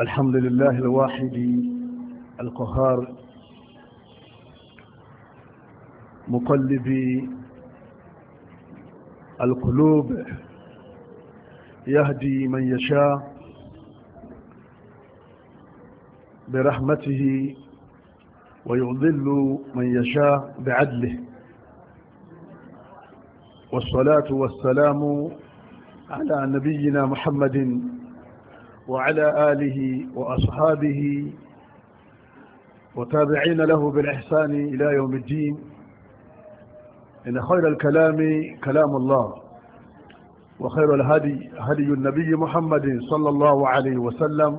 الحمد لله الواحد القهار مقلب القلوب يهدي من يشاء برحمته ويضل من يشاء بعدله والصلاة والسلام على نبينا محمد وعلى آله وأصحابه وتابعين له بالإحسان إلى يوم الدين إن خير الكلام كلام الله وخير الهدي هدي النبي محمد صلى الله عليه وسلم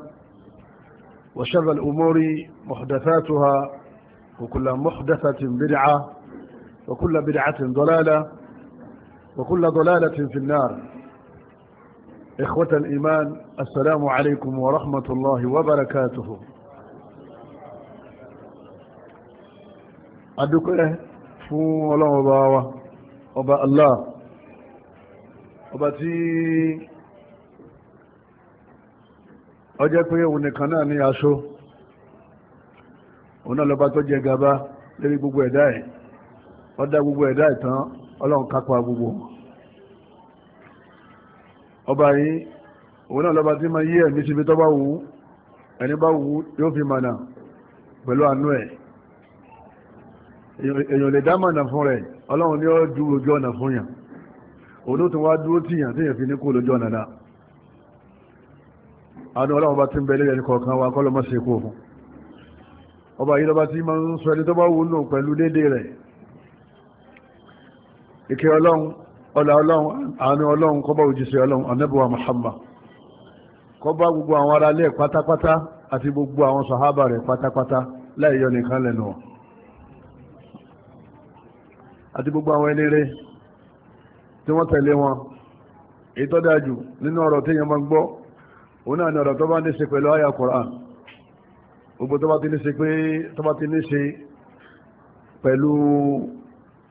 وشر الأمور محدثاتها وكل محدثة بدعة وكل بدعة ضلالة وكل ضلالة في النار إخوة الإيمان السلام عليكم ورحمة الله وبركاته أدوكي فو الله وباوة وبا الله وبا تي ọjẹ́ pé òun nìkan náà ní aṣọ òun náà lọ́ba tó jẹ gàba lérí gbogbo ẹ̀dá ẹ̀ ọ̀dá gbogbo ẹ̀dá ẹ̀ tán ọlọ́run kápá gbogbo wọn ọba yìí òun náà lọ́ba tí ma yí ẹ̀mí síbi tó bá wù ú ẹni bá wù ú yóò fi mànà pẹ̀lú àánú ẹ̀ èèyàn lè dá mànà fún rẹ̀ ọlọ́run ní ó ju ojú ọ̀nà fún yàn òun ló tún wá dúró tìyàn tí yàn fi ní kó lójú ọ̀nà náà àánú ọlọ́run bá ti ń bẹ ẹni kọ̀ọ̀kan wa kọ́ ló má ṣe kó fún ọba yìí lọ́ba tí ma ń sọ ẹni tó bá wù ú pẹ̀lú déédéé rẹ̀ ìkẹ́ ọlọ́run ọlá ọlọ́run àánú ọlọ́run kọba òjíṣẹ́ ọlọ́run anẹ́bùwà Muhammad kọba gbogbo àwọn ará ilé pátápátá àti gbogbo àwọn sàhábà rẹ̀ pátápátá láìyọ nìkan lẹ́nu wọn àti gbogbo àwọn eléré tí wọ́n tẹ̀lé wọn èyí tó dájú nínú ọ̀rọ̀ téèyàn máa ń gbọ́ òun náà ni ọ̀rọ̀ tó bá ní ṣe pẹ̀lú àyà Qur'an gbogbo tó bá ti ní ṣe pé tó bá ti ní ṣe pẹ̀lú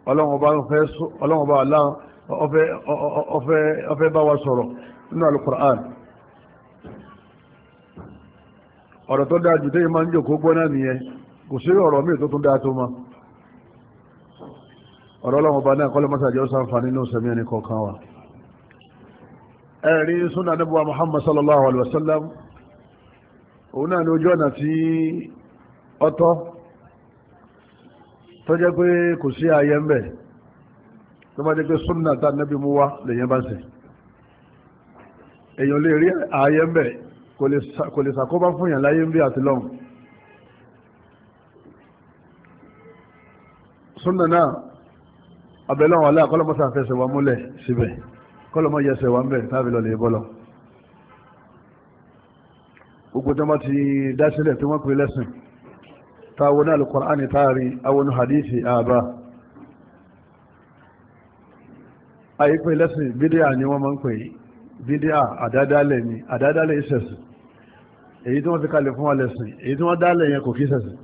ọlọ́run ọba aláwọ̀ ọfẹ́ bá wa sọ̀rọ̀ nínú alukur'an ọ̀rọ̀ tó dáa jù tó máa ń jòkó gbọ́ náà nìyẹn kò sí ọ̀rọ̀ tó tún dáa tó ma ọ̀rọ̀ ọlọ́run ọba náà kọ́lé mọ́sàájọ́ sáǹfààní nínú sẹ́mi ẹni kọ̀ọ̀kan wa muhammad sallallahu alaihi wasallam òun náà ni ojú ọ̀nà tí ọtọ́ tó jẹ́ pé kò sí tó bá jẹ́ pé súnà tá nẹ́bí mú wá lèyàn bá ṣe èèyàn lè rí ààyè ń bẹ̀ kò lè ṣàkóbá fún yàn láyé ń bí àti lọ́hùn súnà náà abẹ́lọ́wọ̀n alẹ́ àkọ́lọ́mọ́ sàfẹ́sẹ̀ wa múlẹ̀ síbẹ̀ kọ́lọ́mọ́ yẹsẹ̀ wa ń bẹ̀ tábìlọ lè bọ́lọ̀ gbogbo tó bá ti dá sílẹ̀ tí wọ́n pè lẹ́sìn táwọn náà Al-Qur'ani táàrí àwọn hadisi àbá àyípe lẹ́sìn bídíà ni wọ́n máa ń pè bídíà àdádálẹ̀ ni àdádálẹ̀ ìṣẹ̀sìn èyí tí wọ́n fi kalẹ̀ fún wa èyí tí wọ́n dálẹ̀ yẹn kò kí ṣẹ̀sìn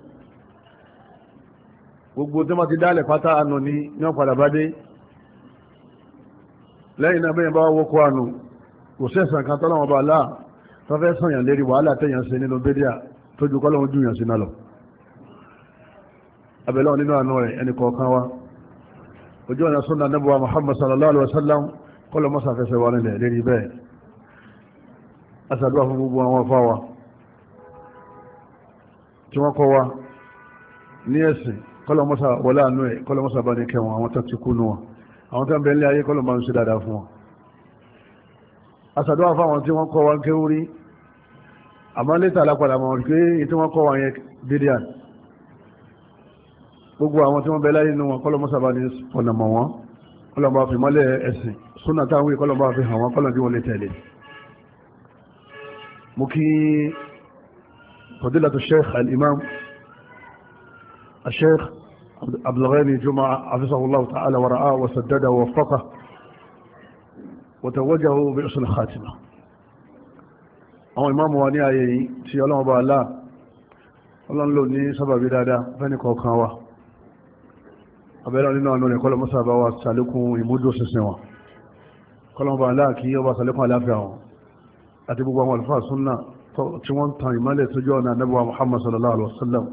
gbogbo tí wọ́n ti dálẹ̀ pátá ànà ní yọ́n padà bá dé lẹ́yìn náà bẹ́yìn bá wọ́kọ́ ànà kò sẹ́sàn kan tọ́lọ́wọ́n bá láà tọ́fẹ́ sànyàn lérí wàhálà tẹ́yàn ṣe nínú bídíà tójú ojú ọ̀nà súnà nẹ́bùwà Muhammad sallallahu alaihi wasallam kọlọ mọ́sà fẹsẹ̀ wà nílẹ̀ lérí bẹ́ẹ̀ asàdúwà fún gbogbo àwọn afáwa tí wọ́n kọ́ wa ní ẹ̀sìn kọlọ mọ́sà wọlé àánú ẹ̀ kọlọ mọ́sà bá ní kẹwọn àwọn tó ti kúnú wọn àwọn tó ń ayé kọlọ máa ń ṣe dáadáa fún wọn asàdúwà fáwọn tí wọ́n kọ́ gbogbo àwọn tí wọ́n bẹ láyé nínú wọn kọ́lọ́mọ́sàbá ní ọ̀nà mọ̀ wọn kọ́lọ́mọ́ fi mọ́lẹ̀ ẹ̀sìn súnà táwọn wí kọ́lọ́mọ́ fi hàn wọn kọ́lọ́mọ́ tí wọ́n lè tẹ̀lé mú kí fadilatu sheikh al-imam الشيخ عبد الغني جمعة حفظه الله تعالى ورعاه وسدده ووفقه وتوجه بحسن الخاتمة àwọn ìmáàmù wa ní ayé yìí tí ọlọ́run bá aláà lò ní sábàbí dáadáa fẹ́ni kọ̀ọ̀kan wa abẹ́rẹ́ nínú àánú rẹ̀ kọ́lọ́ mọ́sàbá wa sàlékún ìmúdó sísìn wọn kọ́lọ́mọba aláàkí ọba sàlékún aláfíà wọn àti gbogbo àwọn alfáà súnnà tí wọ́n tan ìmọ́lẹ̀ tójú ọ̀nà anábíwá Muhammad sallallahu alaihi wasallam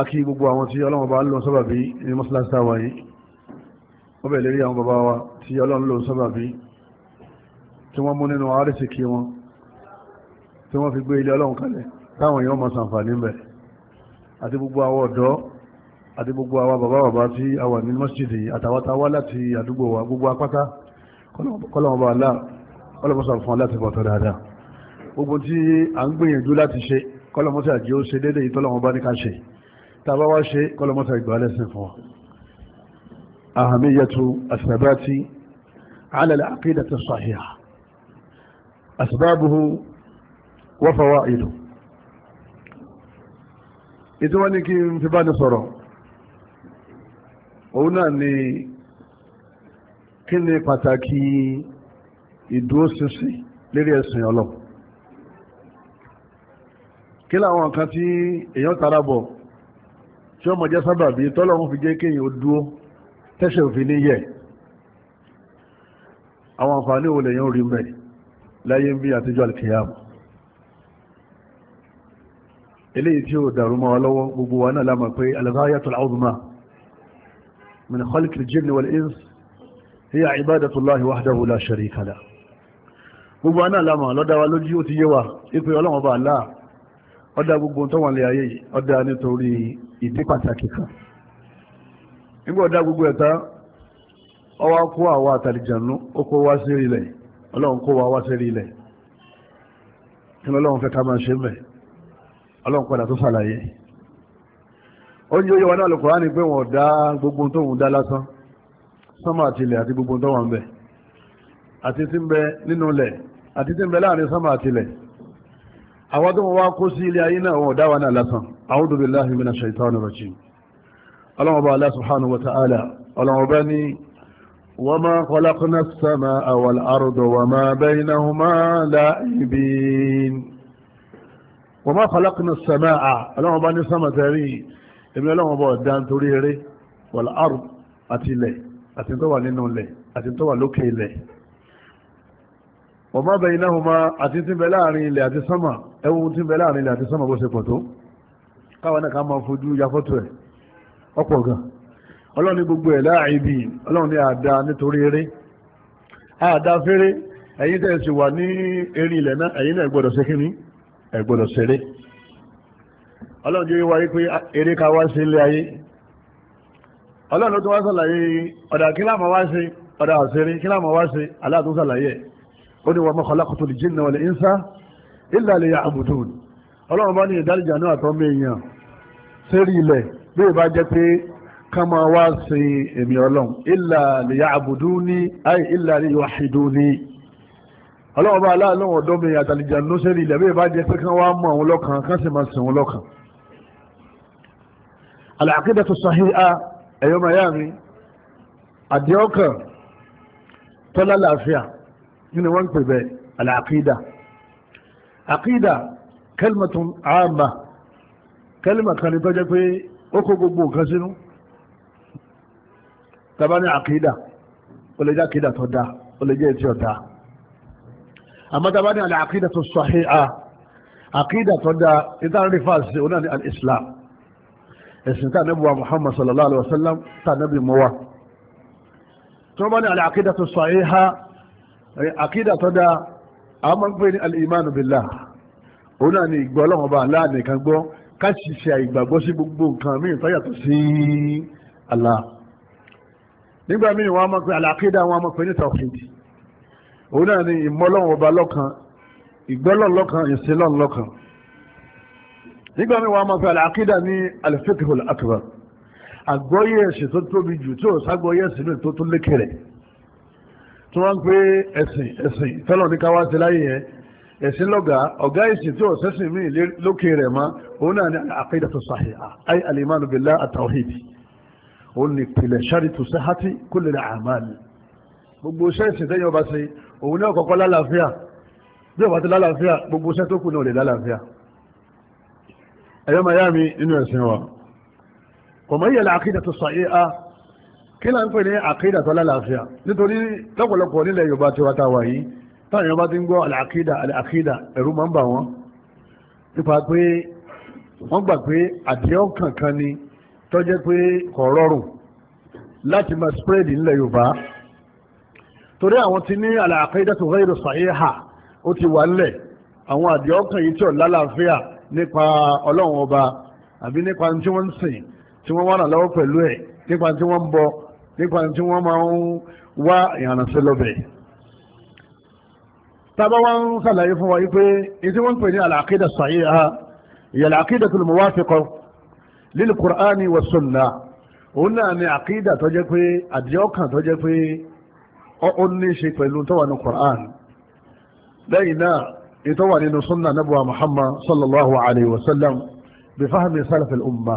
akí gbogbo àwọn tí ọlọ́mọba ń lò sábàbí ní wa tí ọlọ́run lò sábàbí tí wọ́n mú nínú àrísìkí wọn tí wọ́n fi gbé ilé ọlọ́run kalẹ̀ àti gbogbo àwọn ọ̀dọ́ àti gbogbo àwa bàbá bàbá tí a wà ní mọ́sídì àtàwátáwá láti àdúgbò wa gbogbo apáta kọ́lọ̀mọba alá ọlọ́mọsà fún aláti bọ̀tọ̀ dáadáa gbogbo tí a ń gbìyànjú láti ṣe kọ́lọ̀mọsà àjẹ́ ó ṣe dédé ìtọ́lọ̀mọba ní ká ṣe tàbá wá ṣe kọ́lọ̀mọsà ìgbà lẹ́sìn fún wa ahamiyatu asibati òun náà ni kí ni pàtàkì ìdúróṣinṣin lérí ẹ̀sìn ọlọ́ kí láwọn nǹkan tí èèyàn tara bọ̀ tí ọmọ jẹ́ sábàbí tọ́lọ́run fi jẹ́ kéèyàn dúró tẹ́sẹ̀ òfin ní yẹ̀ àwọn àǹfààní wo lèèyàn rí mẹ́ láyé ń bí àtijọ́ àlùkìyàmù eléyìí tí ó dàrú mọ́ wa gbogbo wa náà lámọ̀ pé alẹ́fáyàtọ̀ àwùmá من خلق الجن والإنس هي عبادة الله وحده لا شريك له gbogbo aná àlámà lọ́dá wa lójú ó ti yé wa ipò ọlọ́run ọba Allah ọdá gbogbo tó wọ́n lè ayé yìí ọdá nítorí ìdí pàtàkì kan nígbà ọdá gbogbo ẹ̀ta ọwá kó àwa àtàlìjànú ó kó wá sí ilẹ̀ ọlọ́run kó wa wá sí ilẹ̀ kí ọlọ́run fẹ́ ká máa ṣe mẹ́ ọlọ́run padà tó ṣàlàyé oúnjẹ yíwa náà Al-Kùránì pé wọ́n dá gbogbo tó ń dá lásán sánmà àtìlẹ̀ àti gbogbo tó wọ́n bẹ̀ àti tí ń bẹ nínú lẹ̀ àti tí ń bẹ láàrin sánmà àtìlẹ̀ àwọn tó wọ́n wá kó sí ilé ayé náà wọ́n dá wa náà lásán A'udhu billahi minash shaitani rajim ọlọ́wọ́ba Allah subhanahu wa èmi ọlọ́run ọba ọ̀dá nítorí eré wal ard àti ilẹ̀ àti tó wà nínú ilẹ̀ àti tó wà lókè ilẹ̀ wa ma baynahuma àti tí ń bẹ láàrin ilẹ̀ àti sánmà ẹwù tí ń bẹ láàrin ilẹ̀ àti sánmà bó ṣe pọ̀ tó káwọn náà ká máa fojú yafọ́tò ẹ̀ ọ̀pọ̀ gan ọlọ́run ní gbogbo ẹ̀ láàrin ọlọ́run ní àdá nítorí eré àdá fẹ́rẹ́ ẹ̀yin tẹ̀ sì wà ní erin ilẹ̀ náà ẹ̀yin náà ẹ gbọ́dọ̀ ṣe kíní ẹ gbọ́dọ̀ ṣeré ọlọ́run jẹ́ wáyé pé eré ká wá sí ilé ayé ọlọ́run tó wá sàlàyé ọ̀dà kí láàmà wá sí ọ̀dà àṣírí kí láàmà wá sí aláàtú sàlàyé ó ní wa ma khalaqtul jinna wal insa illa liya'budun ọlọ́run bá ní ìdálìjà náà tọ́ mí èèyàn sérí ilẹ̀ bí ìbá jẹ́ pé ká máa wá sí èmi ọlọ́run illa liya'buduni ay illa liyuwahhiduni ọlọ́run bá aláàlọ́wọ̀n ọ̀dọ́ àtàlìjà náà sérí ilẹ̀ bí ìbá jẹ́ pé ká wá mọ̀ àwọn lọ́kàn ká sì máa sìn wọn àlàkídà tó sàhíhá ẹ̀yọ́ miami àdíọ́kàn tó lálàáfíà nínú wọ́n pè bẹ́ àlàkídà àkídà kẹlmọ̀tún àmà kẹlmọ̀ kan ní tó jẹ́ pé ó kó gbogbo nǹkan sínú tàbá ní àkídà ó lè jẹ́ àkídà tó dáa ó lè jẹ́ ètí ọ̀dá àmọ́ tàbá ní àlàkídà tó sàhíhá àkídà tó dáa ìtàn rífàṣì onáà ní al-Islam ẹ̀sìn tá ànábì wa Muhammad sallallahu alaihi wasallam tá ànábì mọ́ wa tó bá ní àlẹ́ àkídà tó sahiha àkídà tó dáa a máa ń pè ní al-imanu billah òun náà ni ìgbọ́ ọlọ́run ọba aláàánì kan gbọ́ ká sì ṣe àìgbàgbọ́ sí gbogbo nǹkan míì tó yàtọ̀ Allah nígbà míì wọn a máa àlàkídà wọn a máa pè ní òun náà ni ìmọ̀ ọba lọ́kan ìgbọ́lọ́run lọ́kan nígbà mi wàá máa fẹ́ àkídà ní alifekihol akbar àgbọ́yé ẹ̀sìn tó tóbi jù tí ò ságbọ́yé ẹ̀sìn náà tó tó lékèrè tí wọ́n ń pè ẹ̀sìn ẹ̀sìn tọ́lọ̀ ní káwá ti láyé yẹn ẹ̀sìn lọ́gà ọ̀gá ẹ̀sìn tí ò sẹ́sìn mí lókè rẹ̀ mọ́ òun náà ní àkídà tó sàhíhà ay alimanu billah àtàwọ̀hìdì òun ní ìpìlẹ̀ sáré tó sẹ́hátì kó lálàáfíà gbogbo sẹ́ náà lè lálàáfíà ẹ̀yọ́ miami nínú ẹ̀sìn wa kò mọ̀ yẹ̀lẹ̀ àkídà tó sọ ẹ́ a kí là ń pè ní àkídà tó lálàáfíà nítorí lọ́pọ̀lọpọ̀ nílẹ̀ yorùbá ti wá táwa yìí táwọn yorùbá ti ń gbọ́ àkídà àkídà ẹ̀rú máa ń bà wọ́n nípa pé wọ́n gbà pé àdéhùn kankan ni tó jẹ́ pé kò rọrùn láti máa spread nílẹ̀ yorùbá torí àwọn ti ní àkídà tó ghayru sahiha ó ti wà nílẹ̀ àwọn àdéhùn kan yìí tí ò lálàáfíà nípa ọlọ́run ọba àbí nípa tí wọ́n ń sìn tí wọ́n wà lọ́wọ́ pẹ̀lú ẹ̀ nípa tí wọ́n ń bọ nípa tí wọ́n máa ń wá ìrànṣẹ́ lọ́bẹ̀. tábà wá ń ṣàlàyé fún wa yìí pé ètí wọ́n ń pè ní al-aqida sahiha hiya al-aqida al-muwafiqa lil-Qur'ani wa sunnah òun náà ni àkídà tó jẹ́ pé àdíọ́kàn tó jẹ́ pé ó ní ṣe pẹ̀lú tó wà ní Qur'an lẹ́yìn náà ètò wà nínú sunna nabuwa muhammad sallallahu alayhi wa sallam bí fahmi salaf al-umma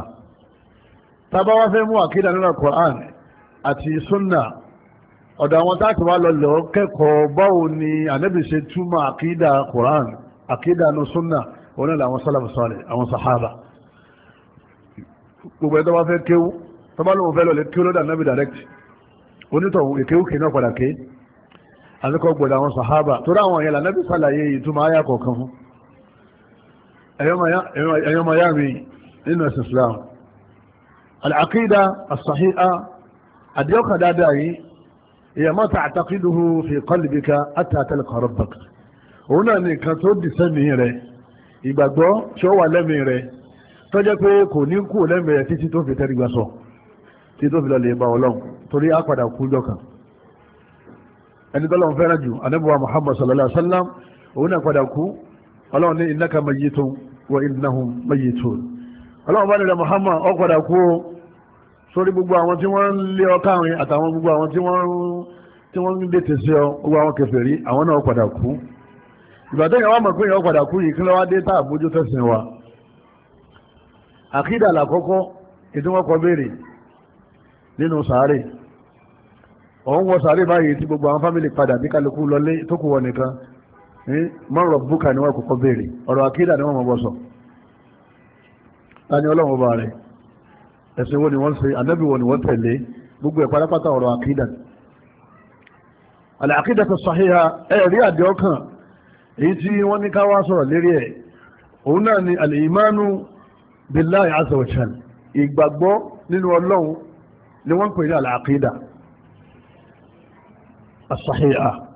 tábà wá fẹ́ mú àkídà nínú quran àti sunna ọ̀dọ̀ àwọn táàkì wá lọ lọ kẹ́kọ̀ọ́ báwo ni ànábì ṣe túmọ̀ àkídà quran àkídà nínú sunna òun náà làwọn salaf salih àwọn sahaba gbogbo ẹ̀dọ́ wá fẹ́ kéwú tọ́bá lóun fẹ́ lọ lè kéwú lọ́dọ̀ ànábì direct onítọ̀hún èkéwú kéwú náà àníkọ́ gbọ́dọ̀ àwọn sàhábà torí àwọn ìyẹn lànàbí sàlàyé ìtumọ̀ ayá kọ̀ọ̀kan fún ẹ̀yọ́mọ yá mi nínú ẹ̀sìn Islam al-aqida as-sahiha àdíọ́kà dáadáa yìí ìyẹ̀ má ta àtàkìdùhù fi qalbika àtàtàlẹ̀kọ̀ rabbak òun náà ní nǹkan tó dì sẹ́mi rẹ̀ ìgbàgbọ́ tí ó wà lẹ́mi rẹ̀ tó pé kò ní kú lẹ́mi rẹ̀ títí tó fi tẹ́rí gbà sọ títí tó fi lọ lè bá ọlọ́run torí á padà kú jọ kan ẹni tọ́lọ́run fẹ́ràn jù anábùwà muhammad sallallahu alaihi wa sallam òun náà padà kú ọlọ́run ní innaka mayyitun wa innahum mayyitun ọlọ́run bá nílẹ̀ muhammad ó padà kú o sórí gbogbo àwọn tí wọ́n ń lé ọ káàrin àtàwọn gbogbo àwọn tí wọ́n tí wọ́n ń dètè sí ọ gbogbo àwọn kèfèrí àwọn náà ó padà kú òun wọ sàárè báyìí tí gbogbo àwọn fámìlì padà bí kálukú lọlé tó kù wọ nìkan ní mọ́rọ̀ búkà ni wọ́n kọ́kọ́ béèrè ọ̀rọ̀ àkídà ni wọ́n mọ̀ bọ́ sọ tani ọlọ́run ọba rẹ̀ ẹ̀sìn wo ni wọ́n ṣe ànábì wo ni wọ́n tẹ̀lé gbogbo ẹ̀ pátápátá ọ̀rọ̀ àkídà àlẹ́ àkídà tó sàhíha ẹ̀ rí àdé ọkàn èyí tí wọ́n ní káwá sọ̀rọ̀ lérí ẹ̀ òun náà ni àlè ìmánu billahi azza ìgbàgbọ́ nínú ọlọ́run ni wọ́n pè ní àlẹ́ àkídà as-sahiha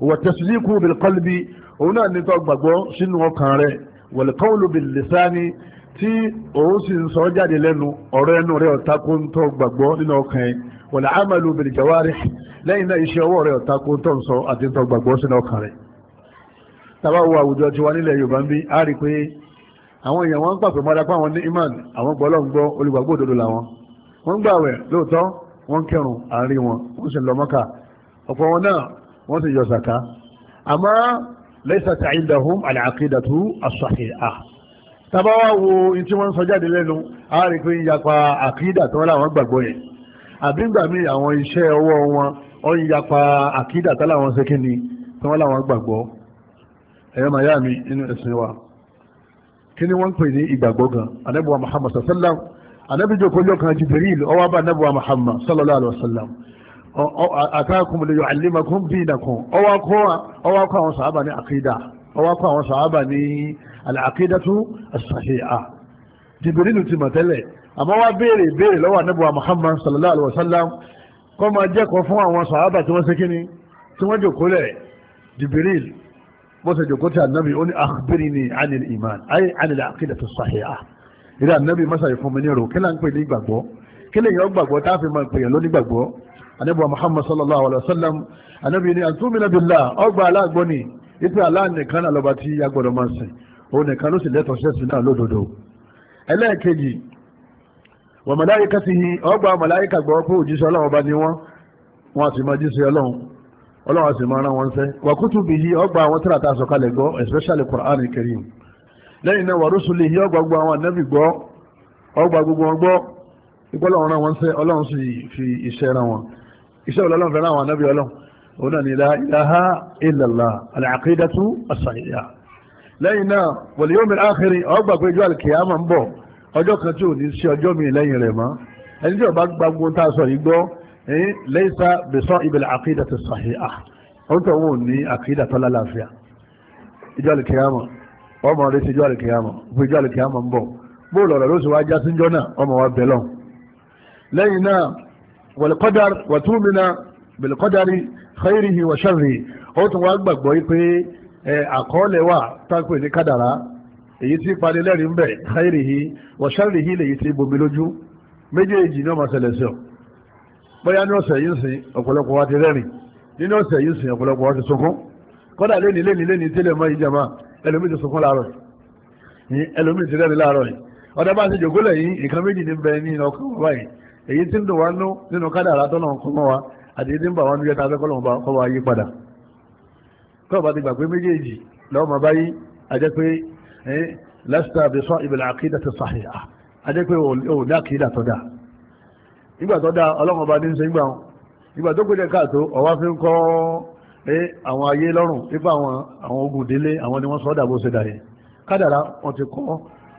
wa tasdiquhu bil qalbi òun náà ní tó gbàgbọ́ sínú ọkàn rẹ̀ wal qawlu bil lisani tí òun sì ń sọ jáde lẹ́nu ọ̀rọ̀ ẹnu rẹ̀ ọ̀tá kó ń tọ́ gbàgbọ́ nínú ọkàn ẹ̀ wal amalu bil jawarih lẹ́yìn náà iṣẹ́ ọwọ́ rẹ̀ ọ̀tá kó ń tọ́ sọ àti tọ́ gbàgbọ́ sínú ọkàn rẹ̀ tàbá wo àwùjọ tiwa nílẹ̀ Yorùbá ń bí a rí pé àwọn èèyàn wọn ń pàpẹ mọ́ra pé àwọn ní imán àwọn gbọ́ lọ́n gbọ́ olùgbàgbọ́ òdodo làwọn wọ́n gbàwẹ̀ lóòótọ́ wọ́n kẹrùn àárín wọn wọ́n sì lọ Mọ́kà ọ̀pọ̀ wọn náà wọ́n ti yọ zaka àmọ́ laysat indahum al-aqidatu as-sahihah tabawa wo in tí wọ́n sọ jáde lẹ́nu a rí pé ń yapa àkídà tó wọ́n láwọn gbàgbọ́ yẹn àbí gbà mí àwọn iṣẹ́ ọwọ́ wọn ó ń yapa àkídà tó láwọn ṣe kí ni tó wọ́n láwọn gbàgbọ́ ẹ̀yọ́ màá yá mi ẹ̀sìn wa kí ni wọ́n pè ní ìgbàgbọ́ gan anábìwa Muhammad sallallahu anábìjọ́ kọjọ́ kan Jibril ó wá bá Muhammad sallallahu alaihi wasallam àtàkùn lè yọ àlémakùn bí ìdàkùn ọwọ́ kọ́ àwọn sàábà ní àkídà ọwọ́ kọ́ àwọn sàábà ní àkídàtú àṣàṣeà jìbìrìlù ti mọ̀ tẹ́lẹ̀ àmọ́ wá béèrè béèrè lọ́wọ́ anábùwà Muhammad sallallahu alaihi wasallam kọ́ máa jẹ́kọ̀ọ́ fún àwọn sàábà tí wọ́n ṣe kíni tí wọ́n jòkó lẹ̀ jìbìrìlù bọ́sà jòkó tí anábì ó ní akhbirni anil iman ayé anil àkídàtú àṣàṣeà ìrẹ́ anábì mọ́sàyẹ̀ fún mi ní rò kí anábọ̀ muhammad sallallahu alaihi wasallam anábì ni àtúmìnà bílá ọgbà aláàgbọ́ ni ipe aláàníkan àlọ́ba tí a gbọ́dọ̀ máa sìn òun nìkan ló sì lẹ́tọ̀ọ́ sẹ́sìn náà lódodo ẹlẹ́ẹ̀kejì wọ́n màláyíká ti yin ọgbà màláyíká gbọ́ pé òjíṣẹ́ ọlọ́run ọba ni wọ́n wọn àti máa jíṣẹ́ ọlọ́run ọlọ́run rán wọn sẹ́ wàkútù bì yí ọgbà àwọn tíra ta sọ̀kalẹ̀ gbọ́ especially Qur'an Karim lẹ́yìn náà wàrúsùlẹ̀ yí ọgbà gbogbo àwọn anábì gbọ́ ọgbà gbogbo wọn gbọ́ ìgbọ́lọ́run rán wọn sẹ́ ọlọ́run sì fi iṣẹ́ rán wọn iṣẹ́ ọlọ́run fẹ́ràn àwọn anábì ọlọ́run òun náà ni la ilaha illallah al-aqidatu as-sahiha lẹ́yìn náà wal yawmil akhir ọgbà pé ọjọ́ al-qiyamah ń bọ̀ ọjọ́ kan tí ò ní sí ọjọ́ mi lẹ́yìn rẹ̀ mọ́ ẹni tí ó bá gbogbo tá a sọ yìí gbọ́ laysa bi sahibi al-aqidati as-sahiha ó tọ̀ wọ́n ìjọ́ al ọmọ rẹ̀ ti ìjọ́ al-qiyamah ìjọ́ al ń bọ̀ bóòlù ló sì wá já síjọ́ náà ọmọ wa bẹ̀ lẹ́yìn náà والقدر qadar بالقدر خيره وشره qadari khayrihi wa sharrihi ó tún wá gbàgbọ́ yìí pé àkọọ́lẹ̀ wà tápẹ́ ní kádàrá èyí tí parí lẹ́rìí ń bẹ̀ khayrihi wa sharrihi lèyí tí bomi lójú méjèèjì ní ọmọ ṣẹlẹ̀ sí ọ bóyá ní ọ̀sẹ̀ yìí ń sìn ọ̀pọ̀lọpọ̀ wa ti rẹ́rìn nínú ọ̀sẹ̀ yìí ń sìn ọ̀pọ̀lọpọ̀ wa ti sunkún kọ́dà lẹ́ni mọ́ ìjàmá ẹlòmíì ti sunkún láàárọ̀ yìí ẹlòmíì ti rẹ́rìn láàárọ̀ yìí ọ̀dọ́ bá ti jòkó lẹ́yìn nǹkan méjì ní bẹ ní ọkọ̀ báyìí èyí tí ń dùn wá nú nínú kádàrá tọ́nà ń kọ́ mọ́ wa àti èyí tí ń bà wá nílẹ̀ tàbí kọ́lọ̀ kọ́ wa yí padà tó bá ti gbà pé méjèèjì lọ́wọ́ máa báyìí ajẹ́ pé lásìtà àbí sọ ìbẹ̀lẹ̀ àkídà ti sàhìhà ajẹ́ pé ò ní àkídà tó dáa ìgbà tó dáa ọlọ́run bá ní ń ṣe gbà wọn ìgbà tó gbé dẹ́ka tó ọwá fi ń kọ́ àwọn ayé lọ́rùn nípa àwọn ogun délé àwọn ni wọ́n sọ dà bó ṣe dà yẹn kádàrá wọn ti kọ́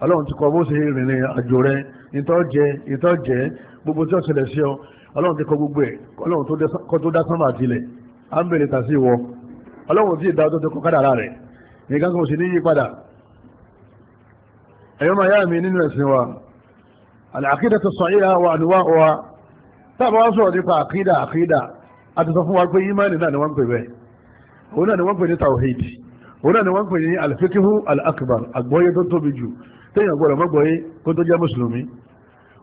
ọlọ́run ti kọ́ bó ṣe rìnrìn àjò rẹ ìtọ́jẹ ìtọ́jẹ gbogbo tí ó ṣẹlẹ̀ sí ọ ọlọ́run ti kọ gbogbo ẹ̀ ọlọ́run kọ́ tó dá sánmà tilẹ̀ à ń bèrè tàṣí wọ ọlọ́run tí ìdáwọ́ tó ti kọ kádàrá rẹ̀ nìkan kan sì ní yí padà ẹ̀yọ́ máa yá mi nínú ẹ̀sìn wa àkídà tó sọ ìyá wa àdúwà wa táàbà wá sọ̀rọ̀ nípa àkídà àkídà a ti sọ fún wa pé ìmánì náà ni wọ́n ń pè bẹ́ẹ̀ òun náà ni wọ́n pè ní tawhid òun náà ni wọ́n ń pè ní alfikihu alakbar àgbọ́yé tó tóbi jù téèyàn gbọ́dọ̀ mọ́gbọ́yé kó tó jẹ́ mùsùlùmí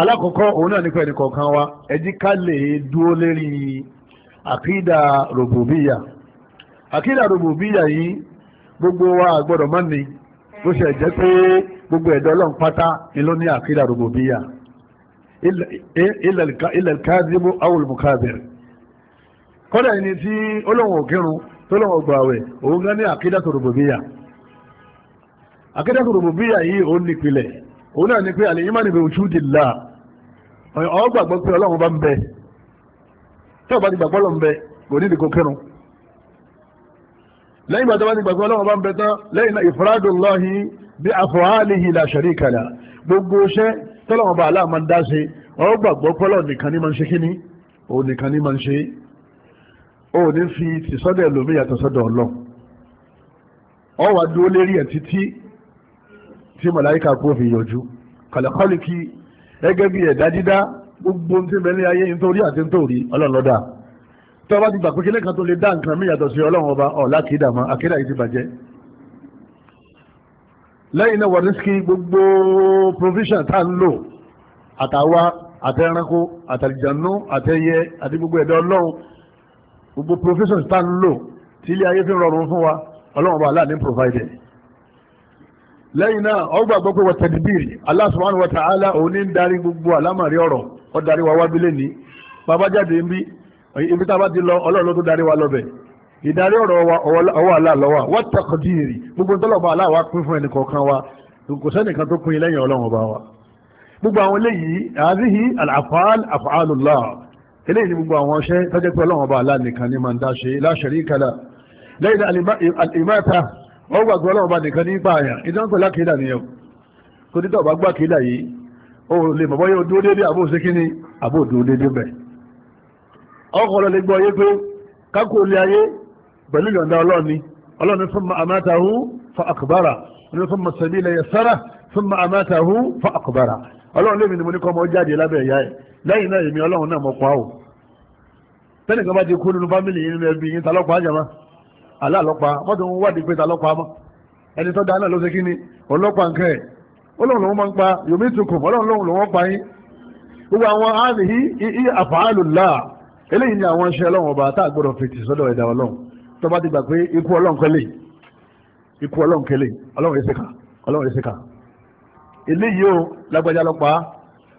alákọ̀ọ́kọ́ òun náà ní pẹ̀lú kọ̀ọ̀kan wa ẹjí ká lè dúó lérí àkídà rògbòbíyà àkídà rògbòbíyà yìí gbogbo wa gbọ́dọ̀ mọ́ ni ló ṣe jẹ́ pé gbogbo ẹ̀dọ́ ọlọ́run pátá ni ló ní àkídà rògbòbíyà ilẹ̀ káàdìbò awolmukabir kọ́dà ẹni tí olóhùn òkírun tó lọ́wọ́ gbà wẹ̀ òun gan ní àkídà rògbòbíyà àkídà rògbòbíyà yìí òun nípìnlẹ̀ òun náà ni pé àlè yín má níbi òṣùdì là ọ gbàgbọ́ pé ọlọ́run bá ń bẹ tí ọba ti gbàgbọ́ lọ ń bẹ kò ní ìdíkò kírun lẹ́yìn bàtà bá ti gbàgbọ́ ọlọ́run bá ń bẹ tán lẹ́yìn náà ìfúrádùnláhi bí afọ́hálìhì là ṣàríkà là gbogbo iṣẹ́ tọ́lọ́run bá aláàmà ń dá ṣe ọ gbàgbọ́ pọ́lọ̀ nìkan ní máa ń ṣe kíní òun nìkan ní máa ń ṣe òun ní fi tìsọ́dẹ̀ lómi yàtọ̀ sọ́dọ̀ ọlọ́ ọ wà dúró lérí ẹ̀ títí tí màláìka kó fi yọjú kàlẹ́kọ́lì kí gẹ́gẹ́ bí ẹ̀dá dídá gbogbo ohun tí ń bẹ ní ayé nítorí àti nítorí ọlọ́run lọ́dà tó bá ti gbà pé kílé kan tó lè dá nǹkan mí yàtọ̀ sí ọlọ́run ọba ọ̀la kìdà mọ́ akédà yìí ti bàjẹ́ lẹ́yìn náà wọ̀nísíkì gbogbo provision tá à ń lò àtàwa àtẹranko àtàlìjànú àtẹyẹ àti gbogbo ẹ̀dá ọlọ́run gbogbo provision tá à ń lò tí ilé ayé fi rọrùn fún wa ọlọ́run ọba aláàní provider lẹ́yìn náà ọgbàgbọ́ pé wọ́n tẹ̀dìbìrì Allah subhanahu wa ta'ala òní ń darí gbogbo àlámàrí ọ̀rọ̀ ó darí wa wábílẹ̀ ní bàbá jáde ń bí ibi tá a bá ti lọ ọlọ́run ló tó darí wa lọ́bẹ̀ ìdarí ọ̀rọ̀ wa ọwọ́ Allah ló wà wọ́n tẹ̀kọ̀dìrì gbogbo tọ́lọ̀bọ̀ Allah wa pín fún ẹnìkọ̀ọ̀kan wa kò sẹ́nìkan tó pín lẹ́yìn ọlọ́run ọba wa ọ gbàgbọ́ ọlọ́run ọba nìkan ní ipa àyàn ìdán pẹ̀lú àkídà nìyẹn tó ní tọ́ọ̀bá gbà àkídà yìí ó lè mọ̀ bọ́yọ́ dúró déédéé àbó o kíní àbó dúró déédéé bẹ̀. ọkọ̀ lọ lè gbọ́ yé pé kákó olè ayé pẹ̀lú ìyọ̀ǹda ọlọ́ọ̀ni ọlọ́ọ̀ni ma a fa àkùbára ma fa akubara aláàlọ́pàá mọ́tò ń wádìí pé ta lọ́pàá mọ́ ẹni tó dáná ló ṣe kí ni ọlọ́pàá nǹkan ẹ̀ ọlọ́run lòun máa ń pa yomi tukùn ọlọ́run lòun lòun pa yín gbogbo àwọn àlìhí iye àfàálùlá eléyìí ni àwọn iṣẹ́ ọlọ́run ọba tá a gbọ́dọ̀ fètì sọ́dọ̀ ẹ̀dá ọlọ́run tó bá ti gbà pé ikú ọlọ́run kẹ́lẹ̀ ikú ọlọ́run kẹ́lẹ̀ ọlọ́run ìṣèkà ọlọ́run ìṣèkà eléyìí ó lágbájá lọ́pàá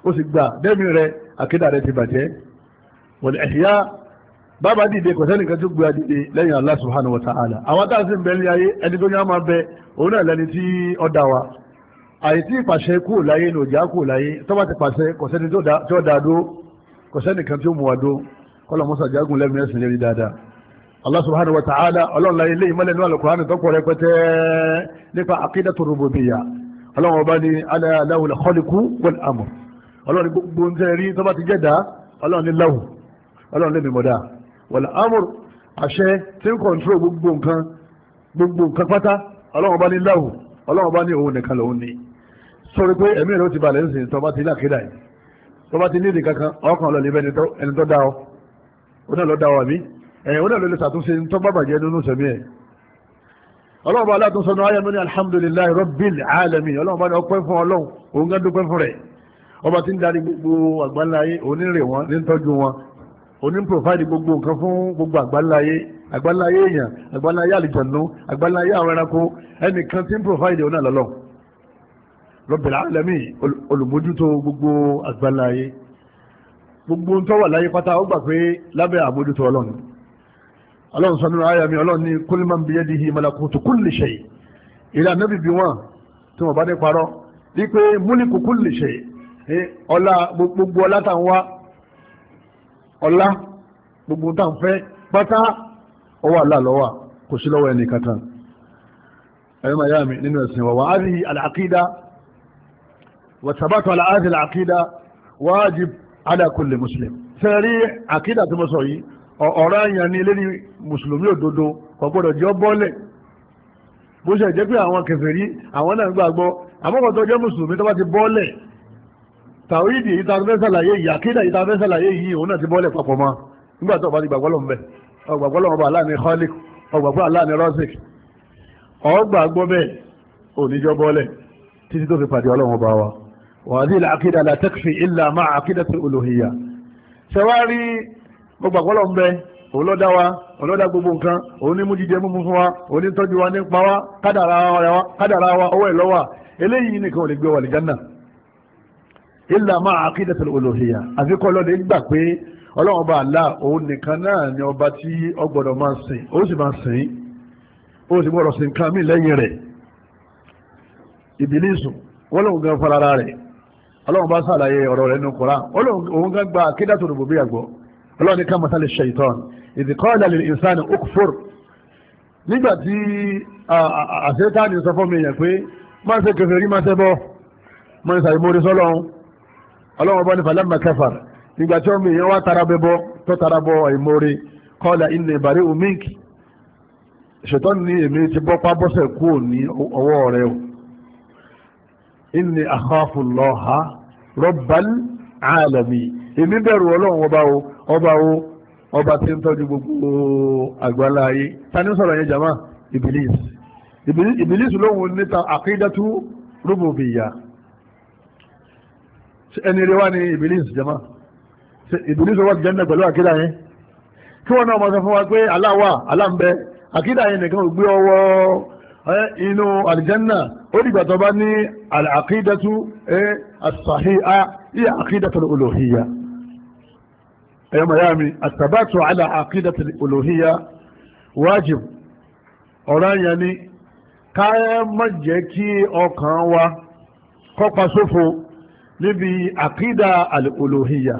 ó sì gbà dẹ́mi rẹ àkídà rẹ ti bàjẹ́ wọ̀lẹ̀ ẹ̀yà bàbá dìde kò sẹ́nìkan tó gbé adìde lẹ́yìn Allah subhanahu wa ta'ala àwọn tá a sì ń bẹ ní ayé ẹni tó ní a máa bẹ òun náà lẹni tí ọ dá wa àìsí ìpàṣẹ kúrò láyé ní òjá kúrò láyé tó bá ti pàṣẹ kò sẹ́ni tó dáa dó kò sẹ́nìkan tó mú wa dó kọ́lọ̀ mọ́sá jágùn lẹ́mí ẹ̀sìn lérí dáadáa Allah subhanahu wa ta'ala ọlọ́run láyé lé ìmọ́lẹ̀ níwà lọ́kùnrin ọlọ́run ọba ní ala wọ̀lá amúr àṣẹ tí ń kọ̀ǹtró gbogbo nǹkan gbogbo nǹkan pátá ọlọ́run bá ní láwù ọlọ́run bá ní òun nìkan lòun ní sórí pé ẹ̀mí rẹ̀ ó ti balẹ̀ ń sìn tó bá ti lákìdá yìí tó bá ti ní ìdìkan kan ọkàn lọ níbẹ̀ ẹni tó dá ọ ó náà lọ dá ọ àmì ẹ̀yìn ó náà lọ lè ṣàtúnṣe tó bá bàjẹ́ nínú sẹ̀mí ẹ̀ ọlọ́run bá aláàtún sọnù ayé mẹ́rin alhamdulilayi rabbil alamin ọlọ́run bá ní ọpẹ́ fún ọlọ́run òun gán dúpẹ́ fún rẹ̀ ọba tí ń darí gbogbo àgbáńlá ayé onírè wọn ní wọn onípòfáìdì gbogbo nǹkan fún gbogbo àgbáláyé àgbáláyé èèyàn àgbáláyé àlìjànú àgbáláyé àwọn ẹranko ẹnìkan tí ń pòfáìdì ọ̀nà lọ́lọ́ Rabbil alamin olùmójútó gbogbo àgbáláyé gbogbo tó wà láyé pátá ó gbà pé lábẹ́ àmójútó ọlọ́run ọlọ́run sọ nínú ayàmí ọlọ́run ní kul man biyadihi malakutu kulli shay ilé anábì bí wọn tí wọn bá dé parọ́ wípé múlíkù kulli shay ọlá gbogbo ọlá táwọn wá ọlá gbogbo tá ń fẹ́ pátá ọwọ́ àlá lọ́wọ́ kò sí lọ́wọ́ ẹnì kankan ẹ̀rọ màá yá mi nínú ẹ̀sìn wa wàá rí àlàkídá wàtàbátọ̀ àlàáhì àlàkídá wájib ala kulli muslim sẹ́rí àkídà tó mọ́ sọ yìí ọ̀rọ̀ àyàn ni lẹ́ni mùsùlùmí òdodo kò gbọ́dọ̀ jẹ́ bọ́lẹ̀ bó ṣe jẹ́ pé àwọn kèfèrí àwọn náà gbàgbọ́ àmọ́kọ̀tọ́ jẹ́ mùsùlùmí tó bá ti bọ́lẹ̀ tàwídì ìtafẹ́sàlàyé yìí àkídà ìtafẹ́sàlàyé yìí òun náà ti bọ́lẹ̀ papọ̀ mọ́ nígbà tó bá ti gbàgbọ́ lọ́mọ bẹ́ ọgbàgbọ́ lọ́mọ bá aláàmì holic ọgbàgbọ́ aláàmì rosic ọgbàgbọ́ bẹ́ẹ̀ oníjọ bọ́lẹ̀ títí tó fi pàdé ọlọ́run bá wa wàhálì àkídà la takfi illa máa àkídà tó olóhìyà ṣẹwárí ọgbàgbọ́ lọ́mọ bẹ́ òun ló dá wa òun ló dá gbogbo nǹkan òun ní mú jíjẹ mú fún wa òun ní tọ́jú wa ní wa kádàrá wa owó ẹ̀ eléyìí nìkan ò gbé wa lè jannah ilà máa àkídà a olóhìyà àfikọ́ lọ́dẹ gbà pé ọlọ́run bá àlá òun nìkan náà ni ọba tí ọgbọdọ máa sìn ó sì máa sìn ó sì gbọ́dọ̀ sìn kan mí lẹ́yìn rẹ̀ ìbílísù wọ́n lóun gan fara rẹ̀ ọlọ́run bá sàlàyé ọ̀rọ̀ rẹ̀ nínú òun gan gba tó bí àgbọ̀ ọlọ́run ní lè ṣe ìtọ́n ìsánì nígbà tí àṣetáni sọ fún mi yẹn pé má ṣe rí má ọlọ́wọ́n bá ní falama kẹfàr nígbà tí ọmọ èèyàn wá tara bẹ bọ tó tara bọ àìmọ́re kọ́lá ilẹ̀ ìbàrí omink ṣètọ́n ní èmi ti bọ́ pábọ́sẹ̀ kú ní ọwọ́ rẹ o inni akhafullaha rabbal alamin èmi bẹ̀rù ọlọ́run ọba o ọba o ọba tí ń tọ́jú gbogbo àgbàlá ayé ta ni sọ̀rọ̀ yẹn jama ibilis ibilis lóhun níta àkídàtú rúbùbìyà ẹni rẹ wá ní ìbílíǹsì jama ìbílíǹsì wà jẹ́nà pẹ̀lú àkídà yẹn kí wọ́n náà mọ̀ sọ fún wa pé aláwà aláǹbẹ àkídà yẹn nìkan ò gbé ọwọ́ inú àlìjẹ́nà ó dìgbà tó bá ní àkídàtú as-sahiha iya àkídàtú olóhìyà ẹ̀yọ́ mayami àtàbàtù àlà àkídàtú olóhìyà wájib ọ̀ranyàn ni ká má jẹ́ kí ọkàn wa kọ́pa sófo níbi àkídà al-uluhiyya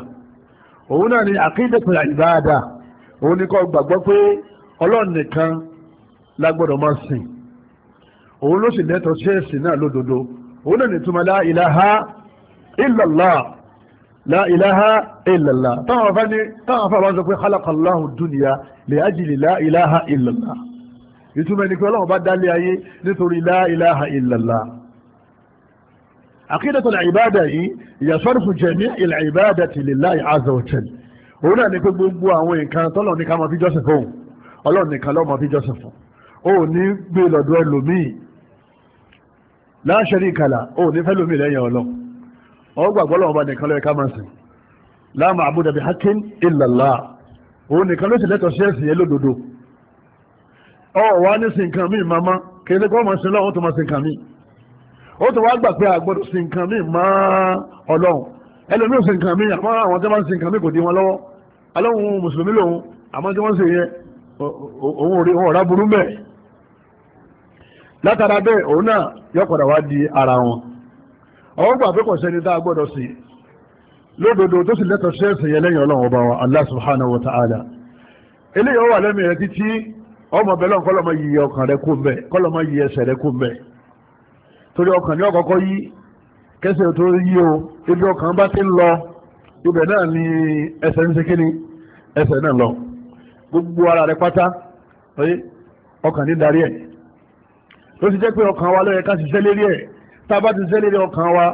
òun náà ni àkídà pẹ̀lú ìbáadà òun ni kó gbàgbọ́ pé ọlọ́run nìkan la gbọ́dọ̀ máa sìn òun ló sì lẹ́tọ̀ọ́ sí ẹ̀sìn náà lódodo òun náà nìtumọ̀ la ilaha illallah la ilaha illallah táwọn afá ní táwọn afá bá ń sọ pé khalaqallahu dunya li ajli la ilaha illallah ni pé ọlọ́run bá dálé ayé nítorí la ilaha àkídàtọ̀ ìbádà yìí ìyàsọ́rùfù jẹ̀mí ilẹ̀ ìbádà ti lillahi azza wa jal òun náà ní pé gbogbo àwọn nǹkan tọ́lọ̀ ní ká máa fi jọ́sìn fún ọlọ́run nìkan ló máa fi jọ́sìn fún ó ní gbé lọ́dọ̀ ẹlòmíì la sharika lah ó ní fẹ́ lómi lẹ́yìn ọlọ́ ọ gbàgbọ́ lọ́wọ́ bá nìkan lọ́yẹ ká máa sìn la ma'buda bi haqqin illa òun nìkan ló sì lẹ́tọ̀ sí ẹ̀sìn yẹn lódodo ọ wà ní sìn kan míì máma kí ẹ ó ti wá gbà pé àgbọ̀dọ̀ sí nǹkan míì mọ́ ọlọ́run ẹlòmíì sí nǹkan míì àmọ́ àwọn tí wọ́n sí nǹkan míì kò di wọn lọ́wọ́ alóhun mùsùlùmí lòun àmọ́ tí wọ́n sì yẹ òun òrí òun ọ̀rá burú mẹ́ látara bẹ́ẹ̀ òun náà yọ padà wá di ara wọn àwọn gbà pé kò sẹ́ni tá a gbọ́dọ̀ sí lódodo tó sì lẹ́tọ̀ sẹ́ẹ̀sì yẹn lẹ́yìn ọlọ́run ọba wa Allah subhanahu wa ta'ala eléyìí ó wà lẹ́mìí rẹ títí ọmọ bẹ́lọ̀ kọ́lọ́mọ yìí ọkàn rẹ kú mbẹ́ kọ́lọ́mọ yìí ẹsẹ̀ rẹ kú mbẹ́ torí ọkàn ní ọ̀kọ̀ọ̀kọ́ yí kẹsẹ̀ tó yí o ibi ọkàn bá ti ń lọ ibẹ̀ náà ni ẹsẹ̀ ń ṣe kíni ẹsẹ̀ náà lọ gbogbo ara rẹ pátá ọkàn ní darí ẹ̀ ló ti jẹ́ pé ọkàn wa ló yẹ ká ṣiṣẹ́ lérí ẹ̀ tá a bá ti ṣiṣẹ́ lérí ọkàn wa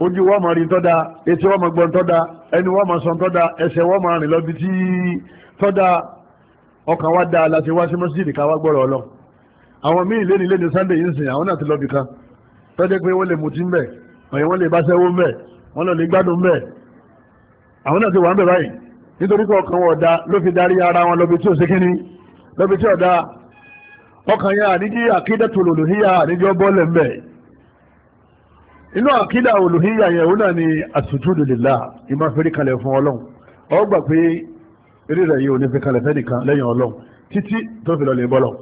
ojú wa máa rí tọ́da etí wa máa gbọ́n tọ́da ẹnu wa máa sọ tọ́da ẹsẹ̀ wa máa rìn lọ bí tí tọ́da ọkàn wa dáa láti wá sí mọ́sídìí ká wá gbọ́rọ̀ ọlọ́ àwọn míì léni léni Sunday yìí ń sìn àwọn náà ti lọ bìkan tọ́jẹ́ pé wọ́n lè mutí ń bẹ̀ ọ̀yẹ́ wọ́n lè bá sẹ́wó ń bẹ̀ wọ́n lọ lè gbádùn ń bẹ̀ àwọn náà ti wà ń bẹ̀ báyìí nítorí pé ọkàn wọn ọ̀dà ló fi darí ara wọn lọ́bi tí ò sí kínní lọ́bi tí ọ̀dà ọkàn yẹn àníjí àkídà tó lòlùhíyà àníjí ọbọ̀ lẹ̀ ń inú àkídà olùhíyà yẹn òun náà ni àsùjúdù lillah ìmọ̀ fẹ́rí kalẹ̀ fún ọlọ́run ó gbà pé eré rẹ̀ yìí ò ní fi kalẹ̀ fẹ́nìkan lẹ́yìn ọlọ́run títí tó fi lọ lè bọ́lọ̀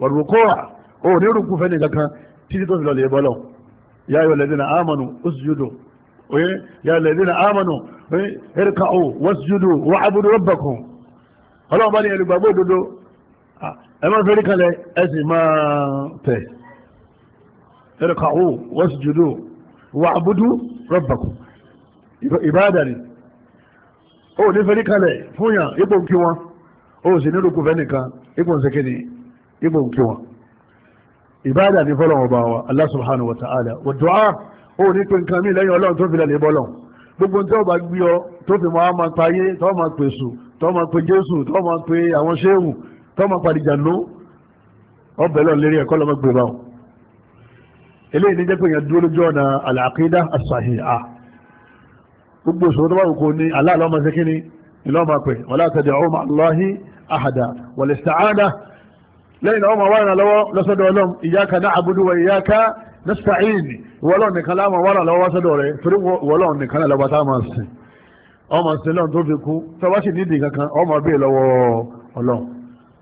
wọ̀rùkọ́ ò ní rúkú fẹ́nìkan kan títí tó fi lọ lè bọ́lọ̀ ya yi waladina amanu usjudu oye ya waladina amanu oye irka'u wasjudu wa abudu rabbakum ọlọ́run bá ní ẹlùgbàgbọ́ òdodo ẹ máa fẹ́rí kalẹ̀ ẹ sì máa tẹ̀ irka'u wasjudu wa abudu rabbakum ìbáàdà ni ó ní fẹ́rí kalẹ̀ fún yàn ipò nkí wọn ó sì ní rúkú fẹ́ nìkan ipò nsekeni ipò nkí wọn ìbáàdà ní fọ́lọ̀wọ̀ bá wa Allah subhanahu wa ta'ala wa du'a ó ní pé nǹkan mí lẹ́yìn ọlọ́run tó fi lẹ́lẹ́ bọ́lọ̀ gbogbo tó bá gbé ọ tó fi máa máa payé tó máa pè sù tó máa pè jésù tó máa pè àwọn ṣéhù tó máa pàdìjànú ọbẹ̀ lọ lérí ẹ̀kọ́ lọ́mọ gbé báwọn eléyìí ní jẹ́ pé èèyàn dúró lójú ọ̀nà al-aqida as gbogbo ìṣòro tó bá wù kó ní aláàlọ́mọ lẹ́yìn náà wọ́n wá ìrànlọ́wọ́ lọ́sọ́dọ̀ ọlọ́m iyyaka na'budu wa iyyaka nasta'in ìwọlọ́n nìkan láwọn wà lọ́wọ́ sọ́dọ̀ rẹ̀ torí ìwọlọ́n nìkan lọ́wọ́ tá a máa sìn ọmọ sí lọ́n tó fi kú tọ́wọ́ sì nídìí kankan ọmọ béèrè lọ́wọ́ ọlọ́n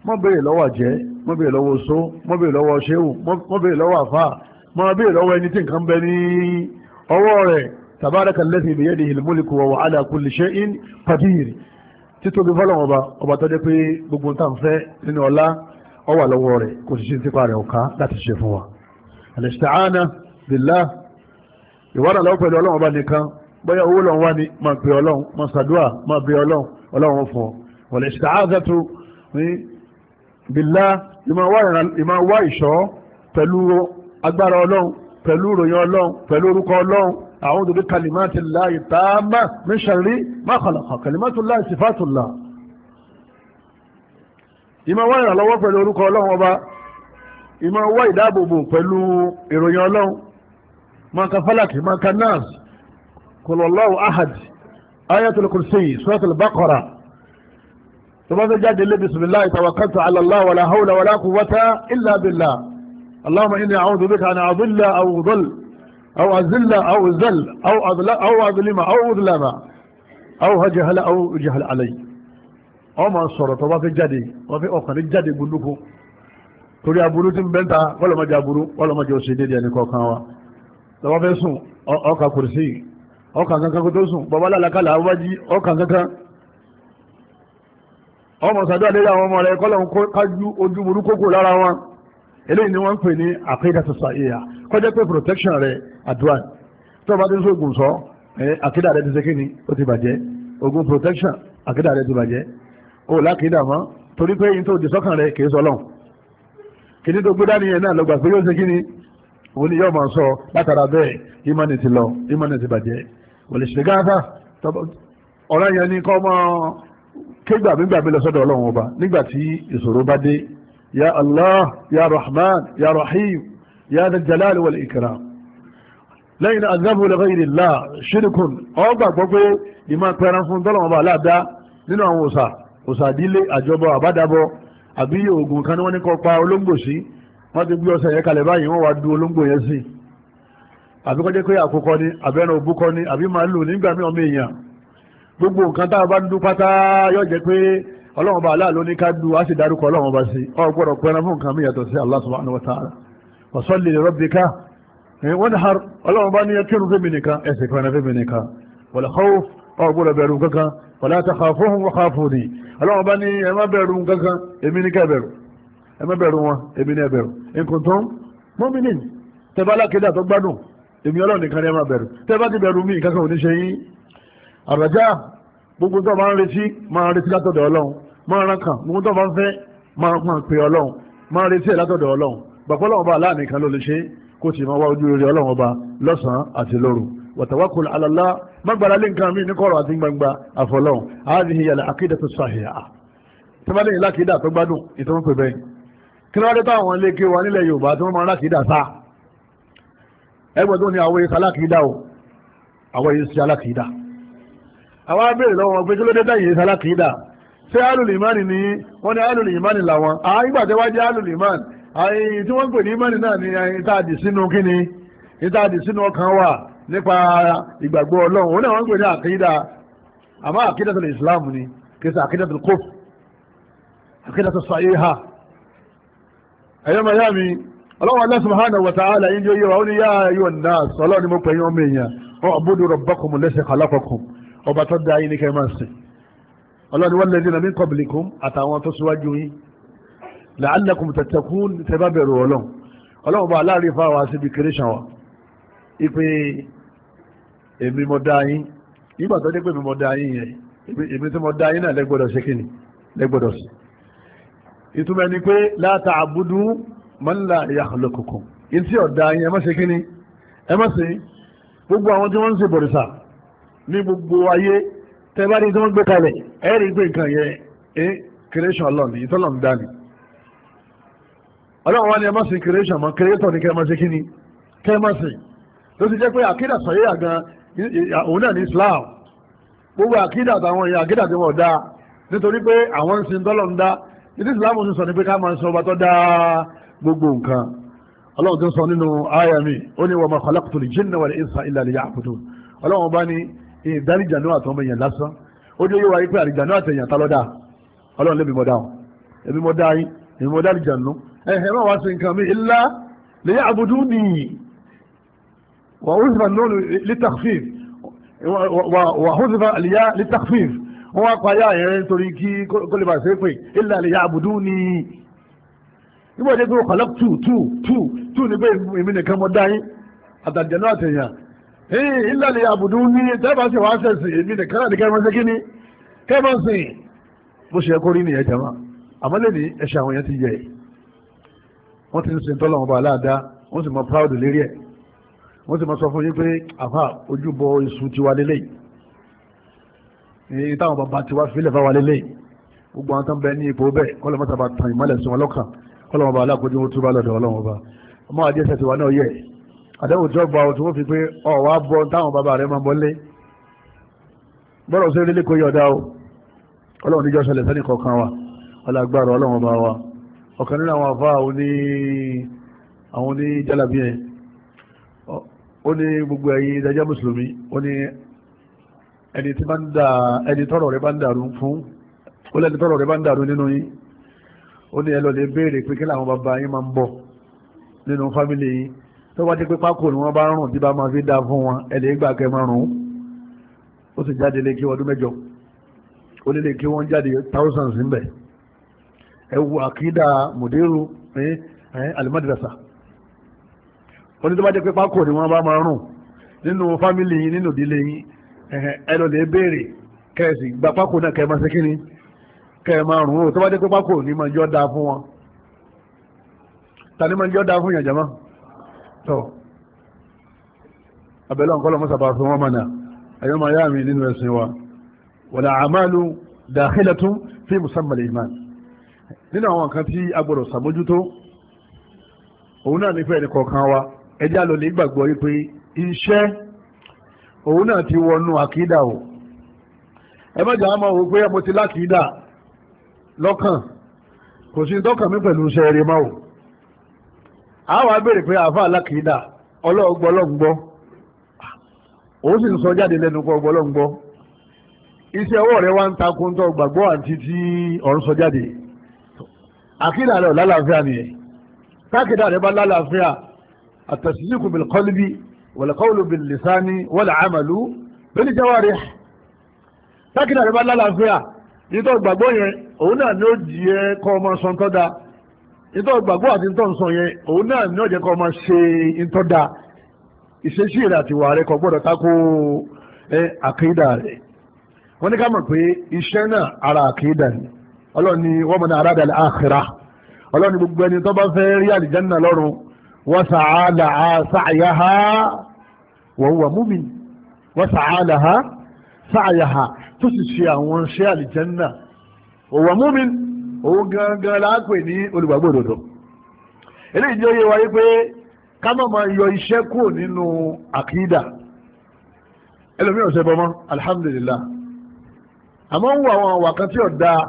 mọ́ béèrè lọ́wọ́ àjẹ́ mọ́ béèrè lọ́wọ́ oṣó mọ́ béèrè lọ́wọ́ ṣéwù mọ́ béèrè lọ́wọ́ àfà mọ́ béèrè lọ́wọ́ ẹni almulku wa huwa ala kulli shay'in qadir títóbi fọlọ́wọ́ba ọba tó pé gbogbo nǹkan fẹ́ nínú ọlá ọ wà lọ́wọ́ rẹ̀ kò sì ṣe nípa rẹ̀ ọ̀ká láti ṣe fún wa al-isti'ana billah ìwádà lọ́wọ́ pẹ̀lú ọlọ́run ọba nìkan bóyá owó lọ́n wá ní máa pè ọlọ́run máa ṣàdúrà máa bẹ ọlọ́run ọlọ́run fún ọ wal-ista'azatu billah ìmọ̀ wá ìṣọ́ pẹ̀lú agbára ọlọ́run pẹ̀lú ìròyìn ọlọ́run pẹ̀lú orúkọ ọlọ́run a'udhu bi kalimatillahi tamma min sharri ma khalaqa kalimatullahi sifatullah ìmọ̀ wá ìrànlọ́wọ́ pẹ̀lú orúkọ ọlọ́run ọba ìmọ̀ wá ìdáàbòbò pẹ̀lú ìròyìn ọlọ́run mọ̀ọ́ká fálàkì mọ̀ọ́ká nas kòlọ́lọ́wù ahad ayatul kursi suratul baqara tó bá fẹ́ jáde lé bisimilahi tawakkaltu ala allah wala hawla wala quwwata illa billah allahumma inni a'udhu bika an adilla aw udhal aw azilla aw zal aw adlima aw udlama aw hajhala aw jahal alayhi ọ ma sọ̀rọ̀ tó bá fẹ́ jáde wọ́n fẹ́ ọkàn ní jáde gbólóko torí aburú tí ń bẹ́ ta wọ́lọ́mọdé aburú wọ́lọ́mọdé oṣù dédé ẹni kọ̀ọ̀kan wa tó bá fẹ́ sùn ọkà kùrìsì ọkà kankan kó tó sùn bàbá làlákàlà àwájí ọkà kankan ọmọ sàdúrà lórí àwọn ọmọ rẹ kọ́lọ̀ kájú ojú burú kókó lára wọn eléyìí ni wọ́n ń pè ní àkídà tó sàìyà kọjá pé protection rẹ àdúrà tó bá ti ń sóògùn sọ àkídà rẹ ti ṣe kí ni ó ti bàjẹ́ ogun protection àkídà rẹ ti bàjẹ́ o lákìdá mọ́ torí pé yìí tó di sọ́kàn rẹ kìí sọ lọ́hùn kìíní tó gbéra nìyẹn náà lọ́gbà pé yóò ṣe kíni òun ni yóò máa sọ látara bẹ́ẹ̀ ìmánì ti lọ ìmánì ti bàjẹ́ òlè ṣe gáàfà ọ̀rọ̀ yẹn ni kọ́ mọ́ kégbàmí gbàmí lọ sọ́dọ̀ ọlọ́run ọba nígbà tí ìṣòro bá dé ya Allah ya Rahman ya Rahim ya Jalal wal Ikram lẹ́yìn azabu lẹ́gbẹ̀rẹ̀ ìlà ṣírìkùn ọgbàgbọ́ pé ìmọ̀ pẹran fún tọ́lọ̀mọba aláàdá nínú àwọn òsà òsàdílé àjọbọ àbádàbọ àbí oògùn kan ní wọ́n ní kọ́ pa olóńgbò sí wọ́n ti gbé ọ̀sẹ̀ yẹn kalẹ̀ báyìí wọ́n wá du olóńgbò yẹn sí àbí kọjá pé àkókò ni àbẹ́rẹ́ òbúkọ ni àbí màálù nígbà mí ọmọ èèyàn gbogbo nǹkan tá a bá ń dún pátá yóò jẹ́ pé ọlọ́run bá aláàlú ní ká du á sì dárúkọ ọlọ́run bá sí ọ gbọ́dọ̀ pẹ́ran fún nǹkan mi yàtọ̀ sí Allah subhanahu wa ta'ala wọ́n ní ọlọ́run bá ní ẹ má bẹ̀rù kankan èmi ní kẹbẹ̀rù ẹ má bẹ̀rù wọn èmi ní ẹbẹ̀rù nǹkan tó ń mọ́mìnì tẹ́bá alákẹ́dà tó gbádùn èmi ọlọ́run nìkan ní ẹ má bẹ̀rù tẹ́bá ti bẹ̀rù mí kankan ò ní ṣe yín àràjá gbogbo tó máa ń retí máa retí látọ̀dọ̀ ọlọ́run máa ran kàn gbogbo tó máa ń fẹ́ máa pè ọlọ́run máa retí ẹ̀ látọ̀dọ̀ ọlọ́run bàbá ọlọ́run ọba aláàánì kan ló lè ṣe kó sì máa wá ojú rere ọlọ́run ọba lọ́sàn-án àti lóru wàtàwákùn alálá gbàgbàrà lé nǹkan mi ní kọ̀rọ̀ àti gbangba àfọlọ́hún àádìhì yàlẹ̀ àkídà tó sàhìyà tẹ́fẹ́lẹ́ yìí lákìídà tó gbádùn ìtọ́wọ́n pè bẹ́ẹ̀ kí ló wá dé táwọn ilé kí wa nílẹ̀ Yorùbá tí wọ́n máa lákìídà sá ẹgbẹ́ tó ní àwọn ìsà lákìídà o àwọn ìsà lákìídà àwọn abéèrè lọ́wọ́ pé kí ló dé táyì ìsà lákìídà ṣé alùlìmánì ni wọ́n ní alùlìmánì làwọn àyígbà tí wọ́n jẹ́ alùlìmánì tí wọ́n pè ní ìmánì náà ni àyè tá sínú kíni ìta sínú ọkàn wa nípa ìgbàgbọ́ ọlọ́run òun náà wọ́n ń pè ní àkídà àmọ́ àkídà tó lè islam ni kì í ṣe àkídà tó kóf àkídà tó sàyé ha ẹ̀yọ́ máa yá mi ọlọ́run Allah subhanahu wa ta'ala yíyọ yíyọ wa ó ní yá ayọ̀ náà sọlọ́ ni mo pè yín ọmọ èèyàn ọ àbúdó rabbakum lẹ́sẹ̀ kàlákọ̀kùn ọba tó da yín ní kẹ́ máa sìn ọlọ́run wọ́n lẹ́dí nàmí kọ̀bìlìkùn àtàwọn tó síwájú yín la'allakum tattaqun tẹ́ bẹ̀rù ọlọ́run ọlọ́run bá aláàrí fáwọn àṣìbí kéré ṣàwọn ìpè èmi mo dá yín nígbà tó dé pé mi mo dá yín yẹn èmi tí mo dá yín náà lẹ́gbọ́dọ̀ ṣe kíni lẹ́gbọ́dọ̀ sí ìtumọ̀ ni pé láta àbúdú mọ́nlá yakhluqukum ìtí ọ̀dá yín ẹ má ṣe kíni ẹ má ṣe gbogbo àwọn tí wọ́n ń ṣe bọ̀rìṣà ní gbogbo ayé tẹ́ bá rí tí wọ́n gbé kalẹ̀ ẹ rí pé nǹkan yẹn ẹ creation Allah ni ìtọ́lọ̀ ń dá ni ẹ má ṣe creation mọ́ creator ni kẹ́ ẹ má ṣe kíni kẹ́ ẹ má ṣe ló jẹ́ pé àkídà sọ̀yẹ́ àgan òun náà ní Islam gbogbo àkídà àtàwọn èèyàn àkídà tí wọ́n dá nítorí pé àwọn ń sin tọ́lọ̀ ń dá ìdí Islam ń sọ ní pé ká máa ń sọ ọba tó dá gbogbo nǹkan ọlọ́run tó sọ nínú àyà mi ó ní wa ma khalaqtu al-jinna wal-insa illa liya'budun ọlọ́run bá ní ìdánìjànú àtọmọ èèyàn lásán ó dé yóò wáyé pé àrìjànú àtẹ̀yàn tálọ́dà ọlọ́run lébi mọ̀dá ọ̀ èmi mọ̀dá yín èmi mọ̀dá àrìjànú ẹ̀hẹ̀ máa wá sí nǹkan mi illa liya'buduni وحذف النون للتخفيف وحذف الياء للتخفيف wọ́n pa yá yẹn nítorí kí kó lè bá ṣe pé ilà lè yá àbùdú ni nígbà tí kò kọ̀lọ́ tù tù tù tù ní pé èmi nìkan mọ̀ dáyé àtàjẹ̀ náà tẹ̀yàn ee ilà lè yá àbùdú ni tẹ́lẹ̀ bá ṣe wàá ṣẹ̀sìn èmi nìkan náà nìkan ṣe kíni kẹ́mọ̀ sìn bó ṣe kórí nìyẹn jama àmọ́ lè ní ẹ̀ṣẹ̀ àwọn yẹn ti yẹ wọ́n ti ń sin tọ́lọ́mọba aláàdá wọ́n sì mọ proud lérí ẹ̀ wọ́n sì máa sọ fún yín pé àfà ojúbọ iṣu ti wà lélẹ̀ yìí táwọn bàbá ti wá fílẹ̀ fáwà lélẹ̀ yìí gbogbo àwọn tó ń bẹ ní ipò bẹ́ẹ̀ kọ́lọ́ mọ́ta bá tan ìmọ́lẹ̀ sí wọn lọ́kàn kọ́lọ́ wọn bá alákòójú wọn túbọ̀ lọ́dọ̀ ọlọ́wọ́n bá ọmọ àdéhùn tiwa náà yẹ àdéhùn tó gba òtún fi pé ọ̀wá bọ táwọn bàbá rẹ máa bọ́lé bọ́lọ̀ sí orílẹ̀ kò yọ̀ dá o ọlọ́run níjọ́ ṣẹlẹ̀ sẹ́nì kọ̀ọ̀kan wa ọlágbára ọlọ́wọ́n bá wa ọ̀kan nínú àwọn afá àwọn oní jalabi yẹn ó ní gbogbo ẹ̀yin ìdájọ́ mùsùlùmí ó ní ẹni da ẹni tọ́rọ̀ rẹ̀ bá ń dàrú fún ó lẹ́ni tọ́rọ̀ rẹ̀ bá ń dàrú nínú yín ó ní ẹlọ́lẹ̀ béèrè pé kí làwọn bàbá yín máa ń bọ̀ nínú fámìlì yín tó bá ti pé pákó ni wọ́n bá rùn tí bá máa fi dá fún wọn ẹ̀lẹ́ ìgbà kẹ máa rùn ó sì jáde lè kí ọdún mẹ́jọ ó lè kí wọ́n jáde thousands ń bẹ̀ ẹ wo àkídà mòdérù ẹ alimadrasa ó ní tó bá jẹ́ pé pákó ni wọ́n bá máa rùn nínú fámìlì yín nínú ìdílé yín ẹ lọ lè béèrè kẹ́ẹ̀sì gba pákó náà kẹ́ẹ̀ máa ṣe kíni kẹ́ẹ̀ máa rùn ó tó bá jẹ́ pé pákó ni máa jọ́ da fún wọn tani máa jọ́ da fún yàn jàmá tọ́ abẹ́lẹ́ ọ̀nkọ́lọ́ mọ́sàbà fún wọn mọ̀nà ẹ̀yọ́ máa yá mi nínú ẹ̀sìn wa wọ̀lá àmàlù dàkílẹ̀tún fi musamman iman nínú àwọn nǹkan tí a sàmójútó òun náà nífẹ̀ẹ́ ní kọ̀ọ̀kan wa ẹjá lọ lè gbàgbọ́ wípé iṣẹ́ òun náà ti wọnú àkídà o ẹ mọ̀jà á máa wò pé ti lákìídà lọ́kàn kò sí tọ́kàn mi pẹ̀lú iṣẹ́ eré máa o a wá béèrè pé àáfà lákìídà ọlọ́ọ̀gbọ́ lọ́ngbọ́ òun sì ń sọ jáde lẹ́nu rẹ wá ń takun tó gbàgbọ́ tí ọ̀run sọ jáde àkídà ò lálàáfíà nìyẹn tákìdà bá التصديق بالقلب والقول باللسان والعمل بالجوارح لكن àrẹ́bá lálàáfíà ìtọ́ ìgbàgbọ́ yẹn òun náà ni ó jẹ́ kọ́ ọmọ sọ ń tọ́da ìtọ́ ìgbàgbọ́ àti ìtọ́ ìsọ yẹn òun náà ni ó jẹ́ kọ́ ọmọ ṣe ń tọ́da ìṣesí rẹ̀ àti ìwà rẹ̀ kò gbọ́dọ̀ tako àkídà rẹ̀ wọ́n ní ká mọ̀ pé iṣẹ́ náà ara àkídà ni ọlọ́ni wọ́n mọ̀ ní aráàdà àkhírà ọlọ́ni gbogbo ẹni tó bá fẹ́ rí àlìjánnà lọ́rùn وسعى لها سعيها وهو مؤمن وسعى لها سعيها تسشي àwọn ṣe àlìjẹ́nà وهو مؤمن òun gangan láàpẹ̀ ní olùgbàgbọ́ òdodo eléyìí jẹ́ yẹwa wípé ká má máa yọ iṣẹ́ kúrò nínú àkídà ẹlòmíràn ṣe bọ́mọ́ alhamdulillah àmọ́ ń wo àwọn àwà kan tí ó dáa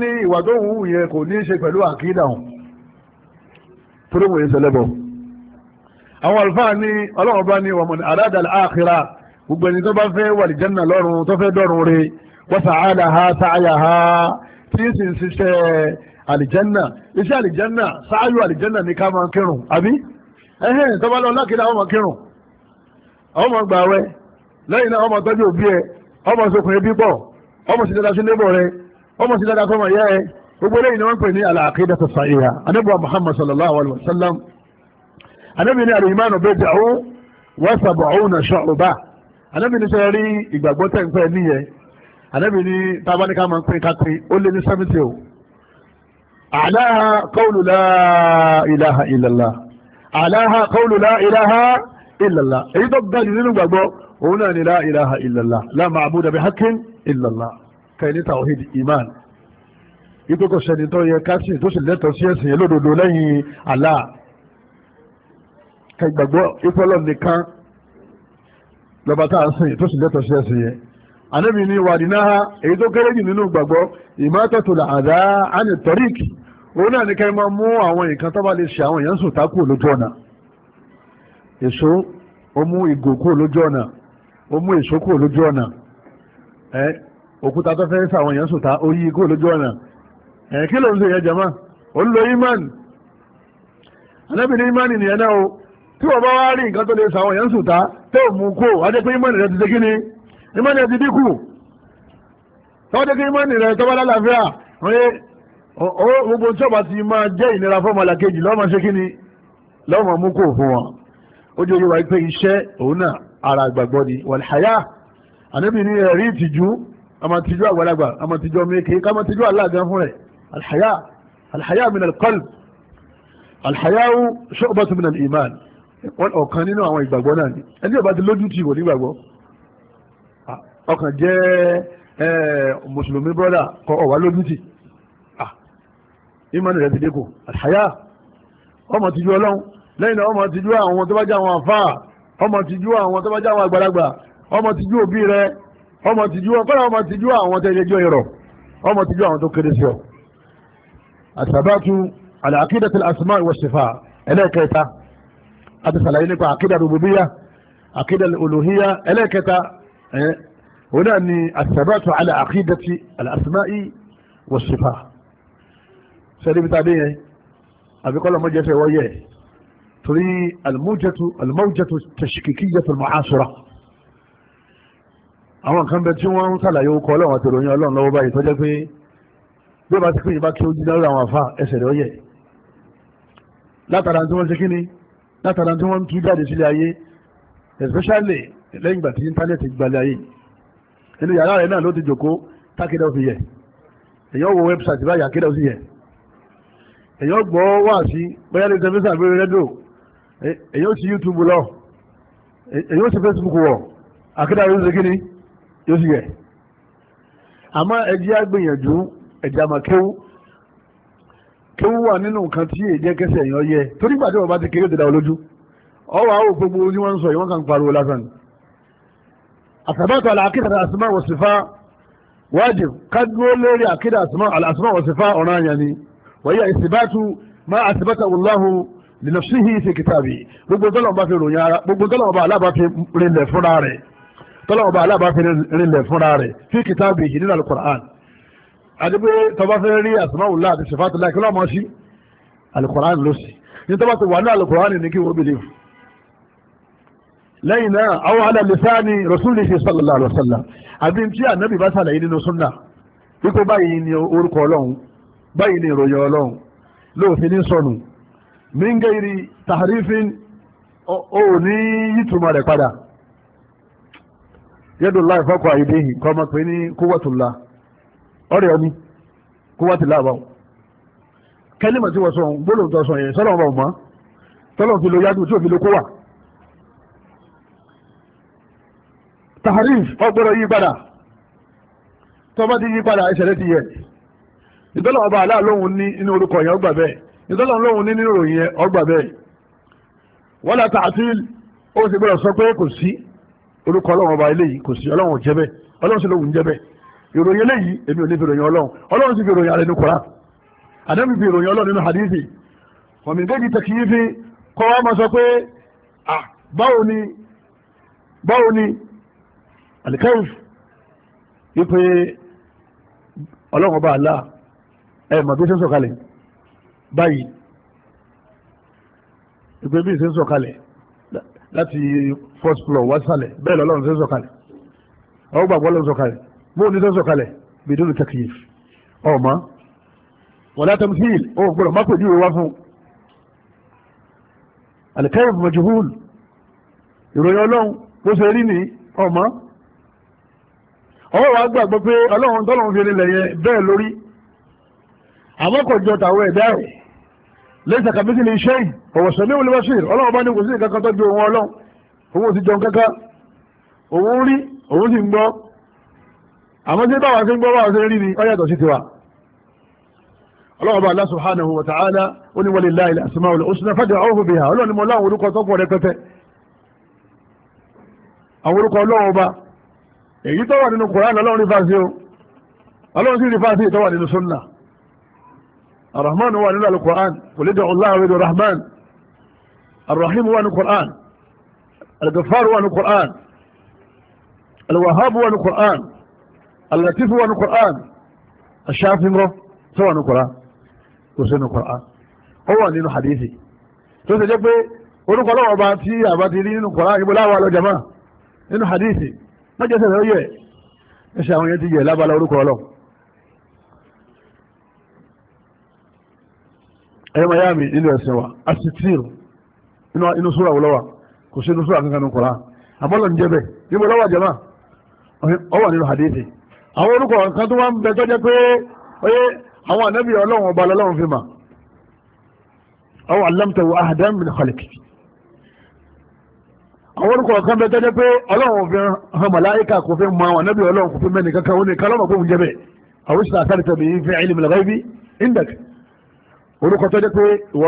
ní ìwà tó wù ú kò ní í ṣe pẹ̀lú àkídà hàn torí wòye sẹlẹ́bọ̀ àwọn àlùfáà ní ọlọ́run bá ní wàmọ̀ àdáda àkìrà gbogbo ẹni tó bá fẹ́ wà lí jánnà lọ́run tó fẹ́ dọ̀run re wa sa'alaha sa'yaha tí ń sì ń ṣiṣẹ́ àlìjánà iṣẹ́ àlìjánà sáájú àlìjánà ní ká máa kírun àbí ẹ̀hẹ́n tó bá lọ lákìlá àwọn máa kírun àwọn máa gbààwẹ̀ lẹ́yìn náà àwọn máa tọ́jú òbí ẹ àwọn máa sokùn ẹbí pọ̀ máa sì dáadáa sí lébọ̀ rẹ àwọn máa sì dáadáa fọmọ ìyá ẹ gbogbo eléyìí ni wọ́n pè ní àlàkídà tó sàìyà anábìwá muhammad sallallahu alayhi wa sallam anábì ní àlùmánu bẹ́ẹ̀ dà ó wọ́n sàbọ̀ òun náà ṣọ́ ọba anábì ní sẹ́yìn rí ìgbàgbọ́ tẹ̀ ń pẹ́ níyẹn anábì ní tábánikà máa ń pín kápín ó lé ní sẹ́mìtì o àláha kọ́ọ̀lù láìláha ìlàlá àláha kọ́ọ̀lù láìláha ìlàlá èyí tó gbà nínú ìgbàgbọ́ òun náà ní láìláha ìlàlá láàmà àbúdàbí hakin ìlàlá kẹ́ni tawhid iman wípé kò sẹ́ni tó yẹ kásìn tó sì lẹ́tọ̀ọ́ sí ẹ̀sìn yẹn lódodo lẹ́yìn Allah ká ìgbàgbọ́ ìfọlọ́ nìkan lọ́ba tá a sìn tó sì lẹ́tọ̀ọ́ sí ẹ̀sìn yẹn ànábì ní wàdínà èyí tó kéré jù nínú ìgbàgbọ́ ìmọ́tòtò àdá àni tọ́ríkì òun náà ní ká máa mú àwọn nǹkan tó bá lè ṣe àwọn èèyàn sùn tákù lójú ọ̀nà èso ó mú ìgò kú lójú ọ̀nà ó mú èso kú lójú ọ̀nà òkúta tó fẹ́ sàwọn èèyàn sùn ó yí kú lójú ọ̀nà ẹ̀yìn eh, kí ló ń ṣe yẹn jama ó ń lo imani anábì ní imani nìyẹn náà o tí wọ́n bá wá rí nǹkan tó lè sàwọn èèyàn sùta tó mú kó adé pé imani rẹ ti ṣe kí ni imani rẹ ti dínkù tọ́wọ́ dé kí imani rẹ tọ́wọ́ lálàáfíà wọ́n yé gbogbo sọ́ba ti máa jẹ́ ìnira fọ́ọ̀mù alákejì lọ́mọ ṣe kí ni lọ́mọ mú kó fún wọn ó jẹ́ yíwa pé iṣẹ́ òun náà ara àgbàgbọ́ ni wàlhàyà anábì ní ẹ̀rí ìtìjú àmàtìjú àgbàlagbà àmàtìjú ọmọ èké kámàtìjú aláàgán fún rẹ̀ الحياء الحياء من القلب الحياء شعبة من الإيمان wọ́n ọ̀kan nínú àwọn ìgbàgbọ́ náà ni ẹni ọba ti lójú ti wò nígbàgbọ́ ọkàn jẹ́ mùsùlùmí brọ́dà kọ ọ̀wá lójú ti ìmọ̀nì rẹ̀ ti dínkù àṣàyà ọmọ tìjú ọlọ́run lẹ́yìn náà ọmọ tìjú àwọn tó bá jẹ́ àwọn àfáà ọmọ tìjú àwọn tó bá jẹ́ àwọn àgbàlagbà ọmọ tìjú òbí rẹ ọmọ tìjú ọkọ́lá ọmọ tìjú àwọn tẹ́lẹ̀ ẹjọ́ ìrọ̀ ọmọ tìjú àwọn tó kéré sí ọ àtàbátú àlàkídà tí asma wa sifa ẹlẹ́ẹ̀kẹta àti sàlàyé nípa àkídà rububiya àkídà olùhíyà ẹlẹ́ẹ̀kẹta òun náà ni àtàbátú àlàkídà tí asma wa sifa sẹ́díbítà dé yẹn àbíkọ́lọ̀ mọ́jẹ́fẹ́ wọ́yẹ̀ torí almọ́jẹ́tu almọ́jẹ́tu tashkikiyatu almu'asira àwọn kan bẹ tí wọ́n ń sàlàyé ó kọ́ ọlọ́run àti ìròyìn ọlọ́run lọ́wọ́ báyìí tó jẹ́ pé bí ọba tí kò yìí bá kí ó jí lọ́rọ̀ àwọn àfa ẹsẹ̀ rẹ̀ ọyẹ látara tí wọ́n ṣe kíni látara tí wọ́n ń tú jáde sílé ayé especially lẹ́yìn ìgbà tí íńtánẹ́ẹ̀tì gbalẹ̀ ayé inú yàrá rẹ̀ náà ló ti jòkó tákìdá òfin yẹ èyàn wo wẹ́bsáìtì báyà kéde òsì yẹ èyàn gbọ́ wá sí bóyá ní tẹlifíṣàn àbí rédíò èyàn sì YouTube lọ èyàn sì Facebook wọ̀ àkéde àwọn oṣù kíni yóò sì yẹ àmọ́ ẹ ẹ̀já máa kéwú kéwú wà nínú nǹkan tí èjẹ́ kẹsẹ̀ èèyàn yẹ torí gbàdé wọn bá ti kéré dada olójú ọwọ́ àwọn gbogbo ní wọ́n ń sọ ìwọ́n kan pariwo lásán ni àsàbàtà àkídà àsìmá wọ̀ sífá wájib kádúró lórí àkídà àsìmá wọ̀ sífá ọ̀ràn àyàn ni wọ́n yẹ ìsìbátú má àsìbátà wùláhù lìnàfíhì fi kìtàbì gbogbo tọ́lọ́mọba fi ròyìn ara gbogbo tọ́lọ́mọba aláàbá fi rinlẹ̀ fúnra rẹ̀ tọ́lọ́mọba aláàbá fi rinlẹ̀ fúnra rẹ̀ fi kìtàbì yìí nínú alukur'an àdébé tọba fẹ́ rí àtúnáwò láti ṣèfàtò láì kí ló máa sí alukoran ló sì ní tọba ti wà ní alukoran ní kí wọ́n bìlẹ̀ lẹ́yìn náà àwọn alàlẹ́sá ni rasulihi sallallahu alaihi wasallam àbí tí ànábì bá sàlàyé nínú súnà wípé báyìí ni orúkọ ọlọ́run báyìí ni ìròyìn ọlọ́run lóòfin ní sọnù mingeri tahrifin ó ní yìtùmọ̀ rẹ̀ padà yadullahi fọ́kọ̀ àìdéhì ọ̀rẹ́ ọ ní kó wá ti láàbà wọn kẹ́límà tí wọ́n sọ ọ̀hún gbólóhùn tó sọ yẹn sọ́lọ́ ọ̀rọ̀ mọ́ tọ́lọ̀ fi lo yádùn tí ò fi lo kó wà. taharif ọgbọ́dọ̀ yí padà tọ́ba ti yí padà ìṣẹ̀lẹ̀ ti yẹ ìdọ́lọ̀ ọba àlá lóhun ní inú orúkọ yẹn ọgbà bẹ́ẹ̀ ìdọ́lọ̀ lóhun ní nínú ìròyìn yẹn ọgbà bẹ́ẹ̀ wọ́n la tààtìl ó sì gbọ́dọ̀ sọ pé kò sí orúkọ ọlọ́run ọba eléyìí kò sí ọlọ́run ò jẹ́ bẹ́ẹ̀ sì lóhun jẹ́ ìròyìn eléyìí èmi ò lè fi ròyìn ọlọ́run ọlọ́run sì fi ròyìn ààrẹ ní kura àdẹ́mi fi ròyìn ọlọ́run nínú hadithi kọ̀mìngéjì tẹ̀kìyífi kọ́ wa máa sọ pé ah báwo ni báwo ni alikẹ́yìf wípé ọlọ́run ọba àlá ẹ̀ mọ̀ bí ṣe ń sọ̀kalẹ̀ báyìí bí ṣe ń sọ̀kalẹ̀ láti first floor wá sálẹ̀ bẹ́ẹ̀ lọ́lọ́run bó ní sọ́sọ̀ kalẹ̀ bìdó ní takyif ọ̀ma wala tamthil ó gbọ́dọ̀ má pè ní ìwé wá fún alikayif majhul ìròyìn ọlọ́run bó ṣe rí ní ọ̀ma ọwọ́ wa gbàgbọ́ pé ọlọ́run tọ́lọ́run fi rinlẹ̀ yẹn bẹ́ẹ̀ lórí àmọ́ kò jọ tàwọn ẹ̀dá rẹ̀ lẹ́sẹ̀ kàmísì lè ṣe ọ̀wọ̀sọ̀ ní olùbáṣir ọlọ́run bá ní kò sí nǹkan kan tọ́jú òun ọlọ́run òun ò sì jọ nǹkan kan òun rí òun sì ń gbọ́ àmọ́ tí báwa ṣe ń gbọ́ báwa ṣe ń rí ni ó yàtọ̀ sí tiwa ọlọ́ọ̀bá Allah subhanahu wa ta'ala ó ní walillahi al-asmaul husna fad'uhu biha ọlọ́ọ̀ ni mo láwọn orúkọ tó pọ̀ rẹpẹtẹ àwọn orúkọ ọlọ́wọ́ ọba èyí tó wà nínú Kùránì ọlọ́run ní àlàtí fún wọnú Qur'an aṣáfínrọ́ tó wọnú Qur'an kò sínú Qur'an ó wà nínú hadithi tó ṣe jẹ́ pé orúkọ lọ́wọ́ bá tí àbá ti rí nínú Qur'an ibo láwọn àlọ́ jama nínú hadithi má jẹ́ sẹ́sẹ́ ó yẹ ẹ̀ṣẹ̀ àwọn yẹn ti yẹ lábala orúkọ ọlọ́ ẹ̀yẹ́ mayami nínú ẹ̀sìn wa asitir inú súra wọlọ́wà kò sínú súra kankan nínú Qur'an àbọ̀lọ̀ ń jẹ́ bẹ́ẹ̀ ibo lọ́wọ́ jama ó wà nínú hadithi àwọn orúkọ nǹkan tó wá ń bẹ tó jẹ́ pé oyé àwọn ànábì ọlọ́run ọba lọ́lọ́run fi mà aw allamtahu ahadan min khalqi àwọn orúkọ nǹkan bẹ tó jẹ́ pé ọlọ́run fi hàn màláìka kò fi mọ àwọn ànábì ọlọ́run kò fi mẹ́ni kankan òun nìkan lọ́mọ kóhun jẹ́bẹ̀ àwọn ìṣẹ̀lẹ̀ àtàrìtà fi ilmi al-ghaibi indak orúkọ tó jẹ́ pé ìwọ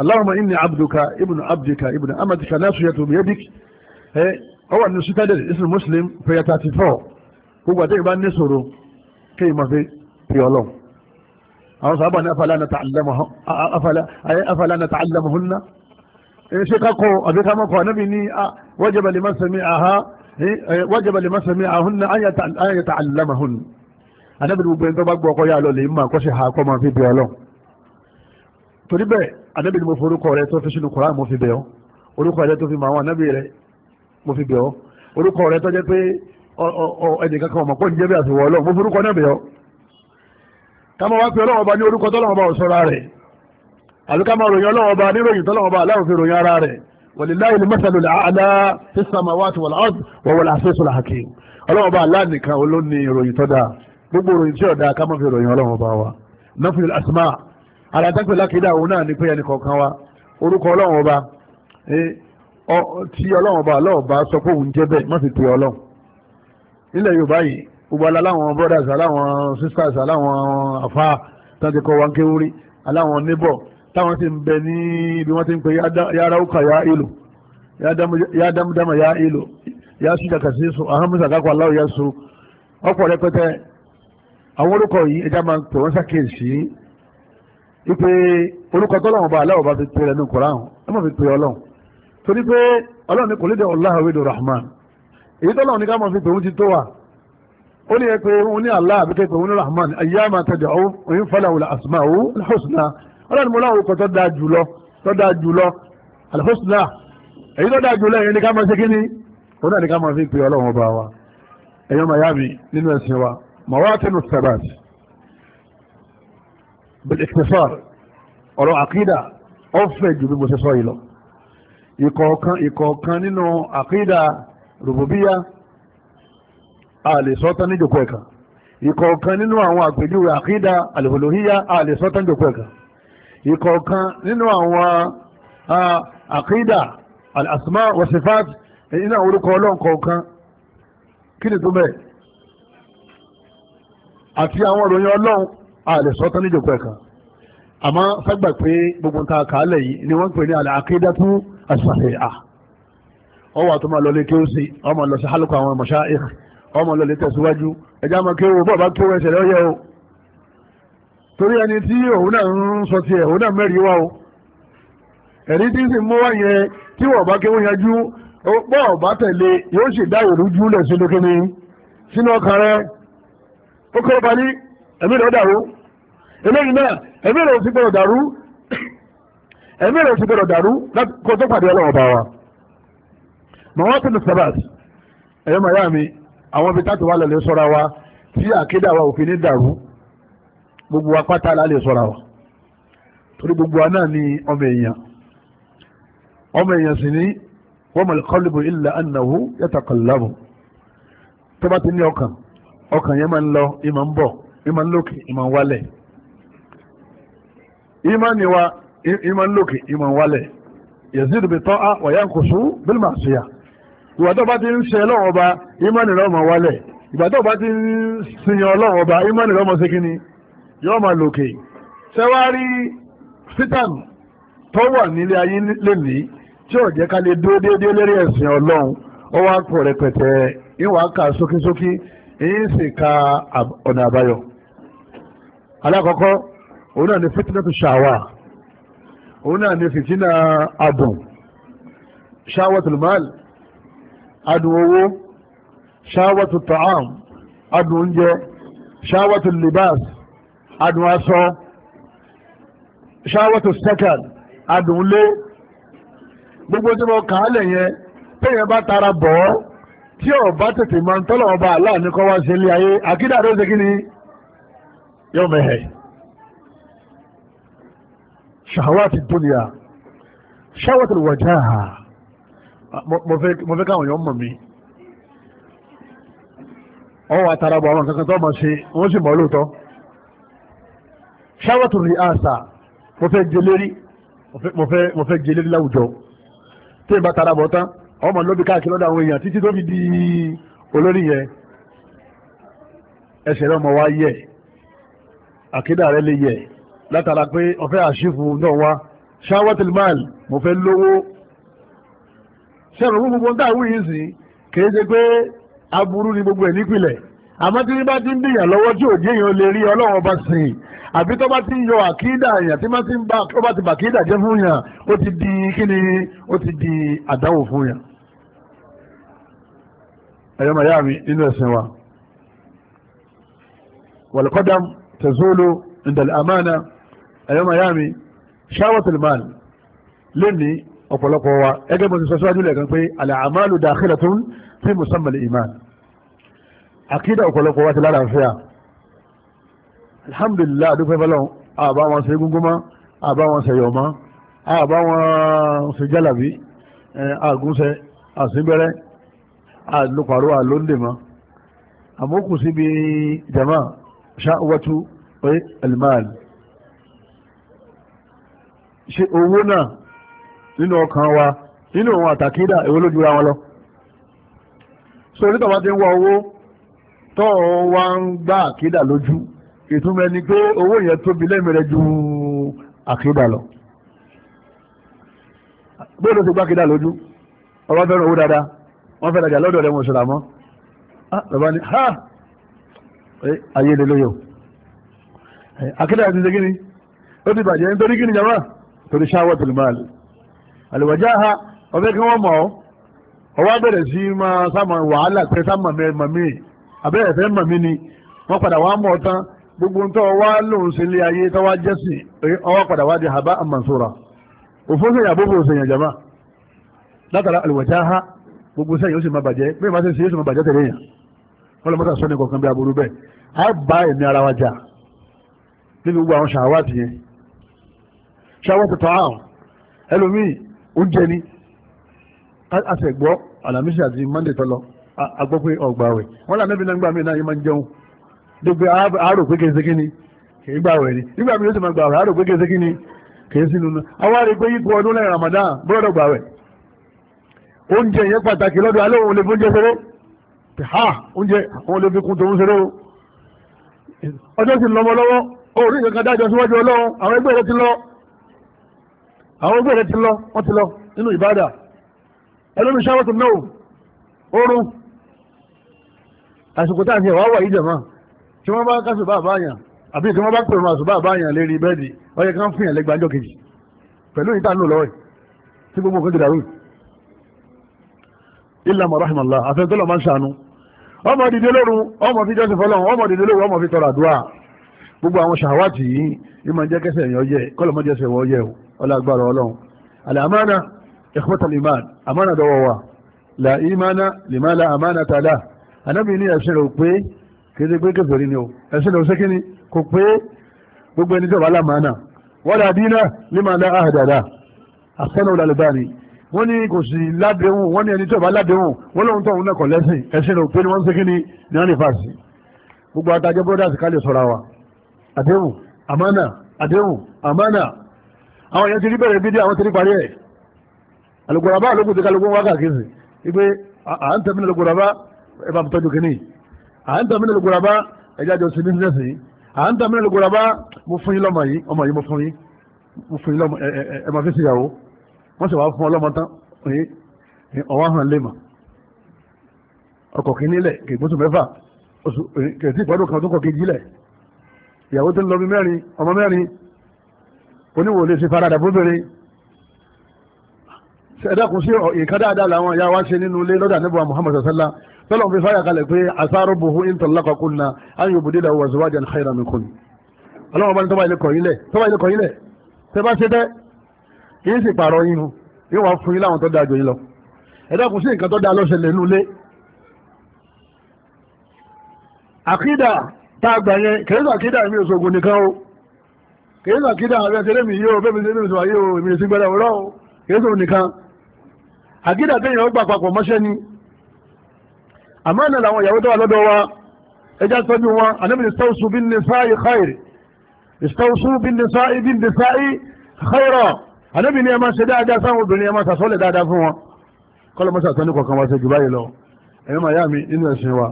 اللهم إني عبدك ابن عبدك ابن أمتك ناصية بيدك هو أن ستدل اسم مسلم في 34 هو دائما نسره كيما في في الله àwọn sábà ní afẹ́lá na tààlàmù húnná ṣe kakọ àbíká mọ́kọ̀ náà ní wájẹ́bà lè máa sami àhúnná ayẹ tààlàmù húnná anábìrì gbogbo ẹni tó bá gbọ́ ọkọ̀ yà lọ lè máa kọ́ sí ha kọ́ máa fi bí ọlọ́ torí bẹ́ẹ̀ anábì ni mo forúkọ rẹ tó fi sínú koran mo fi bẹ̀ ọ́ orúkọ rẹ tó fi mọ àwọn anábì rẹ mo fi bẹ̀ ọ́ orúkọ rẹ tó jẹ́ pé ẹnìkan kan ọmọkọ́ níjẹ́ bí àtiwọ́ ọlọ́run mo forúkọ náà bẹ̀ ọ́ ká wá pé ọlọ́run ọba ní orúkọ tọ́lọ́run ọba òṣọ́ra rẹ̀ àbí ká máa ròyìn ọlọ́run ọba níròyìn tọ́lọ́run ọba aláwọ̀ fi ròyìn ara rẹ̀ walillahi al-mathalu al-a'la fi as-samawati wal-ard wa huwa al-'azizu al-hakim ọlọ́run ọba aláà nìkan olóní ìròyìn tọ́da gbogbo ìròyìn tí ọ̀dà ká máa fi ròyìn ọlọ́run ọba wa nafil asma' alátẹ́pẹ́ lákìdá òun náà ni pé ẹnì kọ̀ọ̀kan wa orúkọ ọlọ́run ọba tí ọlọ́run ọba ọlọ́run bá sọ pé òun jẹ́ bẹ́ẹ̀ má sì pe ọlọ́run nílẹ̀ yorùbá yìí gbogbo aláwọn brothers aláwọn sisters aláwọn afa tán ti kọ́ wa ń ké wúrí aláwọn neighbor táwọn sì ń bẹ ní ibi wọ́n ti ń pe yára ó kà yá èlò yá dámúdámà yá èlò yá síjàkà sí sùn ahámúsà kákó aláwọ̀ yá sùn rẹpẹtẹ àwọn orúkọ yìí ẹja máa ń pè wọ́n ṣàkíyèsí wípé orúkọ tọ́lọ́wọ́n bá aláwọ̀ bá fi pè rẹ̀ ní koran ẹ má fi pè ọlọ́run torí pé ọlọ́run ní kò lédè ọláhà wíìdù rahman èyí tọ́lọ́run ní ká mọ̀ fi pè wọ́n ti tó wa ó ní ẹ pé òun ní allah àbí pé òun ní rahman ayyama tad'u òun fọlá wòlá asma òun alhusna ọlọ́run mo láwọn orúkọ tó dáa jùlọ tó dáa èyí tó dáa jùlọ yẹn ní ní ká mọ̀ fi pè بالاختصار ọ̀rọ̀ àkídà ọ̀fẹ́ ju bí mo ṣe sọ yìí lọ ìkọ̀ọ̀kan ìkọ̀ọ̀kan nínú àkídà rùbùbíyà a lè sọ tán níjòkó ẹ̀kan ìkọ̀ọ̀kan nínú àwọn àpèjúwe àkídà àlùfòlòhíyà a lè sọ tán níjòkó ẹ̀kan ìkọ̀ọ̀kan nínú àwọn àkídà àsìmá wàsífàt nínú àwọn orúkọ ọlọ́run kọ̀ọ̀kan kí ni tó bẹ́ẹ̀ àti àwọn ìròyìn ọlọ́run àlè sọ́tọ́ níjòkó ẹ̀ka àmọ́ ságbà pé gbogbo nǹkan àkàálẹ̀ yìí ni wọ́n ń pè ní àlè àkídátú àṣàṣeà ọwọ́ àti ọmọ lọlé kí ó sì ọmọ lọ sí hálùkọ àwọn mọ̀ṣá ìk ọmọ lọlé tẹ̀síwájú ẹ̀já máa kí ó bọ̀ bá kí ó ẹsẹ̀ lọ́yẹ̀ o torí ẹni tí òun náà ń sọ tiẹ̀ òun náà mẹ́rin wá o ẹ̀rí tí sì mú wá yẹn tí wọ́n bá kí wọ́n yanjú bọ́ ọ̀bá tẹ̀lé yóò sì dá ìrújú lẹ̀ sínú kíni sínú ọkàn rẹ̀ ó kọ́ balí ẹ̀mí lọ́dà o eléyìí náà ẹ̀mí rẹ̀ ò sì gbọ́dọ̀ dàrú ẹ̀mí rẹ̀ ò sì gbọ́dọ̀ dàrú kó tó pàdé ọlọ́wọ́ bá wa. màwọn tó ní sábàs ẹ̀yọ́ màyá mi àwọn ibi táàtì wa lọ lè sọ́ra wa tí àkédà wa òfin ní dàrú gbogbo wa pátá la lè sọ́ra wa torí gbogbo wa náà ni ọmọ èèyàn ọmọ èèyàn sì ní wọ́n mọ̀ kọ́lùbù illa annahu yataqallabu tó bá ti ní ọkàn ọkàn yẹn máa ń lọ ìmọ̀ ń bọ̀ ìmọ̀ ń lókè ìmọ̀ ń wálẹ̀ ìmánì wa ìmán lókè ìmán wálẹ̀ yazidu bi ta'a wa yanqusu bil ma'siya ìwà tó bá ti ń ṣe ọlọ́run ọba ìmánì rẹ̀ ọmọ wálẹ̀ ìgbà tó bá ti ń sìyàn ọlọ́run ọba ìmánì rẹ̀ ọmọ ṣe kíni yóò máa lókè ṣẹ́wárí sítàn tó wà nílé ayé lónìí tí ò jẹ́ ká lè dúró déédéé lérí ẹ̀sìn ọlọ́run ó wá pọ̀ rẹpẹtẹ ìwà ká sókísókí èyí sì ka ọ̀nà àbáyọ. alákọ̀ọ́kọ́ òun náà ni fitina tó ṣàwà òun náà ni fitina adùn ṣàwà tòlùmáàl adùn owó ṣàwà tó tààm adùn oúnjẹ ṣàwà tó libas adùn aṣọ ṣàwà tó sẹ́kàn adùn lé gbogbo tí mo kà á yẹn téèyàn bá tara bọ̀ tí ò bá tètè máa ń tọ́lọ̀ ọba aláàánú kọ́ wá sí ilé ayé àkídà ló ṣe kí ni yóò mẹ́hẹ̀ẹ́ ṣàwátì dúnìyà ṣàwátì wàjáhà mo fẹ́ káwọn èèyàn mọ̀ mí ọwọ́ àtàràbọ̀ àwọn kankan tó mọ̀ sí wọ́n sì mọ̀ lóòótọ́ ṣàwátì rí àṣà mo fẹ́ jẹlérí mo fẹ́ jẹlérí láwùjọ tí ìbá tàràbọ̀ tán ọmọ lóbi káàkiri lọ́dọ̀ àwọn èèyàn títí tó fi di olórí yẹn ẹsẹ̀ rẹ̀ ọmọ wa yẹ àkídà rẹ̀ lè yẹ látara pé ọ̀fẹ́ àṣífù náà wá ṣáwọ́tìl máàlì mo fẹ́ lówó ṣẹ̀rọ̀ gbogbo tá àwọn yìí sìn kìí ṣe pé aburú ni gbogbo ẹ̀ nípìnlẹ̀ àmọ́ tí bá ti ń dìyàn lọ́wọ́ tí òjì èèyàn lè rí ọlọ́run ọba sìn àbí tó bá ti ń yọ àkídà èèyàn tí ó bá ti bà kídà jẹ́ fún yàn ó ti di kí ni ó ti di àdáwò fún yàn. ẹ̀yọ́ màyá mi nínú ẹ̀sìn wa wal qadam tazulu inda ẹ̀yọ́ miami ṣáwọ́tìlì man lónìí ọ̀pọ̀lọpọ̀ wa ẹgbẹ́ mo ti sọ síwájú lẹ́ẹ̀kan pé àlẹ́ àmàlù dakhilatun fi musamman iman àkídà ọ̀pọ̀lọpọ̀ wa ti lálàáfíà alhamdulillah adúpẹ́ fẹ́lọ́n àbá wọn ṣe egungun mọ́ àbá wọn ṣe yọ̀ mọ́ àbá wọn ṣe jálàbí àgúnṣe àṣìbẹ̀rẹ̀ àlùpàrọ̀ àlóńdè mọ́ àmókù síbi jama ṣáwọ́tú pé almal ṣe owó náà nínú ọkàn wa nínú òun àtàkídà èwo ló jura wọn lọ so nígbà wá ti ń wá owó tó wá ń gbá àkídà lójú ìtumọ̀ ẹni pé owó yẹn tóbi lẹ́mìí rẹ ju àkídà lọ bó ló ti gbá àkídà lójú ọba fẹ́ràn owó dáadáa wọ́n fẹ́ rajà lọ́dọ̀ rẹ̀ wọ́n ṣọ̀rọ̀ àmọ́ ah, bàbá ni ha ayé lè lóyò àkídà ti ṣe kí ni ó ti bàjẹ́ nítorí kí ni jàmáà torí ṣáwọ́tì máàlì àlùwàjá ha ọ̀fẹ́ kí wọ́n mọ̀ ọ́ ọwọ́ bẹ̀rẹ̀ sí máa sáma wàhálà pé sáma mẹ́mí abẹ́rẹ́ fẹ́ mọ̀mí ni wọ́n padà wá mọ̀ tán gbogbo ń tọ́ wá lòun sí ilé ayé tọ́wá jẹ́sìn ọwọ́ padà wá di haba amansura òfin sèyàn àbúrò sèyàn jama látara àlùwàjá ha gbogbo sẹ́yìn ó sì máa bàjẹ́ bí ìmọ̀ sẹ́yìn ó sì máa bàjẹ́ tẹ̀lé yàn wọ́n lọ mọ́tà sọ́ni kọ̀ọ̀kan bí aburú bẹ́ẹ̀ á bá ẹ̀mí ara wa jà níbi gbogbo àwọn ṣàwátì yẹn ṣáwọ́tò tó àrùn ẹlòmíì oúnjẹ ni àṣẹgbọ́ alamisi àti mọ́ndé tó lọ agbọ́ pé ọgbà wẹ̀ wọ́n làmẹ́bí náà gbà mí náà yìí máa ń jẹun gbogbo àárò pé kèsè kí ni kèé gbà wẹ̀ ni nígbà mi yóò sì máa gbà wẹ̀ àárò pé kèsè kí ni kèé sínú náà àwọn àrè pé yípo ọdún lẹ́yìn Ramadan bọ́dọ̀ gbà wẹ̀ oúnjẹ yẹn pàtàkì lọ́dọ̀ alẹ́ òun lè fi oúnjẹ ṣeré ha oúnjẹ òun lè fi kun tòun ṣeré o ọjọ́ sì lọ́mọ lọ́wọ́ òórí kankan dájọ́ síwájú ọlọ́run àwọn ẹgbẹ́ rẹ ti lọ àwọn ogbó rẹ̀ ti lọ wọ́n ti lọ nínú ìbádà ẹlòmí ṣáwọ́tò náà oorun àsìkò tá à ń ṣe wàá wà yìí jẹ̀mọ́ tí wọ́n bá kásù bá àbáyàn àbí tí wọ́n bá pèrò àsùbá àbáyàn lérí bẹ́ẹ̀dì ọyẹ kan fìyàn lẹ́gbàájọ́ kejì pẹ̀lú ìta nù lọ́wọ́ tí gbogbo nǹkan ti dàrú ilà mọ̀ràhìmọ̀lá àfẹ́ntọ́lọ̀ máa ń ṣàánú ọmọ dìde lóru ọmọ fi jọ́sìn fọlọ́run ọmọ dìde lóru ọmọ fi tọrọ àdúrà gbogbo àwọn ṣàwátì yìí yìí máa jẹ́ kẹsẹ̀ yẹn ọyẹ kọ́lọ̀ mọ́ jẹ́sẹ̀ wọ́n yẹ o ọlágbára ọlọ́run àlẹ́ àmánà ẹ̀kọ́tà liman àmánà dọ́wọ́ wa là ìmánà limala àmánà tààlà anábì ní ẹ̀sìn rẹ̀ pé kéde pé kẹfẹ́ rí ni o ẹ̀sìn rẹ̀ ṣé kí ni kò pé gbogbo ẹni tó wà lámánà wọ́n dà dínà limala àhàdàdà àsánà òlà lùbáni wọ́n ní kò sí ládéhùn wọ́n ní ẹni tó bá ládéhùn wọ́n àmánà àdéhùn àmánà àwọn èèyàn ti rí bẹ̀rẹ̀ bídí àwọn ti rí parí ẹ̀ alùgbòràbá ló kù ti kálukú wá kàkíyèsí wípé à ń tẹ̀mí alùgbòràbá ẹ bá tọ́jú kínní à ń tẹ̀mí alùgbòràbá ẹ jáde sí bísíǹsì yìí à ń tẹ̀mí alùgbòràbá mo fún yín lọ́mọ yìí ọmọ yìí mo fún yín mo fún yín lọ́mọ ẹ ẹ ìyàwó tó ń lọ bí mẹ́rin ọmọ mẹ́rin oníwò lè ṣe faradà fóbìnrin ẹ̀dàkùn sí ìka dáadáa làwọn ìyá wa ṣe nínú ilé lọ́dà níbo Muhammad sallá tọ́lọ̀ fi fáyà kalẹ̀ pé àsáró buhu intọ̀lákọ̀ kúnna ayò bùdí ìdàwó wàzúwájà ní khayra minkum ọlọ́wọ́n bá ní tọ́ba ilé kọ̀yìn lẹ̀ tọ́ba ilé kọ̀yìn lẹ̀ tẹ́ bá ṣe tẹ́ yìí sì pààrọ̀ yín hun yóò wá fún yín láwọn tó dáa jù yín lọ ẹ̀dàkùn sí nǹkan tó dáa lọ́sẹ̀ lẹ́nu ilé àkídà tágbà yẹn kèésà kídà mi òṣogun nìkan o kèésà kídà ààrẹ tẹ́lẹ̀ mi yóò bẹ́ẹ̀ mi tẹ́lẹ̀ mi sọ ayé o èmi lè sí gbẹ́dẹ̀ ọ̀rọ̀ o kèésà nìkan àkídà tẹ́yìn ó gbà papọ̀ mọ́ṣẹ́ ni àmọ́ tó wà lọ́dọ̀ wa ẹja tọ́jú wọn anábìlì stausu bí nisa'i khair stausu bí nisa'i bí nisa'i khaira anábìlì ẹ máa ṣe dáadáa sáwọn obìnrin ẹ máa sàsọ́lẹ̀ dáadáa fún wọn kọ́lọ́ mọ́ṣà sí jù báyìí lọ ẹ̀yọ́ màyá mi nínú ẹ̀sìn wa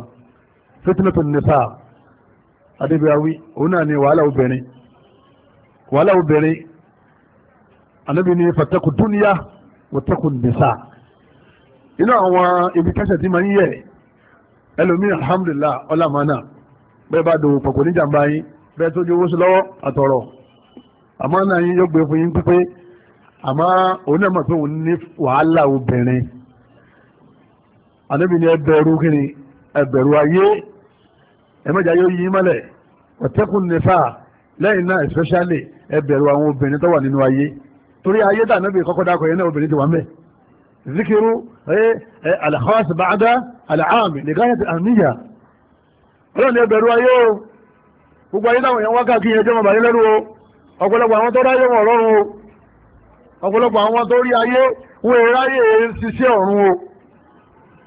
fitnatun nisa' adébíyáwí òun náà ni wàhálà obìnrin wàhálà obìnrin anábì ní fàtẹ́kù dúníyà wọ́tẹ́kù nìsà inú àwọn ibi kẹsẹ̀ tí máa ń yẹ ẹlòmíì alhamdulillah ọlámánà bẹ́ẹ̀ bá dòwò pọ̀ kò ní jàmbá yín bẹ́ẹ̀ tó jówó sí lọ́wọ́ àtọ̀rọ̀ àmọ́ náà yín yóò gbé fún yín pípé àmọ́ òun náà mọ̀ pé òun ní wàhálà obìnrin anábì ní ẹbẹ̀rù kíni ẹbẹ̀rù ayé ẹ̀mẹ́jà yóò yí mọ́lẹ̀ ọ̀tẹ́kùn nífà lẹ́yìn náà especially ẹ bẹ̀rù àwọn obìnrin tó wà nínú ayé torí ayé dà níbi kọ́kọ́ dákọ̀ yẹn náà obìnrin ti wà mẹ́ zikiru alakhas ba'da al'ami nìkanà ti àníyà ọlọ́ni ẹ bẹ̀rù ayé o gbogbo ayé táwọn èèyàn wá káàkiri ẹjọ́ wọn bàyẹ́ lẹ́rú o ọ̀pọ̀lọpọ̀ àwọn tó ráyé wọn ọ̀rọ̀run o ọ̀pọ̀lọpọ̀ àwọn tó rí ayé wọn èrè ayé ṣiṣẹ́ ọ̀run o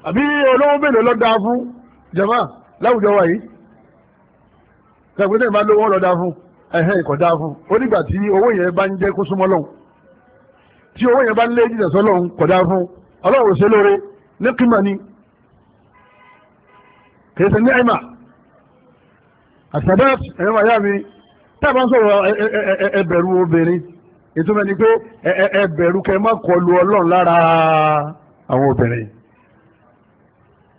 àbí olówó mélòó lọ́dà fún jàmáà láwùjọ wa ẹgbẹ́ tẹ̀ bá lówó ọlọ́dá fún ẹ̀hẹ́ ìkọ̀dá fún ó nígbà tí owó yẹn bá ń jẹ́ kó súnmọ́ lọ́hùn tí owó yẹn bá ń lé jìnà sọ́lọ́hùn kọ̀dá fún ọlọ́run ṣe lóore lẹ́kìmọ̀ ni kìí ṣe ní ẹ̀mà àṣàbẹ́t ẹ̀rọ àyà mi tá a bá ń sọ̀rọ̀ ẹbẹ̀rù obìnrin ìtumọ̀ ni pé ẹbẹ̀rù kẹ má kọlu ọlọ́run lára àwọn obìnrin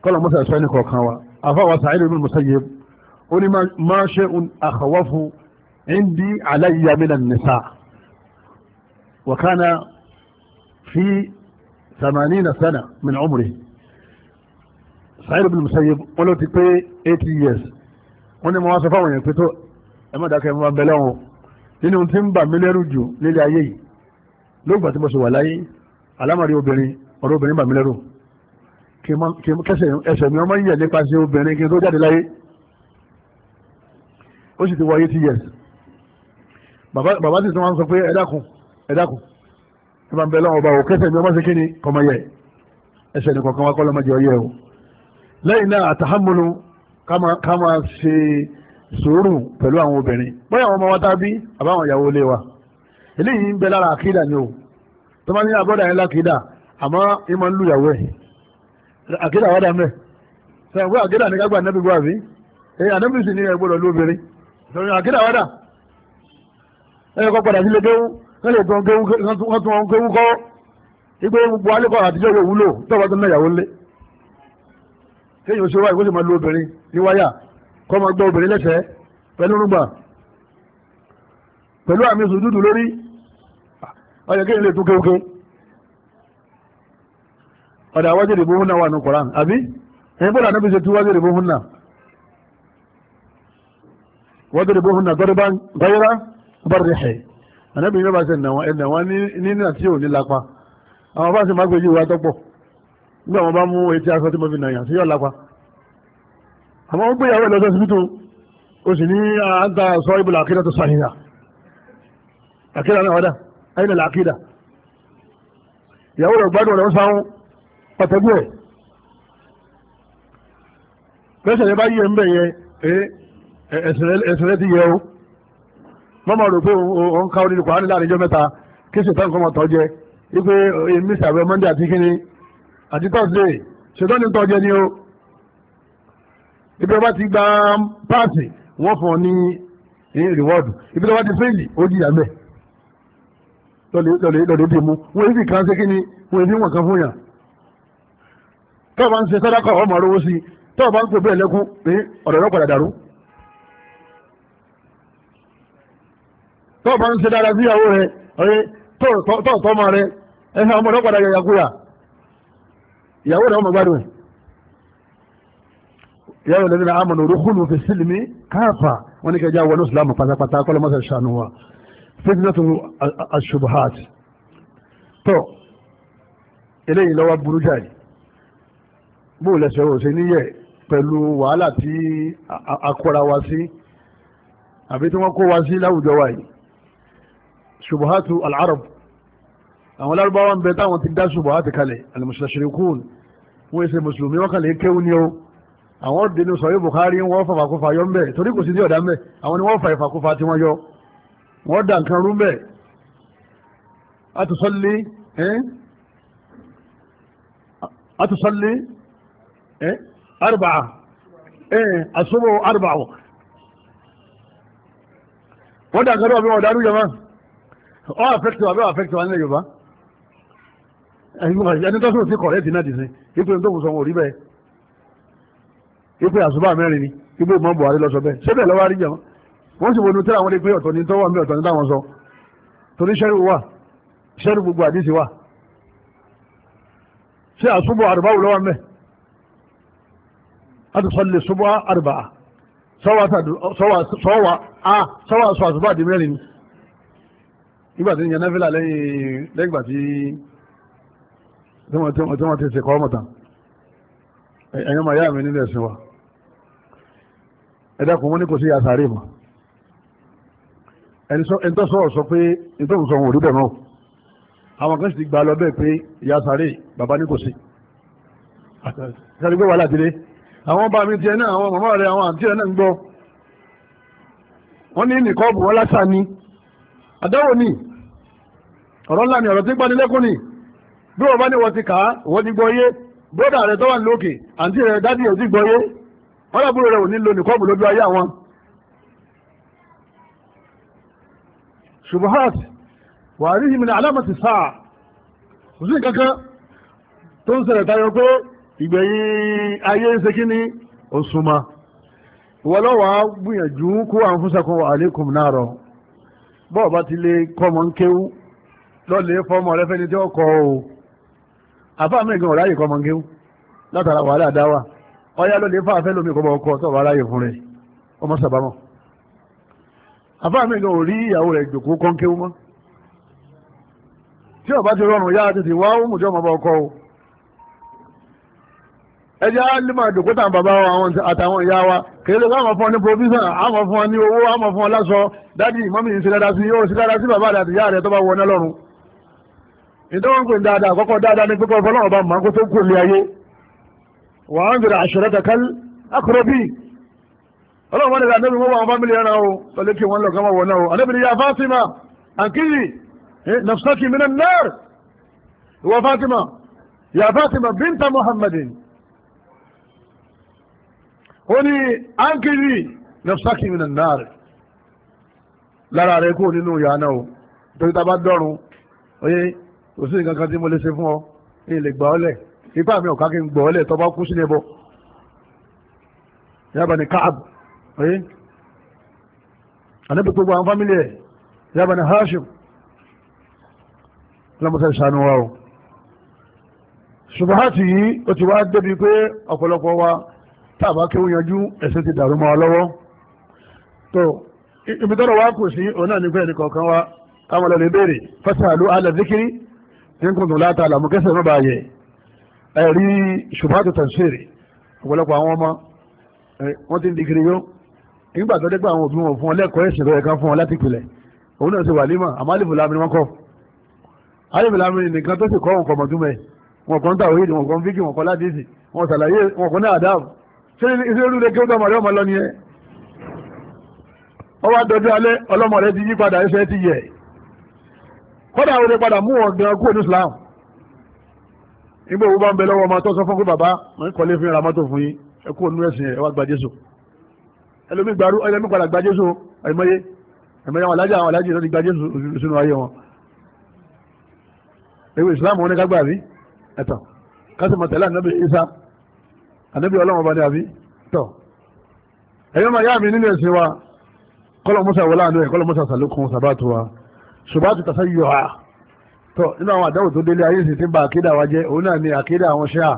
kọ́lọ̀ mọ́sà sọ́ni kọ̀ọ̀kan wa àfọwọ́ sàáìlú ibn Musayyib ó ní máa ṣe àkọwọ́fù indi aláyíyá minan nìsa wàkánà fi samanina sana min umri Sa'id ibn Musayyib wọ́n ti pé 80 years wọ́n ní mo wá sọ fáwọn èèyàn pé tó ẹ má dákẹ́ mo máa bẹ lọ́wọ́ nínú tí ń bà mí lẹ́rù jù nílé ayé yìí lóògbà tí mo ṣe wà láyé alámọ̀rí obìnrin ọ̀rọ̀ obìnrin bà mí lẹ́rù kẹsẹ̀ ẹsẹ̀ mi ọmọ yẹ̀ nípasẹ̀ obìnrin kí n tó jáde láyé ó sì ti wọ eighty years bàbá sì tún wọn sọ pé ẹ dákun ẹ dákun ẹ máa ń bẹ lọ́wọ́ ọba o kẹsẹ̀ mi ọmọ sí kíni kọmọ yẹ ẹsẹ̀ nìkan kan wá kọ́ lọ́mọdé ọyẹ o lẹ́yìn náà àtàhámúlù ká máa ṣe sùúrù pẹ̀lú àwọn obìnrin bóyá àwọn ọmọ wa tá a bí àbáwọn ìyàwó ilé wa eléyìí ń bẹ lára àkídà ni o tó bá ní abọ́dà yẹn lákìídà àmọ́ ìmọ̀ ń lu ìyàwó ẹ̀ àkídà wádà mẹ́ sọ ìsọ̀rọ̀ àkídà wádà ẹ̀yẹ kọ́ padà sílé géwú wọ́n lè gan géwú wọ́n tún wọn géwú kọ́ igbe gbogbo alẹ́kọ̀ àtijọ́ yóò wúlò tọ́wọ́ tó ń náyàwó lé kéèyàn ṣe wáyé kó sì máa lo obìnrin ní wáyà kọ́ máa gbọ́ obìnrin lẹ́sẹ̀ẹ́ pẹ̀lú rúgbà pẹ̀lú àmì sùdúdù lórí ọyẹ kéèyàn lè tún kéwúké ọ̀dà wájú ìdìbò hún náà wà ní Kùránì àbí ẹ̀yin bọ́dà níbi ṣe tún wájú ìdìbò hún wadribuhunna darban ghayra barrihi ànábì yìí bá ṣe nàwọn ẹ̀ nàwọn nínú àti òní lápá àwọn bá ṣe má gbèjì wa tọ́pọ̀ nígbà wọn bá mú etí aṣọ tí mo fi nàyàn sí yọ̀ lápá àmọ́ ó gbéyàwó ẹ̀ lọ́sọ̀ síbítù ó sì ní àǹtà sọ ibùdó àkídà tó sàhìyà àkídà náà wádà ayé nàlá àkídà ìyàwó rẹ̀ gbádùn rẹ̀ ń sáwọn pàtẹ́gù ẹ̀ lẹ́sẹ̀ yẹn bá yí ń bẹ̀ yẹn ẹ̀sìnrẹ́ ti yẹ o mọ́mọ́ rò pé òun ká orí kwara nílá àdéjọ́ mẹ́ta kí ṣètọ́nù kọ́mọ tọ́ jẹ wípé èmi e, sàbẹ̀ mọ́ndé àti kíni àti tọ́sídẹ̀ ṣètọ́nù tọ́ jẹ ni o ibi ọba ti gba páàsì wọ́n fún ọ ní rìwọ́ọ̀dù ibi ọba ti fẹ́ẹ̀lì ó jìyà mẹ́ lọ́lẹ̀ lọ́lẹ̀ dè mú wọ́n èsì kan ṣe kíni wọ́n èsì wọn kan fún yàn tọ́ọ̀ bá ń ṣe sàdákà ọmọ àrówó sí tọ́ọ̀ bá ń pè bẹ́ẹ̀ lẹ́kún ní ọ̀dọ̀ ọ̀dọ̀ padà dàrú tó bá ń ṣe dára sí ìyàwó rẹ ọ̀rẹ́ tó tọ́ ọmọ rẹ ẹ̀hẹ́ ọmọ rẹ padà yàyà kúyà ìyàwó rẹ ọmọ gbádùn ìyàwó rẹ nínú àmọ̀nà òrùkúlù fi sílùmí káàfà wọn ní kẹjá wọnú ìsìlámù pátápátá kọlọmọsẹ ṣàánú wa fitnatu ashubuhat tó eléyìí lọ́wọ́ burú jáì bó lẹ́sẹ̀ àbí tí wọ́n kó wa sí láwùjọ wa ṣubuhatu al'arab àwọn lárúbáwá ń bẹ táwọn ti dá ṣubuhatu kalẹ̀ alimusashirikun wọ́n ṣe mùsùlùmí wọ́n kalẹ̀ kéwú ni ó àwọn dínú sọ̀rọ̀ Bukhari wọ́n fa fàkúfà yọ mbẹ̀ torí kò sí ní ọ̀dà mbẹ̀ àwọn ni wọ́n fa ìfàkúfà tí wọ́n yọ wọ́n dà nǹkan rú mbẹ̀ àtúnṣọ́lé àtúnṣọ́lé arba'a àṣọ́bọ̀ arba'a wọ́n dà nǹkan rú àbí wọ́n dà rú jama ọ́ àfẹ́kítì wà bẹ́ẹ̀ àfẹ́kítì wà nílẹ̀ Yorùbá ẹni tó sọ̀rọ̀ sí kọ̀rẹ́ẹ̀tì náà dìsín ipò tó kù sọ wọn ò rí bẹ́ẹ̀ ipò àṣùbà mẹ́rin ni ipò ìmọ̀ Buhari lọ́sọ bẹ́ẹ̀ ṣé bẹ́ẹ̀ lọ́wọ́ àríjà wọ́n sì wọnú tẹ́lẹ̀ àwọn ẹni pé ọ̀tọ̀ ni tọ́wọ́ mi ọ̀tọ̀ ni táwọn sọ torí ṣẹ́rù wà ṣẹ́rù gbogbo àdìsí wà ṣé àṣùbọ̀ àrùbáwò lọ́wọ́ mẹ́ a ṣùbọ̀ àrùbá sọ́wọ́ àṣùbà dì mẹ́rin ni nígbà tí ń yan náfìlà lẹ́yìn lẹ́gbà tí wọ́n ti ṣe kọ́ mọ̀tàn ẹ̀yọ́ máa yá mi nílẹ̀ sí wa ẹ̀dá kùn wọ́n ní kò sí àsàrí mọ̀ ẹni tó sọ̀rọ̀ sọ pé nítorí sọ wọn ò rí bẹ̀ mọ́ àwọn kan sì ti gba lọ bẹ́ẹ̀ pé ìyá sàárè bàbá ní kò sí sáré gbé wàhálà àwọn bá mi tiẹ̀ náà àwọn màmá rẹ̀ àwọn àǹtí rẹ̀ náà ń gbọ́ wọ́n ní nìkọ́ bù wọ́n lásà ni àdáwò ni ọ̀rọ̀ ńlá ni ọ̀rọ̀ tí gbani lẹ́kùn ni bí wọ́n bá ní wọ́n ti kà á wọ́n ti gbọ́yé bóódà rẹ̀ tó wà lókè àǹtí rẹ̀ dádì ò ti gbọ́yé wọ́n lábúrò rẹ̀ ò ní lo nìkọ́ọ̀bù lójú ayé àwọn. subahat wàhálì yìí ni alámọ̀tì sáà kò sí kankan tó ń ṣẹlẹ̀ tayọ pé ìgbẹ̀yìn ayé ń ṣe kí ni wọ́n lọ́wọ́ gbìyànjú kó àwọn fúnṣakùn wà á náà rọ̀ bọ́ọ̀ bá ti lè kọ́ mọ́ ń kéwú lọ́lẹ̀ fọ́mọ rẹ fẹ́ni tí ó kọ o àfáà ọ̀ráyè kọ́ mọ́ngé látara ọyá lọ́lẹ̀ fún ọmọ sàbámọ̀ ò rí ìyàwó rẹ̀ jòkó tí ọba ti rọrùn tètè wá ó ọmọ ọkọ o ẹjẹ́ alímọ̀ ìdòkótà bàbá àtàwọn ìyá wa kèrè láwọn fún ọ ní provision àwọn fún ọ ní owó àwọn fún ọ lásọ dádì mọ́mí ìṣẹ́dára sí yóò ṣe sí bàbá àti ìyá tó bá wọ náà ìdánwò ń pè dáadáa àkọ́kọ́ dáadáa ní pípọ́ ọlọ́run bá máa kó tó kò lé ayé wà á ń bèrè àṣẹrẹ kankan akọrọ bíi ọlọ́run wọn ni àdébí wọn wà wọn fámìlì ẹran o tọ́lé kí wọn lọ kọ́ máa wọ̀ náà o àdébí ni ya Fatima àǹkìyì nafsaki minan nar ìwọ Fatima ya Fatima binta Muhammadin ó ní àǹkìyì nafsaki minan nar lára rẹ kó nínú yàrá náà o torí ta bá dọ́run oye kò sí nǹkan kan tí mo lè ṣe fún ọ ní lè gbà ọ lẹ̀ ipá mi ọ̀ká kí n gbà ọ lẹ̀ tó bá kú sílẹ̀ bọ̀ yaba ni Kaab oye anabi gbogbo àwọn fámìlì ẹ̀ yaba ni Hashim lọ́mọsẹ̀ sànú wa o ṣubuhati yìí ó ti wá débi pé ọ̀pọ̀lọpọ̀ wa tàbá kí ó yanjú ẹ̀sìn ti dàrú mọ́ ọ lọ́wọ́ tó ibi tọ́rọ̀ wa kù sí òun náà ní pé ẹnì kọ̀ọ̀kan wa káwọn lọ lè béèrè fasalu ala dhikri tí ń kùndùn láta àlàmú kẹsẹ̀ náà bá yẹ ẹ̀rí ṣùbátù tẹ̀síìrì ọ̀pọ̀lọpọ̀ àwọn ọmọ wọ́n ti ń digiri yó nígbà tó dẹ́gbà àwọn òbí wọn fún ọ lẹ́kọ̀ọ́ ẹ̀sìn rẹ̀ kan fún ọ láti pìlẹ̀ òun náà ṣe wà límà àmọ́ alif lami wọn kọ́ alif lami nìkan tó sì kọ́ wọn kọ̀ mọ̀túmẹ̀ wọn kọ́ ń tàwé wọn kọ́ ń fíkì wọn kọ́ ládìsì wọn ṣàlàyé wọn kọ́ ní àdáàbò ṣé ilé ìlú rẹ̀ kí ó dá màrí ọmọ lọ nìyẹn ọwọ́ àdọ́jú alẹ́ ọlọ́mọ rẹ̀ ti yí padà ẹsẹ̀ ti yẹ̀ kódà àwọn olùpadà mú ọ̀gán kúrò ní Islam nígbà owó bá ń bẹ lọ́wọ́ ọmọ tó sọ fún pé bàbá mo ń kọ́lé fún ra mọ́tò fún yín ẹ kúrò nínú ẹ̀sìn ẹ wá gba Jésù ẹlòmí gbarú ẹlòmí padà gba Jésù ẹ̀mọ́yé ẹ̀mọ́yé àwọn alájà àwọn alájà ti gba Jésù sínú ayé wọn ewu Islam wọn ní ká gbà rí ẹ̀tàn kásìmọ̀ tẹ̀lé ànábì Isa ànábì ọlọ́wọ́n bá ní àbí tọ̀ ẹ̀yọ́ màá yá mi nínú ẹ̀sìn wa kọ́lọ̀ Musa wọlé àná ẹ̀ kọ́lọ̀ Musa sàlùkùn sàbátù wa ṣùgbọ́n ti tàṣẹ́ yọ̀ á tọ́ nínú àwọn àdáwò tó délé ayé sì ti ba àkédà wa jẹ́ òun náà ni àkédà àwọn ṣíà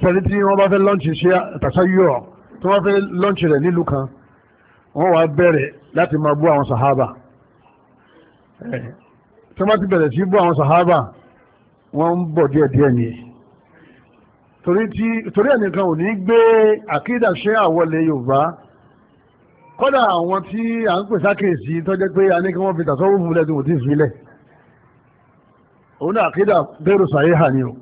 sẹ́ni tí wọ́n bá fẹ́ lọ́ǹchì ṣíà tàṣẹ́ yọ̀ tí wọ́n fẹ́ lọ́ǹchì rẹ̀ nílùú kan wọ́n wá bẹ̀rẹ̀ láti máa bú àwọn sàhábà tí wọ́n ti bẹ̀rẹ̀ sí bú àwọn sàhábà wọ́n ń bọ̀ díẹ̀díẹ̀ nìyẹn torí ẹnìkan ò ní gbé àkídà ṣe àwọlé yorùbá kọ́dà àwọn tí à ń pè sákèsí tọ́jẹ́ pé a ní kí wọ́n fi tàṣọ́wò fúnlẹ̀ tí wọ́n ti fílẹ̀ òun náà àkídà bẹ́rù sàyé hà ni o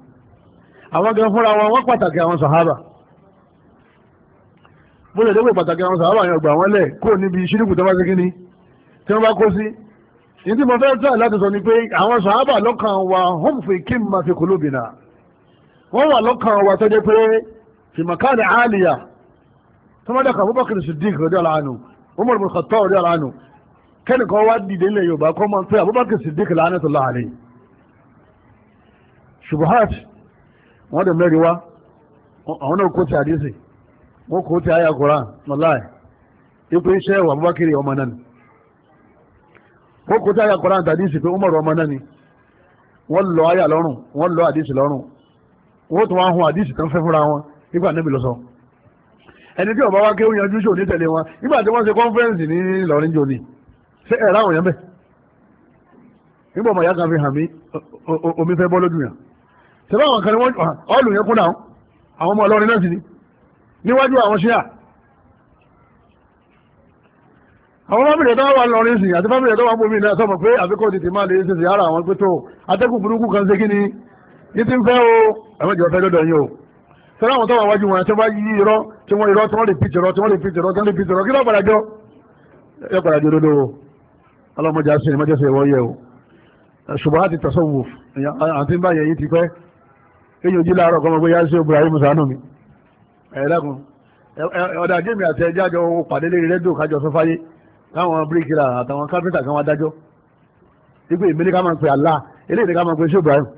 àwọn gan fúnra wọn wọ́n pàtàkì àwọn sàhábà bó lè dẹ́gbẹ̀ pàtàkì àwọn sàhábà yẹn ọgbà wọn lẹ̀ kó níbi ṣírìkù tó bá ṣe kíní tí wọ́n bá kó sí ní tí mo fẹ́ tà láti sọ ni pé àwọn sàhábà lọ́kàn wa hum fi kimma fi kulubina wọ́n wà lọ́kàn wa tọ́jẹ́ pé fi makani aliya tọ́mọdé kan Abubakar Siddiq radiyallahu anhu Umar bin Khattab ọ̀rẹ́ ara nù kẹ́ni kan wá dìde ilẹ̀ Yorùbá kọ́ máa ń pẹ́ Abubakar Siddiq la'anatullah alayhi ṣubuhat wọ́n dẹ̀ mẹ́rin wá àwọn náà kó ti àdísì wọ́n kó ti àyà Qur'an wallahi ipò iṣẹ́ wà Abubakar ọmọ náà ni wọ́n kó ti àyà Qur'an àtàdísì pé Umar ọmọ náà ni wọ́n lọ àyà lọ́rùn wọ́n lọ àdísì lọ́rùn wọ́n tún wá hun àdísì tán fẹ́ fúnra wọn nígbà ẹni tí ọba wa kéwù yanjú ṣò ní tẹ̀lé wọn nígbà tí wọ́n ṣe kọ́nfẹ́rẹ́nsì ní Ìlọrin jòní ṣé ẹ̀ ráwọn yẹn bẹ̀ nígbà ọmọ ìyá kan fi hàn mí omi fẹ́ bọ́ lójú yàn ṣé báwọn kan ni wọ́n ọ̀lù yẹn kúnà àwọn ọmọ Ìlọrin náà sì ni níwájú àwọn ṣíà àwọn fámìlì tó wà lọrin sìn àti fámìlì tó wà bómi náà sọmọ pé àfikọ́ ti ti máa lè ṣe sí ara àwọn pé tó atẹ́kùn burúkú kan ṣe kí ni ní ti ń fẹ́ o ẹ̀mẹ́jọ fẹ́ lọ́dọ̀ yín o sọ́dọ̀ àwọn tó wà wájú wọn tí wọ́n yí irọ́ tí wọ́n irọ́ tí wọ́n lè pìtì irọ́ tí wọ́n lè pìtì irọ́ tí wọ́n lè pìtì irọ́ kí ló padà jọ yóò padà jọ dodo ọlọ́mọdé aṣọ ìmọ̀jẹ́ sọ ìwọ́ yẹ o ṣùgbọ́n láti tẹ̀sọ̀ wò àti ń báyẹn yìí ti pẹ́ eyín ojú láàárọ̀ kọ́mọ pé yáṣẹ́ Ibrahim sànù mi ẹ̀ẹ́dàkùn ọ̀dà Allah eléyìí ká máa ń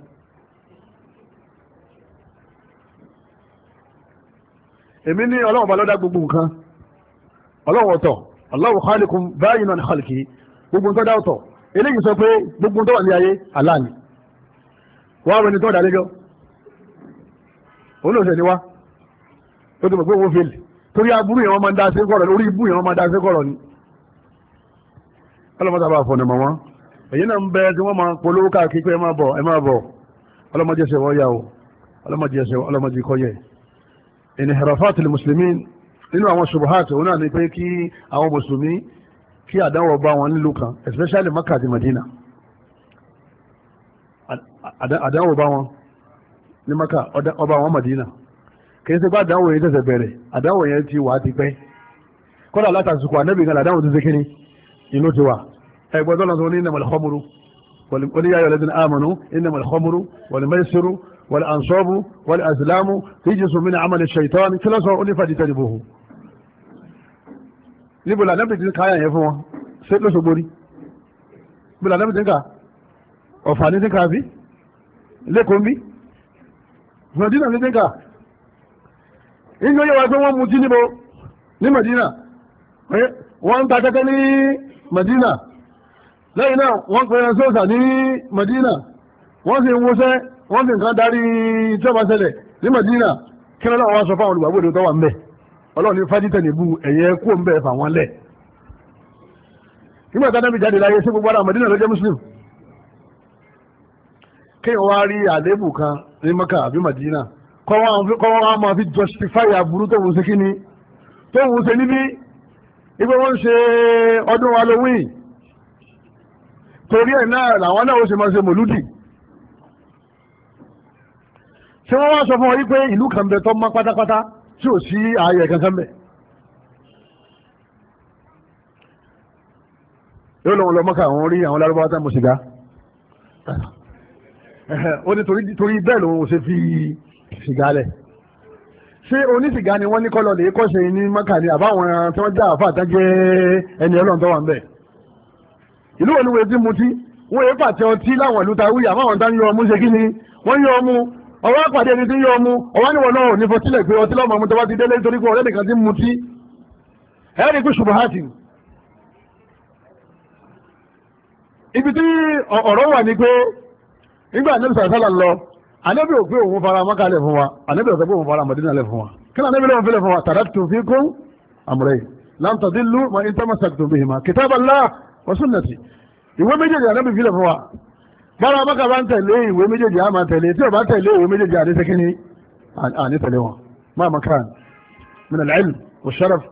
èmi ní ọlọ́run bá lọ́dá gbogbo nǹkan ọlọ́run ọ̀tọ̀ ọlọ́run khaliqun báyìí náà ní khalqi gbogbo nǹkan dá ọ̀tọ̀ eléyìí sọ pé gbogbo tó wà ní ayé Allah ni wọ́n á wẹni tó dà lẹ́jọ́ òun ló ṣe ni wá ó ti mọ̀ pé wọ́n fèlè torí aburú yẹn wọ́n máa ń dá sí kọ̀rọ̀ ní orí ibú yẹn wọ́n máa ń dá sí kọ̀rọ̀ ni ọlọ́mọdé àbá fọ̀nà mọ̀ wọ́n inhirafat al-muslimin nínú àwọn subahat òun náà ni pé kí àwọn mùsùlùmí kí àdánwò bá wọn nílùú kan especially Makkah àti Madina àdánwò bá wọn ní Makkah ọba wọn Madina kì í ṣe pé àdánwò yẹn tẹ̀sẹ̀ bẹ̀rẹ̀ àdánwò yẹn ti wà á ti pẹ́ kọ́dà látàsùkò ànábì kan àdánwò tó ṣe kí ni ìlú ti wà ẹgbẹ́ tó lọ sọ ní innamal oníyàyọ̀ lẹ́dínà amanu innamal khamru wal ansabu wal azlamu rijsun min amali shaitan kí lọ́sọ̀ ó ní fajtanibuhu níbo la nẹ́bìtì ń káyà yẹn fún wọn ṣé lọ́sọ̀gbó rí níbo la nẹ́bìtì ń kà ọ̀fà ní ti ń kà bí lẹ́kọ̀ọ́ bí Madina ní ti ń kà inú yẹ wá pé wọ́n mutí níbo ní Madina wọ́n ń ta tẹ́tẹ́ ní Madina lẹ́yìn náà wọ́n pẹ̀lú sọ́ọ̀sà ní Madina wọ́n sì ń wọṣẹ́ wọ́n fi nǹkan darí ìjọba ṣẹlẹ̀ ní Madina kí wọ́n lọ́wọ́ sọ fáwọn olùgbàgbọ́ òdòdó wà ń bẹ̀ ọlọ́run ní fájítẹ̀ níbu ẹ̀yẹ kú ń bẹ̀ fà wọ́n lẹ̀ nígbà tánàbí jáde láyé sí gbogbo ara Madina ló jẹ́ muslim kí wọ́n wá rí àléébù kan ní Maka àbí Madina kọ́ wọ́n máa fi justify aburú tó wùn sí kíni tó wùn sí níbi ibi wọ́n ń ṣe ọdún Halloween torí ẹ̀ náà làwọn náà ó ṣe máa ṣe mòlúdì tí wọ́n wá sọ fún ọ wípé ìlú kan bẹ tó mọ́ pátápátá tí ò sí ààyè kankan bẹ̀. yóò lọ́wọ́ lọ mọ́kà àwọn orí àwọn lárúbáwá tá mo sìgá ó ní torí bẹ́ẹ̀ lòun ò ṣe fi sìgá lẹ̀ ṣé onísìgá ni wọ́n ní kọ́ lọ lè kọ́ ṣe ní mọ́kà ni àbáwọn tí wọ́n já àfa àtàjẹ́ ẹni ọlọ́run tó wà ń bẹ̀. ìlú wo ni wọ́n ti mutí wọ́n yẹ pàtẹ ọtí láwọn ìlú ta wíyà àbáwọn tá ń yọ ọmú ṣe kí ni wọ́n yọ ọmú ọwọ́ àpàdé ẹni tí ń yọ ọmú ọwọ́ níwọ̀n náà ní fọtílẹ̀ pé ọtí lọ́mọ ọmú tó bá ti délé nítorí pé ọ̀rẹ́ nìkan ti ń mutí ẹ̀rí pé ṣùgbọ́n ibi tí ọ̀rọ̀ wà ní pé nígbà anábì sàṣálà lọ anábì ò pé òun fara mọ́kàlẹ̀ fún wa anábì ọ̀sẹ̀ pé òun fara mọ̀dínà lẹ̀ fún wa kí anábì lọ́wọ́ fẹ́lẹ̀ fún wa taraktu fikum amrayn lan tadillu ma in tamassaktum bihima kitaballah wa sunnati ìwé méjèèjì anábì fílẹ̀ fún wa bára mọ́kà bá ń tẹ̀lé ìwé méjèèjì á máa tẹ̀lé tí ò bá tẹ̀lé ìwé méjèèjì àdéṣekí ni àní tẹ̀lé wọn máa mọ́kà min al-ilm wa sharaf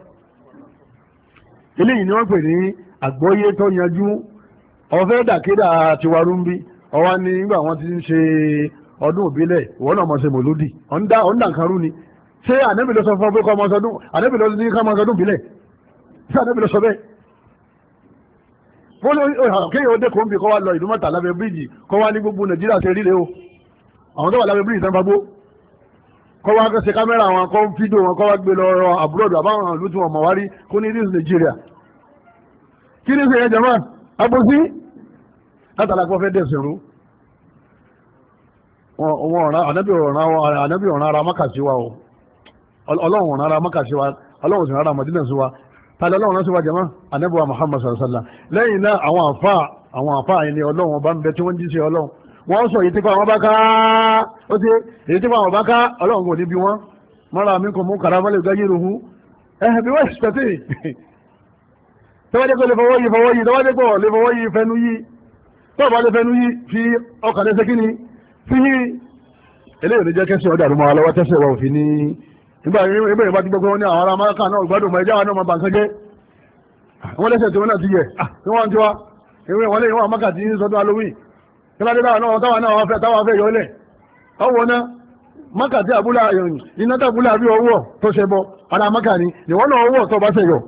eléyìí ni wọ́n pè ní àgbọ́yé tó yanjú ọ̀fẹ́ dàkédà tiwa rúmbí ọwá ní nígbà wọn ti ń ṣe ọdún òbílẹ̀ ìwọ náà mọ̀ ṣe mòlódì ọ̀ndà nǹkan rú ni ṣé ànẹ́bìlọ́sọ fún ọ pé kọ́ ọmọ sọdún ànẹ́bìlọ́sọ ní ká ọmọ sọdún bílẹ̀ ṣé ànẹ́bìlọ́sọ bẹ́ẹ̀ bóyá kéèyàn ó dé kò ń bi kọ́ wa lọ ìlú mọ́ta lábẹ́ bíríìjì kọ́ wa ní gbogbo nàìjíríà ṣe rí lé o àwọn tó wà lábẹ́ bíríìjì sanfagbó kọ́ wa ṣe kámẹ́rà wọn kọ́ fídíò wọn kọ́ wa gbé lọ abroad àbáwọn ìlú tí wọn mọ̀ wá rí kó ní ríṣ nàìjíríà kí ni sèyàn jama abosí látara kó fẹ́ dẹ̀sìn rú wọn ọ̀ràn ànábì ọ̀ràn ara mákàsí wa o ọlọ́run ọ̀ràn ara mákàsí wa ọlọ́run sì rárá mọ̀dínà sí wa tàbí ọlọ́run rán síwájú mọ́ anábíwá muhammad sallallahu alaihi wasallam lẹ́yìn náà àwọn àfa àwọn àfa yẹn ni ọlọ́run ọba ń bẹ tí wọ́n ń jí sí ọlọ́run wọ́n sọ èyí tí pa àwọn bá ká ó ti èyí tí pa àwọn bá ká ọlọ́run kò ní bí wọ́n mọ́ra mi kò mú karamọ́lẹ̀ gbáyé rohun ẹ̀hẹ̀ bí wọ́n ṣe tẹ̀sí lè fọwọ́ yìí fọwọ́ yìí nígbà ìbẹ̀rẹ̀ bá ti gbogbo wọn ní àwọn ará amáríkà náà gbádùn ọmọ ẹjá wa náà máa bà nǹkan jẹ́ wọ́n lẹ́sẹ̀ tí wọ́n náà ti yẹ̀ ah. tí wọ́n ti wá ewé wọn lẹ́yìn wọn àmákà ti sọdún halloween tẹ́ládé táwọn náà táwọn náà wọ́n fẹ́ táwọn fẹ́ yọlẹ̀ ọwọ́ náà mákà tí àbúlà ìrìn eh, iná tàbúlà bí ọwọ́ tó ṣe bọ ara mákà ni ìwọ́n náà ọwọ́ tó bá ṣe yọ.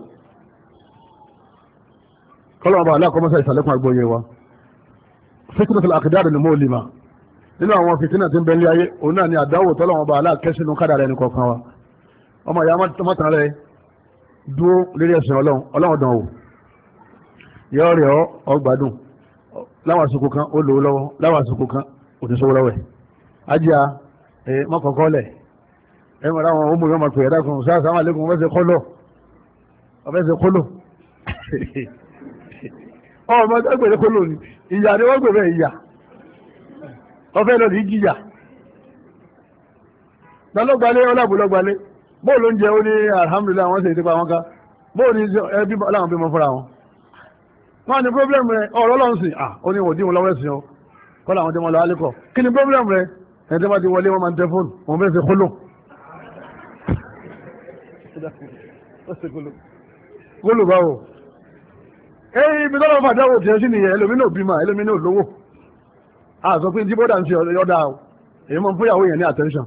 kọ́lọ́ ọba aláàkọ́mọ́sá ìsàlẹ̀kùn àgbọ̀yẹ wa fẹ́kúrò tẹ̀lé àkàdáàdì ni mo lè mà nínú àwọn fìtínà tí ń bẹ́ẹ̀ lé ayé òun náà ni àdáwò tọ́lọ́wọ́n ọba aláàkẹ́sìnú kádàrà ẹnì kọ̀ọ̀kan wa ọmọ ìyá mọ́tàn rẹ dúró lórí ẹ̀sìn ọlọ́run ọlọ́run dàn o yọ rẹ̀ ọ ọgbàdùn láwọn àsìkò kan ó lò ó lọ́wọ́ láwọn àsìkò kan ò ní sówó lọ́wọ́ ẹ̀ ajá ẹ mọ́kànkọ́ lẹ̀ ẹ mọ̀ láwọn ó mú ìwé ọmọkùnrin ẹ̀dá kan sáà sáà lẹ́kùn ọfẹ́sẹ̀ kọ́lọ̀ ọfẹ́sẹ̀ kọ́lọ̀ ọmọ ẹgbẹ̀rẹ̀ kọ́lọ̀ ni ìyá ni wọ́n gbẹ̀rẹ̀ ìyá ọfẹ́ lọ́ọ̀dì jìyà lọ́lọ́gbalé ọlọ́bùlọ́gbalé bó ló ń jẹ ó ní alhamdulillah wọ́n ṣe ìtẹ́pá wọn ká bó ní ẹbí láwọn bímọ fúnra wọn wọ́n ní problem rẹ ọ̀rọ̀ lọ́n sìn à ó ní òdí wọn lọ́wọ́ ẹ̀sìn o kọ́ làwọn tí wọn lọ alẹ́kọ̀ kí ni problem rẹ ẹ̀ẹ́dẹ́ bá ti wọlé wọn máa ń tẹ fóònù wọn fẹ́ ṣe kólò kólò báwo èyí ibi tọ́lọ́ fàdáwò tiẹ̀ sí nìyẹn ẹlòmínú bímọ ẹlòmínú lówó àsọpé tí bọ́dà ń ṣe ọ̀dà èyí mọ̀ fúyàwó yẹn ní attention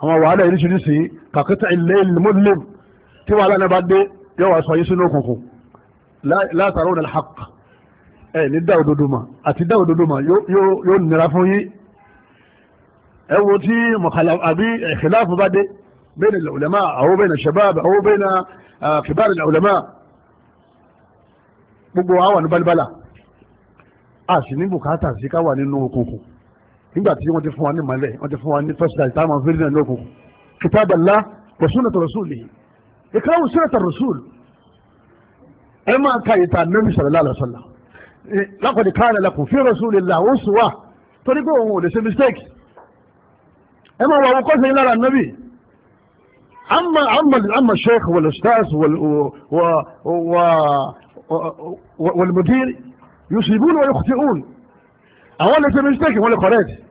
àwọn wàhálà oríṣiríṣi kàkútà ilé ìmúlẹ̀ tí wàhálà náà bá dé yóò wá sọ yín sínú òkùnkùn látàrí òun alhaq ẹ ní dá òdodo mà àti dá òdodo mà yóò nira fún yín ẹ wo tí mọ̀kàlà àbí ìkìláàfù bá dé bẹ́ẹ̀ ni ulama àwọn bẹ́ẹ̀ ni shabab àwọn bẹ́ẹ̀ ni kibar ulama gbogbo àwọn balibala a sì ní bùkátà sí ká nínú òkùnkùn nígbà tí wọ́n ti fún wa ní malẹ̀ wọ́n ti fún wa ní first light táwọn fẹ́rẹ́ náà lóko kitaballah wa sunnata rasulihi ìkàwé sunnata rasul ẹ máa ka ìta nabi sallallahu alaihi wasallam laqad kana lakum fi rasulillahi uswa torí pé òun ò lè ṣe mistake ẹ máa wà wọ́n kọ́sẹ̀ yín lára nabi amma amma sheikh wal ustaz wal wal mudir yusibun wa yukhti'un àwọn lè ṣe mistake wọ́n lè correct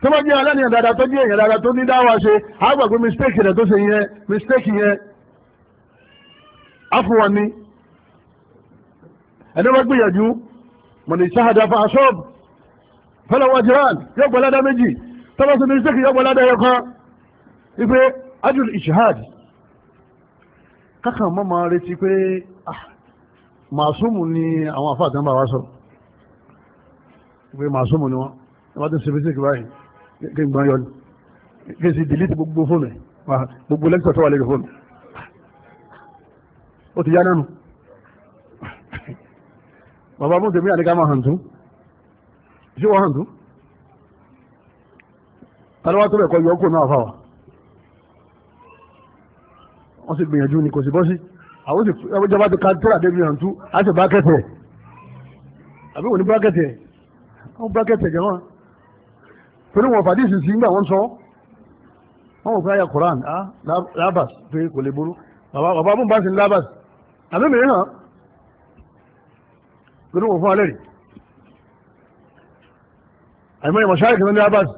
tó bá jẹ́ aláníyàn dáadáa tó jẹ́ èèyàn dáadáa tó ní dáwà ṣe á gbà pé mistake rẹ̀ tó ṣe yẹn mistake yẹn á fún wọn ní ẹni wọ́n gbìyànjú mọ̀nì sáhàdà fa asọ́ọ̀bù fẹ́lẹ̀ wọ́n ti rán yóò gbọ́ ládá méjì tó bá ṣe mistake yóò gbọ́ ládá yẹn kan ipe adùn ìṣèhádì kákan máa retí pé ah, màásùmù ni àwọn àfáà kan bá wá sọ wọ́n ti ṣe mistake báyìí kí n gbọ́n yọ ni kí n sì delete gbogbo fóònù ẹ̀ gbogbo lẹ́kítọ̀ tó wà lórí fóònù ó ti yá nánu bàbá fún tèmi àti ká máa hàn tún ṣé wọ́n hàn tún tàlọ́wọ́ tó bẹ̀ kọ́ yọ ọkọ̀ náà fáwà wọ́n sì gbìyànjú ni kò sì bọ́ sí àwọn sì ìjọba ti ka tó àdé mi hàn tún á sì bá kẹtẹ̀ àbí wọ́n ní bá kẹtẹ̀ wọ́n bá kẹtẹ̀ jẹ́ wọn torí wọn fàdí ìsìsì ń gbà wọ́n sọ wọ́n wọ́n fún àyà Koran ah. lábàs pé kò lè burú bàbá bùn bá sí lábàs àbí mìíràn torí wọn fún alẹ́ rí àìmọ́ ìmọ̀ ṣáyẹ̀ kìnnà lábàs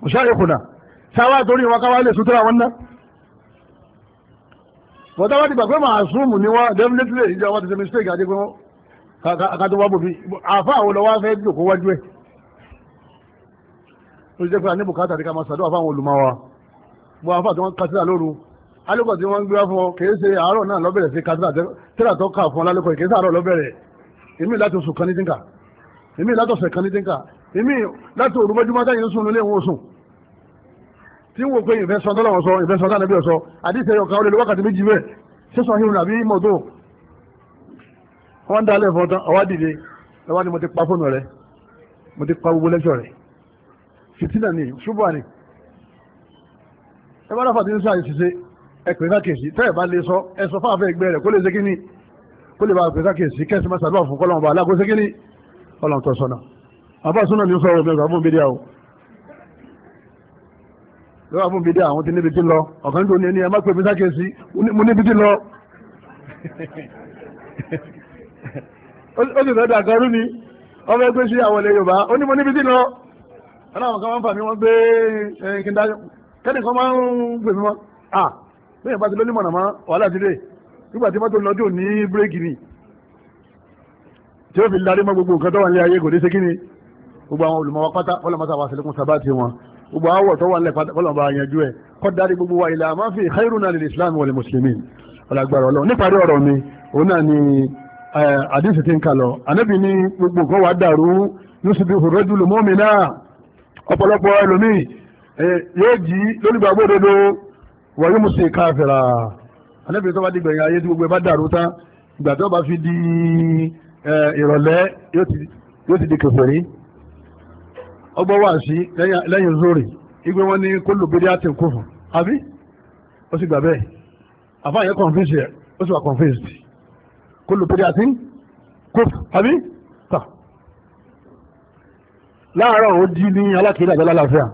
mọ̀ ṣáyẹ̀ kùnà sáwà torí wọn káwá lè sutura wọn ná wọ́n táwọn ti pé màá súnmù ni wọ́n definitely ìjọ wọn ti ṣe mistake àti pé wọ́n kàtó wá bòbí àfa àwọn lọ́wọ́ fẹ́ jòkó wájú ẹ̀ tó jẹ́ pé àníbùkátà àti ká máa ṣàdúrà fáwọn olùmọ̀wá bó afá tí wọ́n kásílà lóru alẹ́kọ̀ tí wọ́n ń gbé wá fún ọ kìí ṣe àárọ̀ náà lọ́bẹ̀rẹ̀ sí kásílà tẹ́lá tó kà fún ọ lálẹ́kọ̀ kìí ṣe àárọ̀ lọ́bẹ̀rẹ̀ èmi láti oṣù kan ní dínkà èmi láti ọ̀sẹ̀ kan ní dínkà èmi láti òru mọ́júmọ́ táyé ń sùn nílé ìwọ̀n sùn tí wọ́n pe ìfẹ́sọ̀ tọ́lọ́wọ́ sọ ni mo ti pa fóònù rẹ̀ mo fìtínà ni ṣùgbọ́n ni ẹ bá ráfà tí ń sáà ṣiṣẹ́ ẹ pè sákèsí tẹ́ ẹ bá lè sọ ẹ sọ fáfẹ́ ẹgbẹ́ rẹ̀ kó lè ṣe kíní kó lè bá pè sákèsí kẹ́sì máa ṣàdúrà fún kọ́lọ́mù bá aláàkó ṣe kíní kọ́lọ́mù tó sọ̀nà àbá súnà ní sọ̀rọ̀ mi ọ̀gá fún bídíà o lọ́wọ́ fún bídíà àwọn ti níbi tí lọ ọ̀kan tó ní ẹni ẹ má pè mí sákèsí mo níbi tí lọ ó sì fẹ́ dàgbà rú ni ọmọ ẹgbẹ́ sí àwọn ilẹ̀ Yorùbá ó ní mo níbi tí lọ wọn náà kan máa ń fà mí wọn gbé kíndá kẹ́ni kan máa ń gbè mí mọ́ à lẹ́yìn bá ti lóní mọ̀nàmọ́ wàhálà ti dé nígbà tí mọ́tò lọ́jọ́ ní bírèkì ni tí ó fi darí mọ́ gbogbo nǹkan tó wà ní ayé kò ní ṣe kí ni gbogbo àwọn olùmọ̀wá pátá fọlọ́mọ́sá wa sílẹ̀kùn sábàtì wọn gbogbo àwọ̀ tó wà nílẹ̀ pátá fọlọ́mọ́ bá yanjú ẹ̀ kọ́ darí gbogbo wa ilẹ̀ ni àdìsí ti ń kà lọ ànábì ní gbogbo nǹkan ọ̀pọ̀lọpọ̀ ẹlòmíì yóò jí lónìgbàgbọ́ òdodo wọ́n yóò mú sí káfíra alẹ́bí tó bá di gbẹ̀yìn ayé tí gbogbo ẹ bá dàrú tán ìgbà tó bá fi di ìrọ̀lẹ́ yóò ti di kèfèrí ọgbọ́ wà sí lẹ́yìn zori igbe wọn ní kó lò bídí àti nkúfù àbí ó sì gbà bẹ́ẹ̀ àfáàyẹ confuse ẹ̀ ó sì wà confused kó lò bídí àti nkúfù àbí láàárọ̀ ó di ní alákìílẹ̀ àti alálàáfíà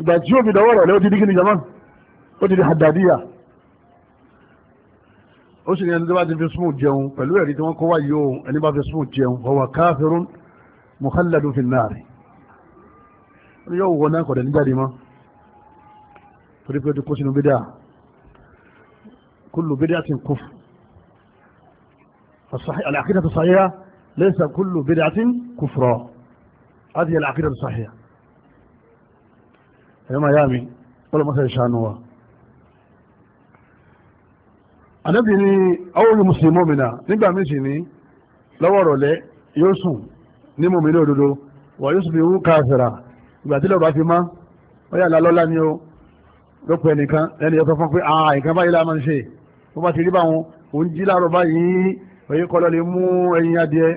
ìgbà tí ó fi dọwọ́ rẹ̀ lé ó ti di kí ni jama ó ti di hadadiya ó sì ní ẹni tó bá ti fi súnmù jẹun pẹ̀lú ẹ̀rí tí wọ́n kó wáyé o ẹni bá fi súnmù jẹun ọwọ́ káfírún mukhalladun fi náàrí ó ní yóò wọ náà kọ̀dẹ̀ níjáde mọ́ torí pé ó ti kó sínú bídà kullu bid'atin kufr فالصحيح العقيدة الصحيحة ليس كل بدعة كفرا láti yẹ làkìdà tó sàhíà ẹ̀yọ́ máa yá mi ọlọ́mọsẹ̀ ìṣàánú wa ànábì ni àwọn mùsùlùmí mọ́mìnà nígbà méjì ní lọ́wọ́ rọ̀lẹ́ yóò sùn ní mọ̀mìnà òdodo wà yóò sùn fi wú káàfẹ̀rà ìgbà tí lọ́ba fi má wọ́n yà lálọ́lá ni ó lọ́pọ̀ ẹnìkan ẹni ọ̀sán fún pé àà nǹkan báyìí la máa ń ṣe wọ́n bá ti rí báwọn òun jí láàárọ̀ báyìí òye kọlọ́ lè mú ẹyin adìẹ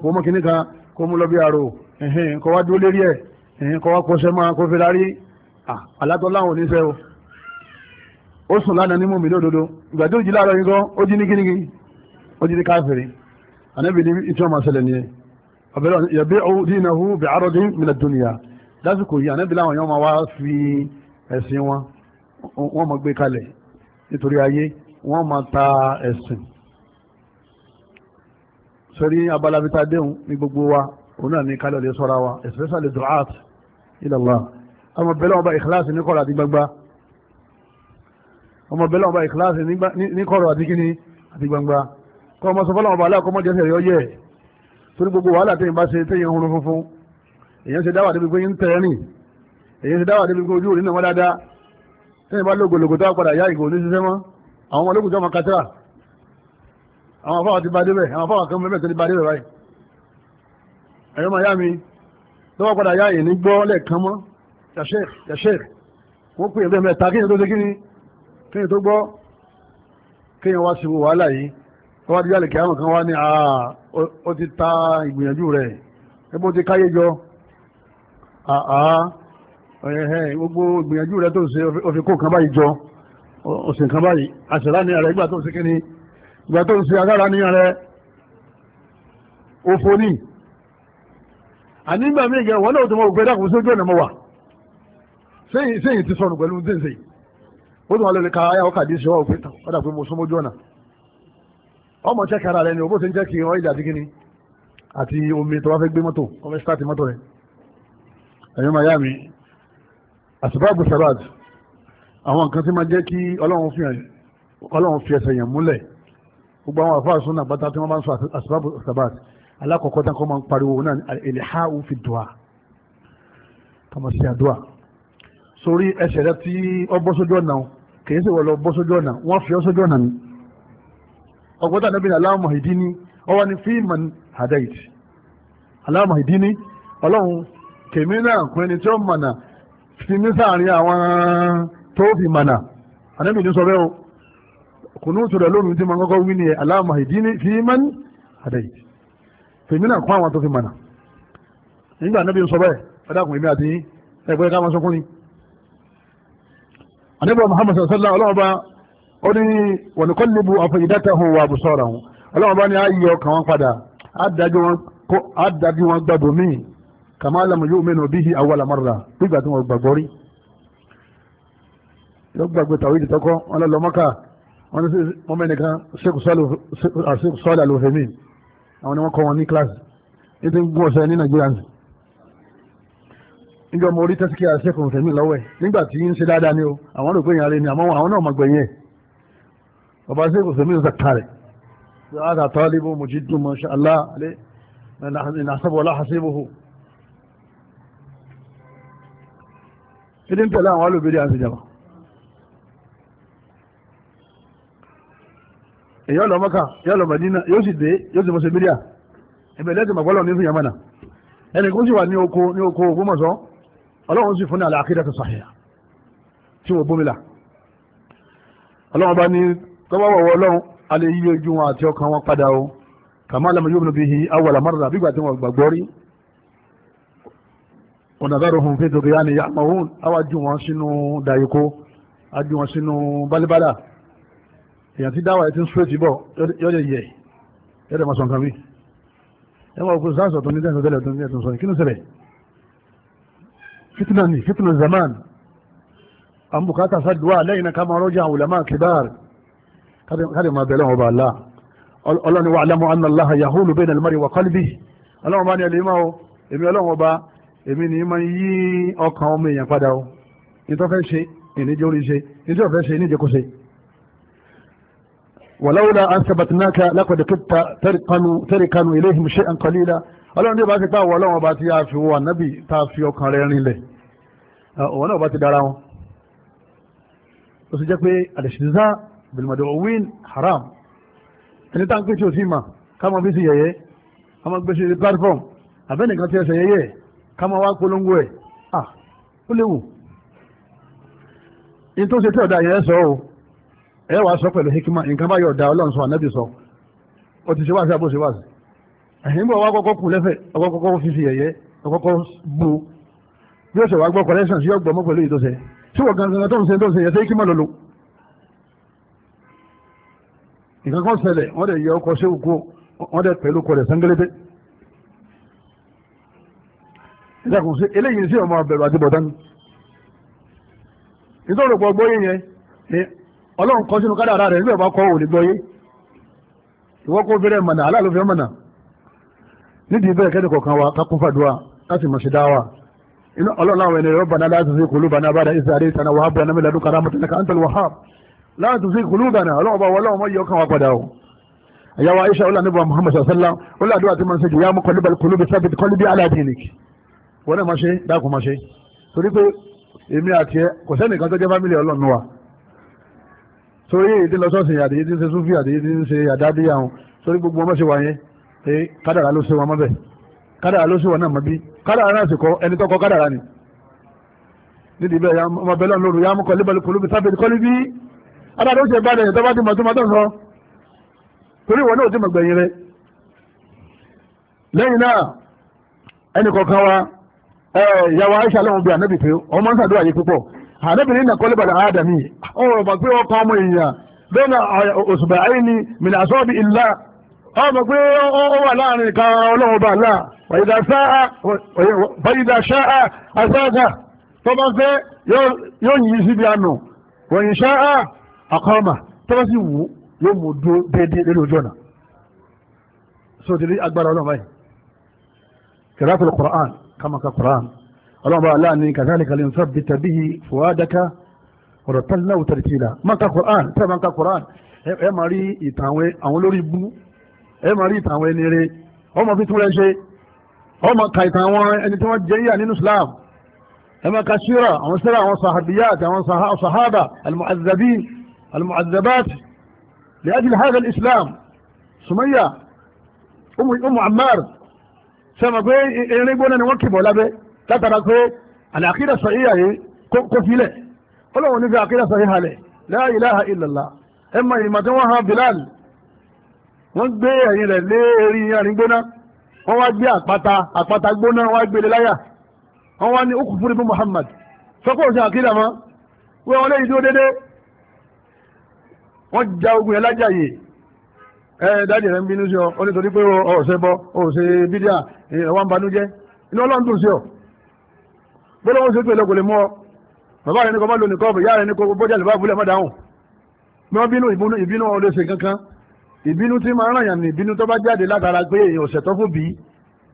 kó mọ́ kinní kan kó mú lọ bí arò ẹ̀hìn kọ́ wá dúró lérí ẹ̀ ẹ̀hìn kọ́ wá kọ́ṣẹ́ máa kó fi lárí àlátọ́ láwọn oníṣẹ́ o ó sùn lánàá ní mòmí lódodo ìgbà tó jí láàárọ̀ yìí gan ó jí ní kíníkí ó jí ní káfìrí ànábì ní ìtú ọmọ ṣẹlẹ̀ nìyẹn ọ̀bẹ̀rẹ̀ yẹ̀bẹ̀ dinahu bi aradin mina dunya lásìkò yìí ànábì láwọn yẹn máa wá fi ẹ̀sìn wọn wọ́n máa gbé kalẹ̀ nítorí ayé wọ́n máa ta ẹ̀sìn sọ́rí abalabita déhùn ní gbogbo wa òun náà ní kálọ̀ lè sọ́ra wa especially du'at ilallah ọmọ bẹ́lẹ̀ ọba ìkíláàsì ní kọ̀rọ̀ àti gbangba ọmọ bẹ́lẹ̀ ọba ìkíláàsì ní kọ̀rọ̀ àti kíní àti gbangba kọ́ ọmọ sọ fọ́lọ́mọba aláàkọ́mọ́ jẹ́sẹ̀ rẹ̀ ọyẹ́ torí gbogbo wàhálà tẹ́yìn bá ṣe tẹ́yìn ohun funfun èyàn ṣe dáwà débi pé ń tẹ́rìn èyàn ṣe dáwà débi pé ojú òní náà wọ́n dáadáa tẹ́yìn bá lógologo tó padà yá ìgò ní ẹ̀yọ́ máa yá mi lọ́wọ́ padà yá èyí gbọ́ lẹ́ẹ̀kan mọ́ yàṣẹ́ẹ̀ wọ́n pè é mẹ́ta kí ni tó ṣe kí ni kí ni tó gbọ́ kí ni wá sí wàhálà yìí wọ́n wá di yálẹ̀ kí àwọn kan wá ní ó ti ta ìgbìyànjú rẹ̀ ẹgbẹ́ ó ti káyé jọ gbogbo ìgbìyànjú rẹ̀ tó ṣe òfin kó kan báyìí jọ òsìn kan báyìí àṣẹlá ní ààrẹ ìgbà tó ṣe kí ni ìgbà tó ṣe agbára ní ààrẹ òfò ní ànígbà mí gẹ wọn náà tó mọ ògbẹ́ dàkùn sójú ọ̀nà mọ wà sẹ́yìn ti sọnù pẹ̀lú ní sẹ́yìn ó tún wà lórí ka ayáwó kàdí ìṣẹ́wà òpin tán ọ̀dà pé mo súnmọ́jú ọ̀nà ọmọ jẹ́ kára rẹ ni òbó ti ń jẹ́ kí wọ́n ìjà àti kíni àti omi tó bá fẹ́ gbé mọ́tò wọ́n fẹ́ sítáàtì mọ́tò rẹ ẹ̀yọ́ máa yá mi àsìbáàbù sàbàd àwọn nǹkan tí máa jẹ́ kí ọlọ́run fi ẹsẹ̀ yàn múlẹ̀ gbogbo àwọn àfáà súnà pátá tí wọ́n bá ń sọ àsìbáàbù sàbàd alákọ̀ọ́kọ́ tán kọ́ máa ń pariwo náà al-ilha'u fi du'a kọ́mọ sí àdúrà sórí ẹsẹ̀ rẹ tí ọ bọ́ sójú ọ̀nà kì í sì wọ́n lọ bọ́ sójú ọ̀nà wọ́n fi ọ́ sójú ọ̀nà ni ọgbọ́tà níbi ní Allahumma hidini ọwọ́ ni fi man hadait Allahumma hidini ọlọ́run kèmí náà kún ẹni tí ó mọ̀nà fi mí sáàrin àwọn tó fi mọ̀nà ànábì ní sọ bẹ́ẹ̀ o kùnú tó lómi tí mo kọ́kọ́ wí ni Allahumma hidini fi man hadait tèmi náà kún àwọn tó fi mọ̀nà nígbà níbi ń sọ bẹ́ẹ̀ ẹ̀dàkùn èmi àti ẹgbẹ́ ká máa sọkún ni àníbọ̀ Muhammad sallá ọlọ́wọ́ bá ó ní wọ̀nìkọ́lùbù àfẹ̀yìdátàhùn wà bùsọ̀rọ̀ àwọn ọlọ́wọ́ bá ní ayé ọkàn wọn padà ádájú wọn gbàgbọ́ míì kàmá alamu yóò mẹ́nu bí i awọ́lá mọ́ra nígbà tí wọ́n gbàgbọ́ rí yóò gbàgbé tàwí ìdí tọ́kọ́ wọn lọ lọ́mọ́kà wọn mẹ́nìkan sẹ́kù sọ́ọ̀lù àwọn ni wọ́n kọ́ wọn ní kíláàsì ní ti ń gún ọ̀sẹ̀ ní nàìjíríà ní. níjọ́ mo rí tẹ́sí kí a ṣẹ́kùn tẹ̀mí lọ́wọ́ ẹ̀ nígbà tí ń ṣe dáadáa ni o àwọn rò pé ìyàrá ni àmọ́ àwọn náà mọ̀gbẹ̀yìn ẹ̀ bàbá ṣẹ́kùn tẹ̀mí ń sàkà rẹ̀ ṣáàdà tálíbù mujiddu ma sha Allah alẹ́ ìnàṣẹ́bọ̀ aláhàṣẹ́bọ̀ ilé ń tẹ̀lé àwọn alóbìnrin àti ìjàmbá èyàn lọ mọ́kà yóò lọ mọ̀dínà yóò sì dé yóò sì mọ̀ sẹ́míríà ẹ̀bẹ̀ lẹ́sìn mọ̀gbọ́lọ̀ ní fún yamana ẹnì kó sì wà ní oko ní oko Ògbómọ̀ṣọ́ ọlọ́run sì fún ní àlàkídà tó sàhìyà tí wọ́n bómìlà ọlọ́run bá ní tọ́wọ́ wọ̀ ọlọ́run a lè yí ojú wọn àti ọkàn wọn padà o kàmá lam yu'minu bihi awwala marra bí gbàtí wọn gbàgbọ́ rí onadaruhum fi tughyanihim ya'mahun àwájú wọn sínú dàyíkó àjú wọn sínú bálíbálà èyàn tí dáwà ẹ̀ tí ń súrètì bọ̀ yọ́dẹ̀ yẹ yọ́dẹ̀ máa sọ nǹkan mi ẹ máa gbọ́dọ̀ sáàsọ̀ tó ní tẹ́sán tẹ́lẹ̀ tó ní ẹ̀tún sọ ní kí ló ṣẹlẹ̀ fitna ni fitna zaman àwọn bùkátà sàdùwà lẹ́yìn náà ká máa rọ́jà àwọn ulama kibar káde máa bẹ̀rẹ̀ wọn bá la ọlọ́ni wa alamu anna allaha yahulu bayna almari wa qalbi ọlọ́run bá ní ẹlẹ́ máa o èmi ọlọ́run ọba èmi ni máa yí ọkàn ọmọ èèyàn padà o ní tó fẹ́ ṣe ìníjẹ́ orí ṣe ní tó fẹ́ ṣe ìníjẹ́ kó walaula an sabatinaka lakọ̀dẹ̀ kíta tẹ́rìkanu iléhìm ṣe an kọlíla ọlọ́run tí ó bá ti pàwọ̀ ọlọ́run ọba ti yá fi wọ ànábì tá a fi ọkàn rẹ̀ rinlẹ̀ òun náà bá ti dára wọn ó sì jẹ́ pé àdìsíza bilmadu owin haram ẹni tá ń pè tí ó sì mà ká máa fi sí yẹyẹ ká máa gbé sí platform àbẹ́nìkan ti ẹsẹ̀ yẹyẹ ká máa wá polongo ẹ̀ ah ó léwu ní tó ṣe tí ọ̀dà yẹn sọ ọ́ ẹ wàá sọ pẹ̀lú hikima nǹkan bá yọ̀ọ̀dà ọlọ́run sọ ànábì sọ O ti ṣe wáṣẹ àbóṣe wáṣẹ ẹ̀yìn bọ̀ wá kọ́kọ́ kù lẹ́fẹ̀ ọkọ̀ kọ́kọ́ fi fi ẹ̀yẹ ọkọ̀ kọ́ bu bí ó ṣe wá gbọ́ collection sí ọgbọ̀n mọ́ pẹ̀lú ìtọ́sẹ̀ tí wọ́n gangan tó ń ṣe tó ń ṣe yẹn ṣe hikima lolo nǹkan kan ṣẹlẹ̀ wọ́n dẹ̀ yẹ ọkọ̀ ṣe òkú wọ́n dẹ̀ pẹ̀lú kọlẹ̀ sangelete ìdàkùn sí eléyìí sí ọmọ abẹ̀rù àti bọ̀tán nítorí ọ̀pọ̀ ọgbọ́ yẹn yẹn ọlọ́run kọ sínú kádàrá rẹ̀ nígbà bá kọ́ òní gbọ́yé ìwọ́ kó bẹ̀rẹ̀ mọ̀nà aláàlúfẹ́ mọ̀nà nídìí bẹ́ẹ̀ kẹ́ni kọ̀ọ̀kan wa ká kún fàdúrà láti mọ̀ sí dáwà inú ọlọ́run láwọn ènìyàn yóò bana láti fi kùlù bana bára ìsà àdé ìtànà wàhábì àná mílẹ̀ dúkàrà mọ̀tẹ́lẹ̀ ká antal wahab láti fi kùlù bana ọlọ́run bá wọlọ́run mọ́ yọkan wa padà o àyàwó aisha ọlọ́run níbo muhammad sallam kò sẹ́nìkan tó jẹ́ fámìlì ọlọ́run wa sórí èdè lọ́sọ̀ọ̀sìn àdéyé tí ń ṣe súfì àdéyé tí ń ṣe àdádé àwọn sórí gbogbo ọmọ ṣe wà yẹn pé kádàrà ló ṣe wọn mọ́bẹ̀ kádàrà ló ṣe wọn náà mọ́ bí kádàrà náà sì kọ ẹni tọ́kọ kádàrà ni nídìí bẹ́ẹ̀ ya ọmọ bẹ́ẹ̀ lọ́nà lóru ya mú kọ́lé balùkù lóbi sábẹ́ kọ́lé bí adájọ́ ó ṣe bá dẹ̀ tọ́ba ti mọ̀ tó mọ̀ àdébìnrin náà kọ́lé bàdà ádámì ọ̀rọ̀ bá pé ọkọ̀ ọmọ èèyàn bẹ́ẹ̀ni òṣùbà àìní mìnà àṣọ́bì ìlà ọmọ pé ó wà láàrin ìka ọlọ́run bá là bàyìdà ṣáà àṣáàgà tó bá fẹ́ yóò yí síbi àná wọ̀nyí ṣáà àkọ́mà tó bá sì wù yóò mú dúró déédéé lórí ojú ọ̀nà sóòtú agbára ọlọ́run báyìí kìláàtù Qur'an kàmáka Qur'an ọlọ́run bá aláàánú kàtàlíkà lè sọ bíi tàbí fòwádàkà ọ̀rọ̀ tẹ́lẹ̀ náà tẹ̀lé tìlà mọ́ta Quran tẹ́lẹ̀ mọ́ta Quran ẹ máa rí ìtàn àwọn olórí ibú ẹ máa rí ìtàn àwọn ẹni rẹ ọmọ fi túnra ṣe ọmọ ka ìtàn àwọn ẹni tí wọ́n jẹ́ yíyà nínú Islam ẹ máa ka ṣíra àwọn ṣíra àwọn sahabiyat àwọn sahaba almu'azzabin almu'azzabat لأجل هذا الإسلام سمية أم أم عمار سما بي إيه نقول أنا وكبه لا بي látara pé àlẹ́ àkídà sọ̀híyà yìí kó filẹ̀ ọlọ́run ní fi àkídà sọ̀híyà lẹ̀ la ilaha illallah ẹ mọ ìmọ̀ tí wọ́n han Bilal wọ́n gbé ẹ̀yìn rẹ̀ lé erí irin gbóná wọ́n wá gbé àpáta àpáta gbóná wọ́n wá gbélé láyà wọ́n wá ní okùn fúnibú Muhammad sọ́kò sí àkídà mọ́ wọ́n wọ́n léyìí dúró dédé wọ́n ja ogun yẹn lájà yìí ẹ dáàdì rẹ ń bínú sí ọ ọ nítorí pé ọ ọ̀sẹ̀ bọ ọ̀sẹ̀ bídíà ẹ wá ń banújẹ́ inú ọlọ́run dùn sí ọ bọ́lá wọn ṣe pé lọ́kùn lè mọ́ ọ bàbá rẹ̀ ní kọ́ bá lò nìkan ọ̀bẹ̀ ìyá rẹ̀ ní kọ́ bọ́jà lè bá bulẹ̀ má dáhùn bí wọ́n bínú ìbínú ìbínú ọ̀rẹ́ ṣe kankan ìbínú tí máa ń ràn yàn ní ìbínú tó bá jáde látara pé èèyàn ọ̀sẹ̀ tó fún bí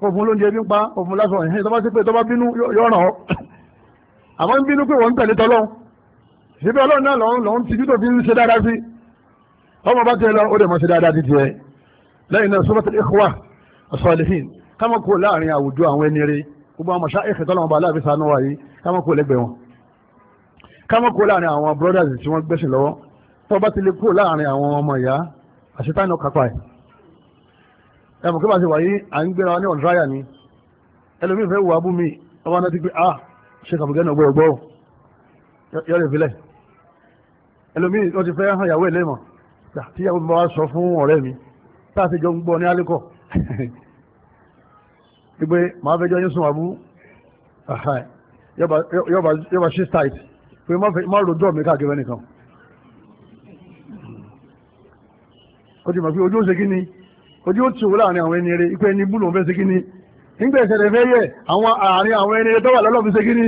kó fún lóúnjẹ bí ń pa kó fún lásọ ẹ̀hìn tó bá sí pé tó bá bínú yọ̀ràn ọ́ àmọ́ ń bínú pé wọ́n tẹ̀lé tọ́lọ́hún láàrin àwùjọ àwọn ẹni rẹ̀ gbogbo àwọn mọ̀ṣá ẹ̀kẹ́ tọ́lọ́mọba aláàbí sànú wa yìí kámọ́kó lẹ́gbẹ̀ẹ́ wọn kámọ́kó láàrin àwọn brothers tí wọ́n gbẹ̀sìn lọ́wọ́ tó bá ti lè kó láàrin àwọn ọmọ ìyá àṣetánù kápá ẹ̀ ẹ̀mọ̀ kí bá ṣe wà yìí à ń gbéra ní ọ̀dráyà ni ẹlòmíì fẹ́ wà bú mi ọba náà ti pé ah ṣe kàbùkẹ́ náà gbọ́dọ̀ gbọ́ yọ̀rẹ̀ ìfilẹ̀ ẹlòmíì wọ́n ti fẹ́ hàn ìyàwó ẹ̀ lẹ́mọ̀ tíyàwó mi bá wá sọ fún ọ̀rẹ́ mi ma màá fẹ́ jọ yín sùn àbú yọba ṣí tight pé má rojọ́ mi káàkiri nìkan ó ti mọ̀ pé ojú ó ṣe kí ni ojú ó ti wò láàrin àwọn ẹni eré ipe ẹni búlò ń fẹ́ ṣe kí ni nígbà ìṣẹ̀lẹ̀ fẹ́ yẹ àwọn àárín àwọn ẹni eré tó wà lọ́lọ́ fi ṣe kí ni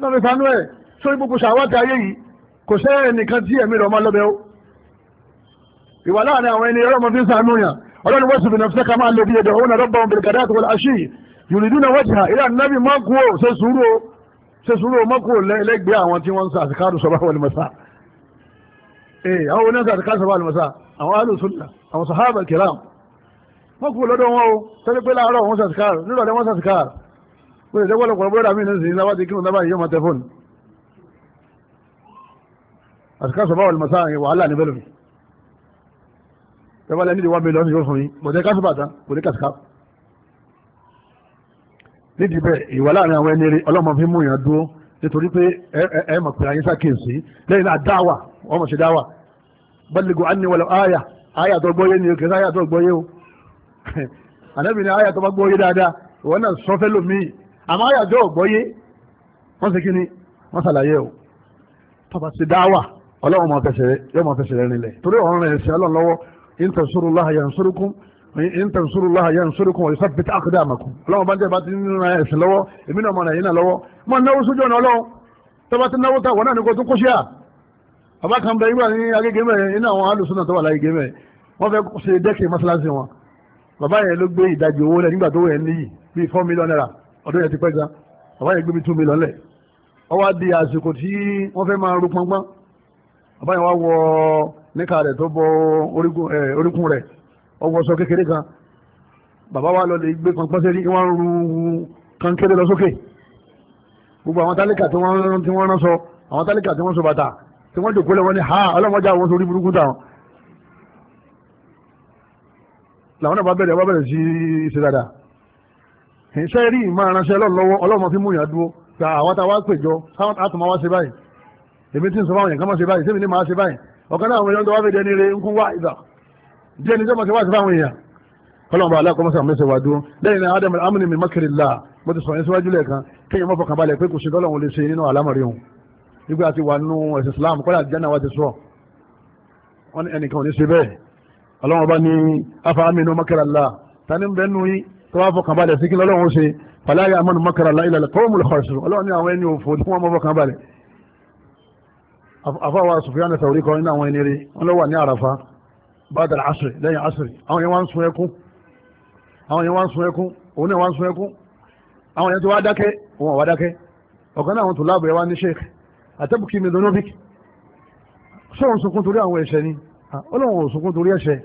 lọ́fi sanú ẹ̀ sórí gbogbo ṣàwátì ayé yìí kò sẹ́ ẹnìkan tí ẹ̀mí rẹ̀ ọmọ lọ́bẹ̀ ó ìwà láàrin àwọn ẹni eré ọmọ fi sanú yàn ọlọ́run wọ́n sì fi nàfẹ́ yòrìdúnà wọ́jà ilé ànábì mọ́kù ó ṣe sùúrù ó ṣe sùúrù ó mọ́kù ó lẹ́gbẹ̀ẹ́ àwọn tí wọ́n ń sa àsìkáàdù sọ́bà wọlé mọ́sá ee àwọn oní sa àsìkáàdù sọ́bà wọlé mọ́sá àwọn alùsùnà àwọn sàhábà kìram mọ́kù lọ́dọ̀ wọn o sẹ́ni pé láàárọ̀ wọn sàsìkáàdù nílọ̀dẹ̀ wọn sàsìkáàdù wọ́n ṣe wọ́lọ̀ pọ̀lọ́pọ̀ rẹ̀ mí nísìnyí láwá ti kírun dábàá yìí yóò máa tẹ fóònù àsìkáàdù nídìí bẹ́ẹ̀ ìwà láàrin àwọn ẹni rí ọlọ́mọ fi mú yàn dúró nítorí pé ẹ mọ̀ pé àyínsá kìí lẹ́yìn náà dáwà ọmọ ṣe dáwà bẹ́lẹ̀gù ánìwọ̀lẹ̀ àyà àyà tó gbọ́yé ni kìí sáyà tó gbọ́yé o ànábì ni àyà tó bá gbọ́yé dáadáa ìwọ náà sọ fẹ́ lómi àmọ́ àyà tó gbọ́yé wọ́n ṣe kí ni wọ́n ṣàlàyé o tọba ṣe dáwà ọlọ́run mọ̀ fẹsẹ̀ yọ in tansurullah yansurukum wa yuthabbit aqdamakum ọlọ́run bá ń tẹ́lẹ̀ bá ti nínú ẹ̀sìn lọ́wọ́ èmi náà mọ̀ náà yín náà lọ́wọ́ mọ̀ náwó sójú ọ̀nà ọlọ́run tó bá ti náwó tà wọ́n náà ní kó tún kó ṣíà bàbá kan bẹ ìgbà ní agége mẹ́rin iná àwọn alùsùnà tó wà láyé gé mẹ́rin wọ́n fẹ́ ṣe dẹ́kì mọ́ṣáláṣí wọn bàbá yẹn ló gbé ìdajì owó lẹ̀ nígbà tó wẹ̀ níyì bíi four million naira ọdún yẹn ti pẹ́ gan bàbá yẹn gbé bíi two million lẹ̀ ó wá di àsìkò tí wọ́n fẹ́ máa ru pọ́npọ́n bàbá yẹn wá wọ níka rẹ̀ tó bọ oríkún ọwọ́ sọ kékeré kan bàbá wa lọ lè gbé pọnpọ́n sí wọ́n ru kankéré lọ sókè gbogbo àwọn tálíkà tí wọ́n tí wọ́n rán sọ àwọn tálíkà tí wọ́n sọ bàtà tí wọ́n jòkó lẹ́wọ́n ní ha ọlọ́mọdé àwọn sórí burúkú táwọn làwọn náà bá bẹ̀rẹ̀ bá bẹ̀rẹ̀ sí ṣe dáadáa iṣẹ́ rí ìmọ̀ aránṣẹ́ lọ́wọ́ ọlọ́mọ fi mú yàn dúró gba àwọn táwa péjọ àtùmọ̀ wá ṣe báyìí èmi tí ń sọ ṣe báyìí jẹ́ ní sọ́mọ́ sẹ́wà sí fáwọn èèyàn kọ́lọ́mọba aláàkọ́mọ́sá mẹ́sẹ̀ wá dúró lẹ́yìn náà adam amúni mi makiri la mo ti sọ yẹn síwájú lẹ́ẹ̀kan kéèyàn mọ́ fọkàn balẹ̀ pé kò sí dọ́lọ̀ wọn lè ṣe nínú àlámọ̀rí wọn nígbà àti wà nù ẹ̀sìn Islam kọ́lá àti jẹ́nà wa ti sọ wọn ni ẹnìkan ò ní ṣe bẹ́ẹ̀ ọlọ́wọ́n bá ní afa aminu makiri la tani bẹ́ẹ̀ nù yín tó wá fọkàn balẹ̀ sí kí lọ́lọ́wọ́n ṣe fàlàyé amánu makara la ilẹ̀ kọ́ múlẹ̀ bàdà àṣírí lẹ́yìn àṣírí àwọn yẹn wá ń sun ẹkún àwọn yẹn wá ń sun ẹkún òun náà wá ń sun ẹkún àwọn yẹn tó wá dákẹ́ òun àwá dákẹ́ ọ̀kan náà àwọn tó láàbù ẹ̀ wá ní sheikh àtẹ́bùkì mìlónóbìk ṣé òun sunkún torí àwọn ẹ̀ṣẹ̀ ni ó lóun ò sunkún torí ẹ̀ṣẹ̀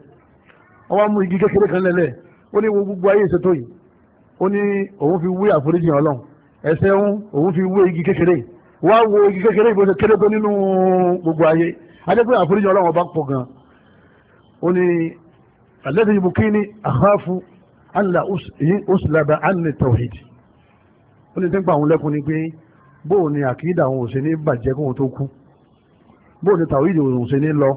wọ́n wá mú igi kékeré kan lẹ́lẹ̀ ó ní gbogbo ayé ìṣètò yìí ó ní òun fi wé àforíjì ọlọ́run ẹ̀ṣẹ̀ òun òun fi wé igi kékeré wá wo igi kékeré ìbò kéré tó nínú gbogbo ayé adé pé àforíjì ọlọ́run ọba pọ̀ gan ó ní alẹ́dẹ̀ yìí bukí ní àháfù allah uslaba anni tawhid ó ní tẹ́gbà àwọn lẹ́kùn ni pé bóò ni àkídà àwọn òṣè ní bàjẹ́ kóhun tó kú bóò ni tàwídì òṣè ní lọ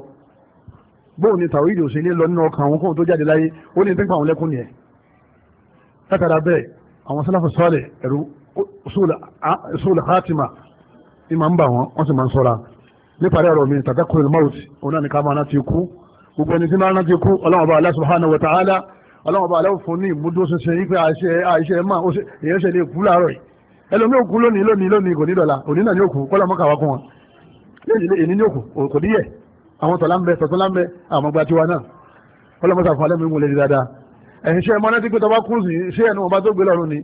bóò ni tàwídì òṣè ní lọ nínú ọkàn àwọn kóhun tó jáde láyé ó ní tẹ́gbà àwọn lẹ́kùn nìyẹn látara bẹ́ẹ̀ àwọn sálàfù sọ́ọ̀lẹ̀ ẹ̀rú ṣúlù hátima ìmọ̀ ń bà wọ́n wọ́n sì máa ń sọ́ra nípa rẹ̀ ọ̀rọ̀ mi tàbí kúrò ní mọ́ọ̀tì òun náà ni ká máa ná ti kú gbogbo ẹni tí máa rántí kú ọlọ́run ọba Allah subhanahu wa ta'ala ọlọ́run ọba aláwọ̀ fún ní ìmúdó ṣinṣin yí pé àṣẹ àṣẹ máa èèyàn ṣe lè kú láàárọ̀ yìí ẹlòmí òkú lónìí lónìí lónìí kò ní dọ̀la òní náà ní òkú kọ́lá mọ́kà wá kún wọn èyí ní òkú kò ní yẹ àwọn tọ̀lá ń bẹ tọ̀tọ̀lá ń bẹ àwọn ọgbà tiwa náà kọ́lá mọ́kà ni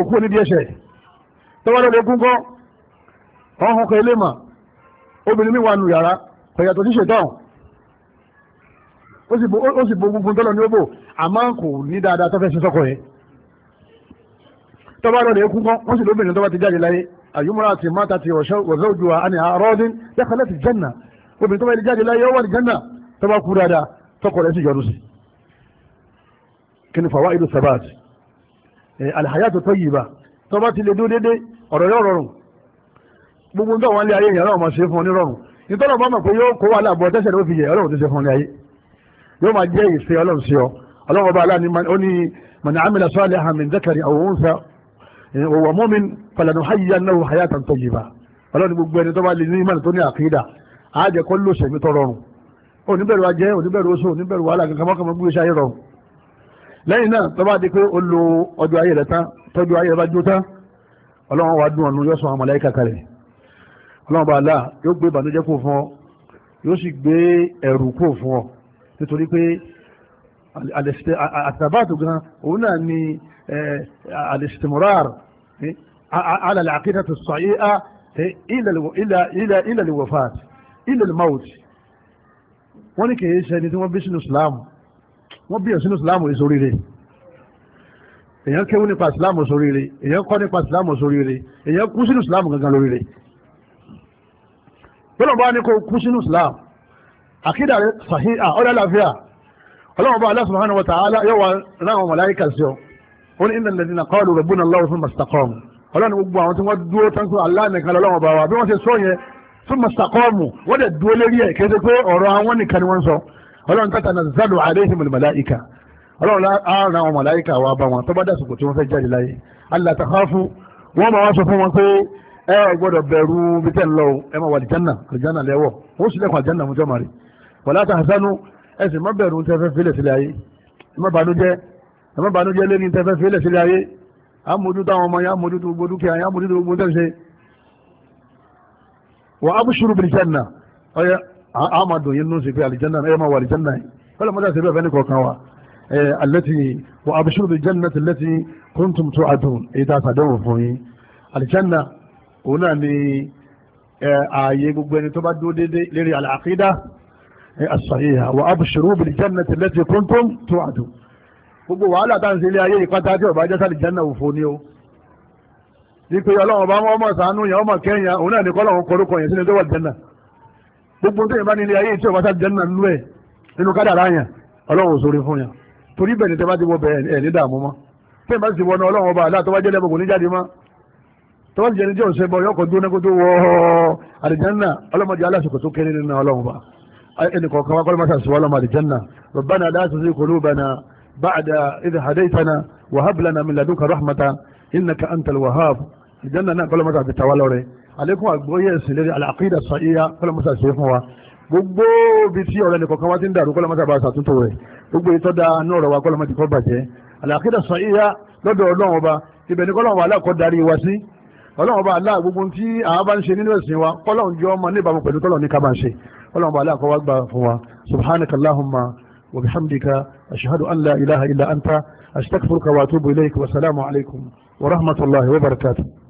òkú ní díẹ̀ ṣẹ̀ tọba lọ́dẹ kún kọ́ ọ̀hún kọ ilé mà obìnrin ó sì bo ó sì bo gbogbo tọ́lọ̀ ní ó bò àmọ́ kò ní dáadáa tó fẹ́ ṣe sọ́kọ yẹn tọ́ba lọ́dẹ̀ ekú kan wọ́n sì lóbìnrin tọ́ba ti jáde láyé àyùmọ́ra àti mata ti ọ̀ṣọ́ wọ̀ṣọ́ ojú wa àni àrọ́dín dákà láti jẹ́nà obìnrin tọ́ba ti jáde láyé ó wà ní jẹ́nà tọ́ba kú dáadáa tọkọ rẹ̀ sì yọrù sí kí ni fàwa ìlú gbogbo ń tọ́ wọn lé ayé yẹn ọlọ́run ṣe fún ọ ní rọrùn nítorí mọ̀ pé yóò kó wà láàbọ̀ tẹ́sẹ̀ ló fi yẹ ọlọ́run ti ṣe fún ọ ní ayé yóò máa jẹ́ ìṣe ọlọ́run sí ọ ọlọ́run ọba aláàánú ó ní mọ̀nà àmìlà sọ́ọ̀lẹ̀ hàmì zakari àwọn oúnjẹ òwò mọ́min falẹ̀nù hayíyá náà hayá tàn tó yìí bá ọlọ́run gbogbo ẹni tó bá lè ní ìmọ̀nà tó ní àkídà àájẹ kọ́ ló ṣèmí tọ́ rọrùn oníbẹ̀rù ajẹ́ oníbẹ̀rù oṣù oníbẹ̀rù wàhálà kankan mọ́kànmọ́ gbé iṣẹ́ ayé rọrùn lẹ́yìn náà tó bá di pé ó lo ọjọ́ ayé rẹ̀ tán tọ́jú ayé rẹ̀ bá jó tán ọlọ́run wa dùn ọ̀nù yọ́sùn àwọn màláíkà kalẹ̀ ọlọ́run bá a lá yóò gbé ìbànújẹ́ kó fún ọ yóò sì gbé ẹ̀rù kó fún ọ nítorí pé àtàbàtù gan òun náà ni al-istimrar ala al-aqida as-sahiha ila al-wafat ila al-maut wọ́n ní kìí ṣe ẹni tí wọ́n bí sínú islam wọ́n bí sínú islam ìsoríire èyàn kéwú nípa islam ìsoríire èyàn kọ́ nípa islam ìsoríire èyàn kú sínú islam gangan lóríire gbọ́dọ̀ bá ní kó kú sínú islam àkídà rẹ̀ sàhí à ọ̀dà àlàáfíà ọlọ́run bá Allah subhanahu wa ta'ala yóò wá ráwọn màláíkà sí ọ ó ní innal ladhina qalu rabbuna Allahu thumma istaqamu ọlọ́run gbogbo àwọn tí wọ́n dúró tán sí Allah nìkan lọ́wọ́ bá wa bí wọ́n ṣe sọ yẹn thumma istaqamu wọ́n dẹ̀ dúró lérí ẹ̀ kéde pé ọ̀rọ̀ àwọn nìkan ni wọ́n sọ ọlọ́run tatanazzalu alaihimul màláíkà ọlọ́run láàárín àwọn màláíkà wa bá wọn wàlá tahzanu ẹ̀sìn má bẹ̀rù tẹ́fẹ́ fílẹ̀ sílẹ̀ ayé ẹ má bànújẹ́ ẹ má bànújẹ́ lé ní tẹ́fẹ́ fílẹ̀ sílẹ̀ ayé á mójú táwọn ọmọ yẹn á mójú tó gbogbo dúkìá yẹn á mójú tó gbogbo tẹ́sẹ̀ wà á bùsùrù bil janna ọyẹ á máa dùn yín nù sí pé àlìjánà ẹ máa wà àlìjánà yìí wọ́n mọ́tà sí bẹ́ẹ̀ fẹ́ ní kọ̀ọ̀kan wa alẹ́tì ààyè gbogbo ẹni tó bá dúró déédéé lérí àlàáfíà as-sahiha wa abshiru bil jannati allati kuntum tu'adu gbogbo wàhálà tá à ń ṣe ilé ayé ìpátá tí ọba jásàlì jẹ́nà òfò ni ó wípé ọlọ́run bá wọn ọmọ sànú yẹn ọmọ kẹ́yìn òun náà ní kọ́ lọ́run kọrúkọ yẹn sínú ìjọba jẹ́nà gbogbo tó yẹn bá ní ilé ayé tí ọba sàlì jẹ́nà nínú ẹ̀ nínú kádàrá yẹn ọlọ́run òṣòro fún yẹn torí bẹ́ẹ̀ ni tẹ́ bá ti wọ bẹ́ẹ̀ ẹ̀ ní dààmú mọ́ tẹ́ bá ti wọnà ọlọ́run ọba aláàtọ́ wájẹ́ lẹ́bọ̀ kò ní jáde mọ́ tọ́wọ́ ti jẹ́ ní tí òṣèbọ̀ yọkọ̀ dúró náà kó tó wọ àdìjánná ọlọ́mọdé aláṣọkọ̀ tó kéré nínú ọlọ́run ọba ẹni kọ̀ọ̀kan wá kọ́lọ́mọ́sà sí wàhálà màdì jẹ́nà rọ̀bánà aláṣẹ sí kòlóbánà báàdà ìdè hadaitana wàhábìlànà min ladunka rahmata innaka antal wahhab ìjẹ́nà náà kọ́lọ́mọ́sà ti tawá lọ́rẹ́ àlékún àgbóyè ẹ̀sìn lérí àlàkídà sàíyá kọ́lọ́mọ́sà sí fún wa gbogbo bi tí ọ̀rẹ́ nìkan kan wá ti ń dàrú kọ́lọ́mọ́sà bá ṣàtúntò rẹ̀ gbogbo ìtọ́ da inú ọ̀rọ̀ wa kọ́lọ́mọ́sà kọ́ bàjẹ́ àlàkídà sàíyá lọ́dọ̀ ọlọ́run ọba ibẹ̀ ni kọ́lọ́run wàhálà kọ́ darí wa sí ọlọ́run ọba aláà gbogbo tí àá bá ń ṣe nínú ẹ̀sìn wa kọ́lọ́run jọ ọmọ níbàámu pẹ̀lú tọ́lọ̀ ní ká bá ń ṣe اللهم لا قوة إلا سبحانك اللهم وبحمدك أشهد أن لا إله إلا أنت أستغفرك وأتوب إليك والسلام عليكم ورحمة الله وبركاته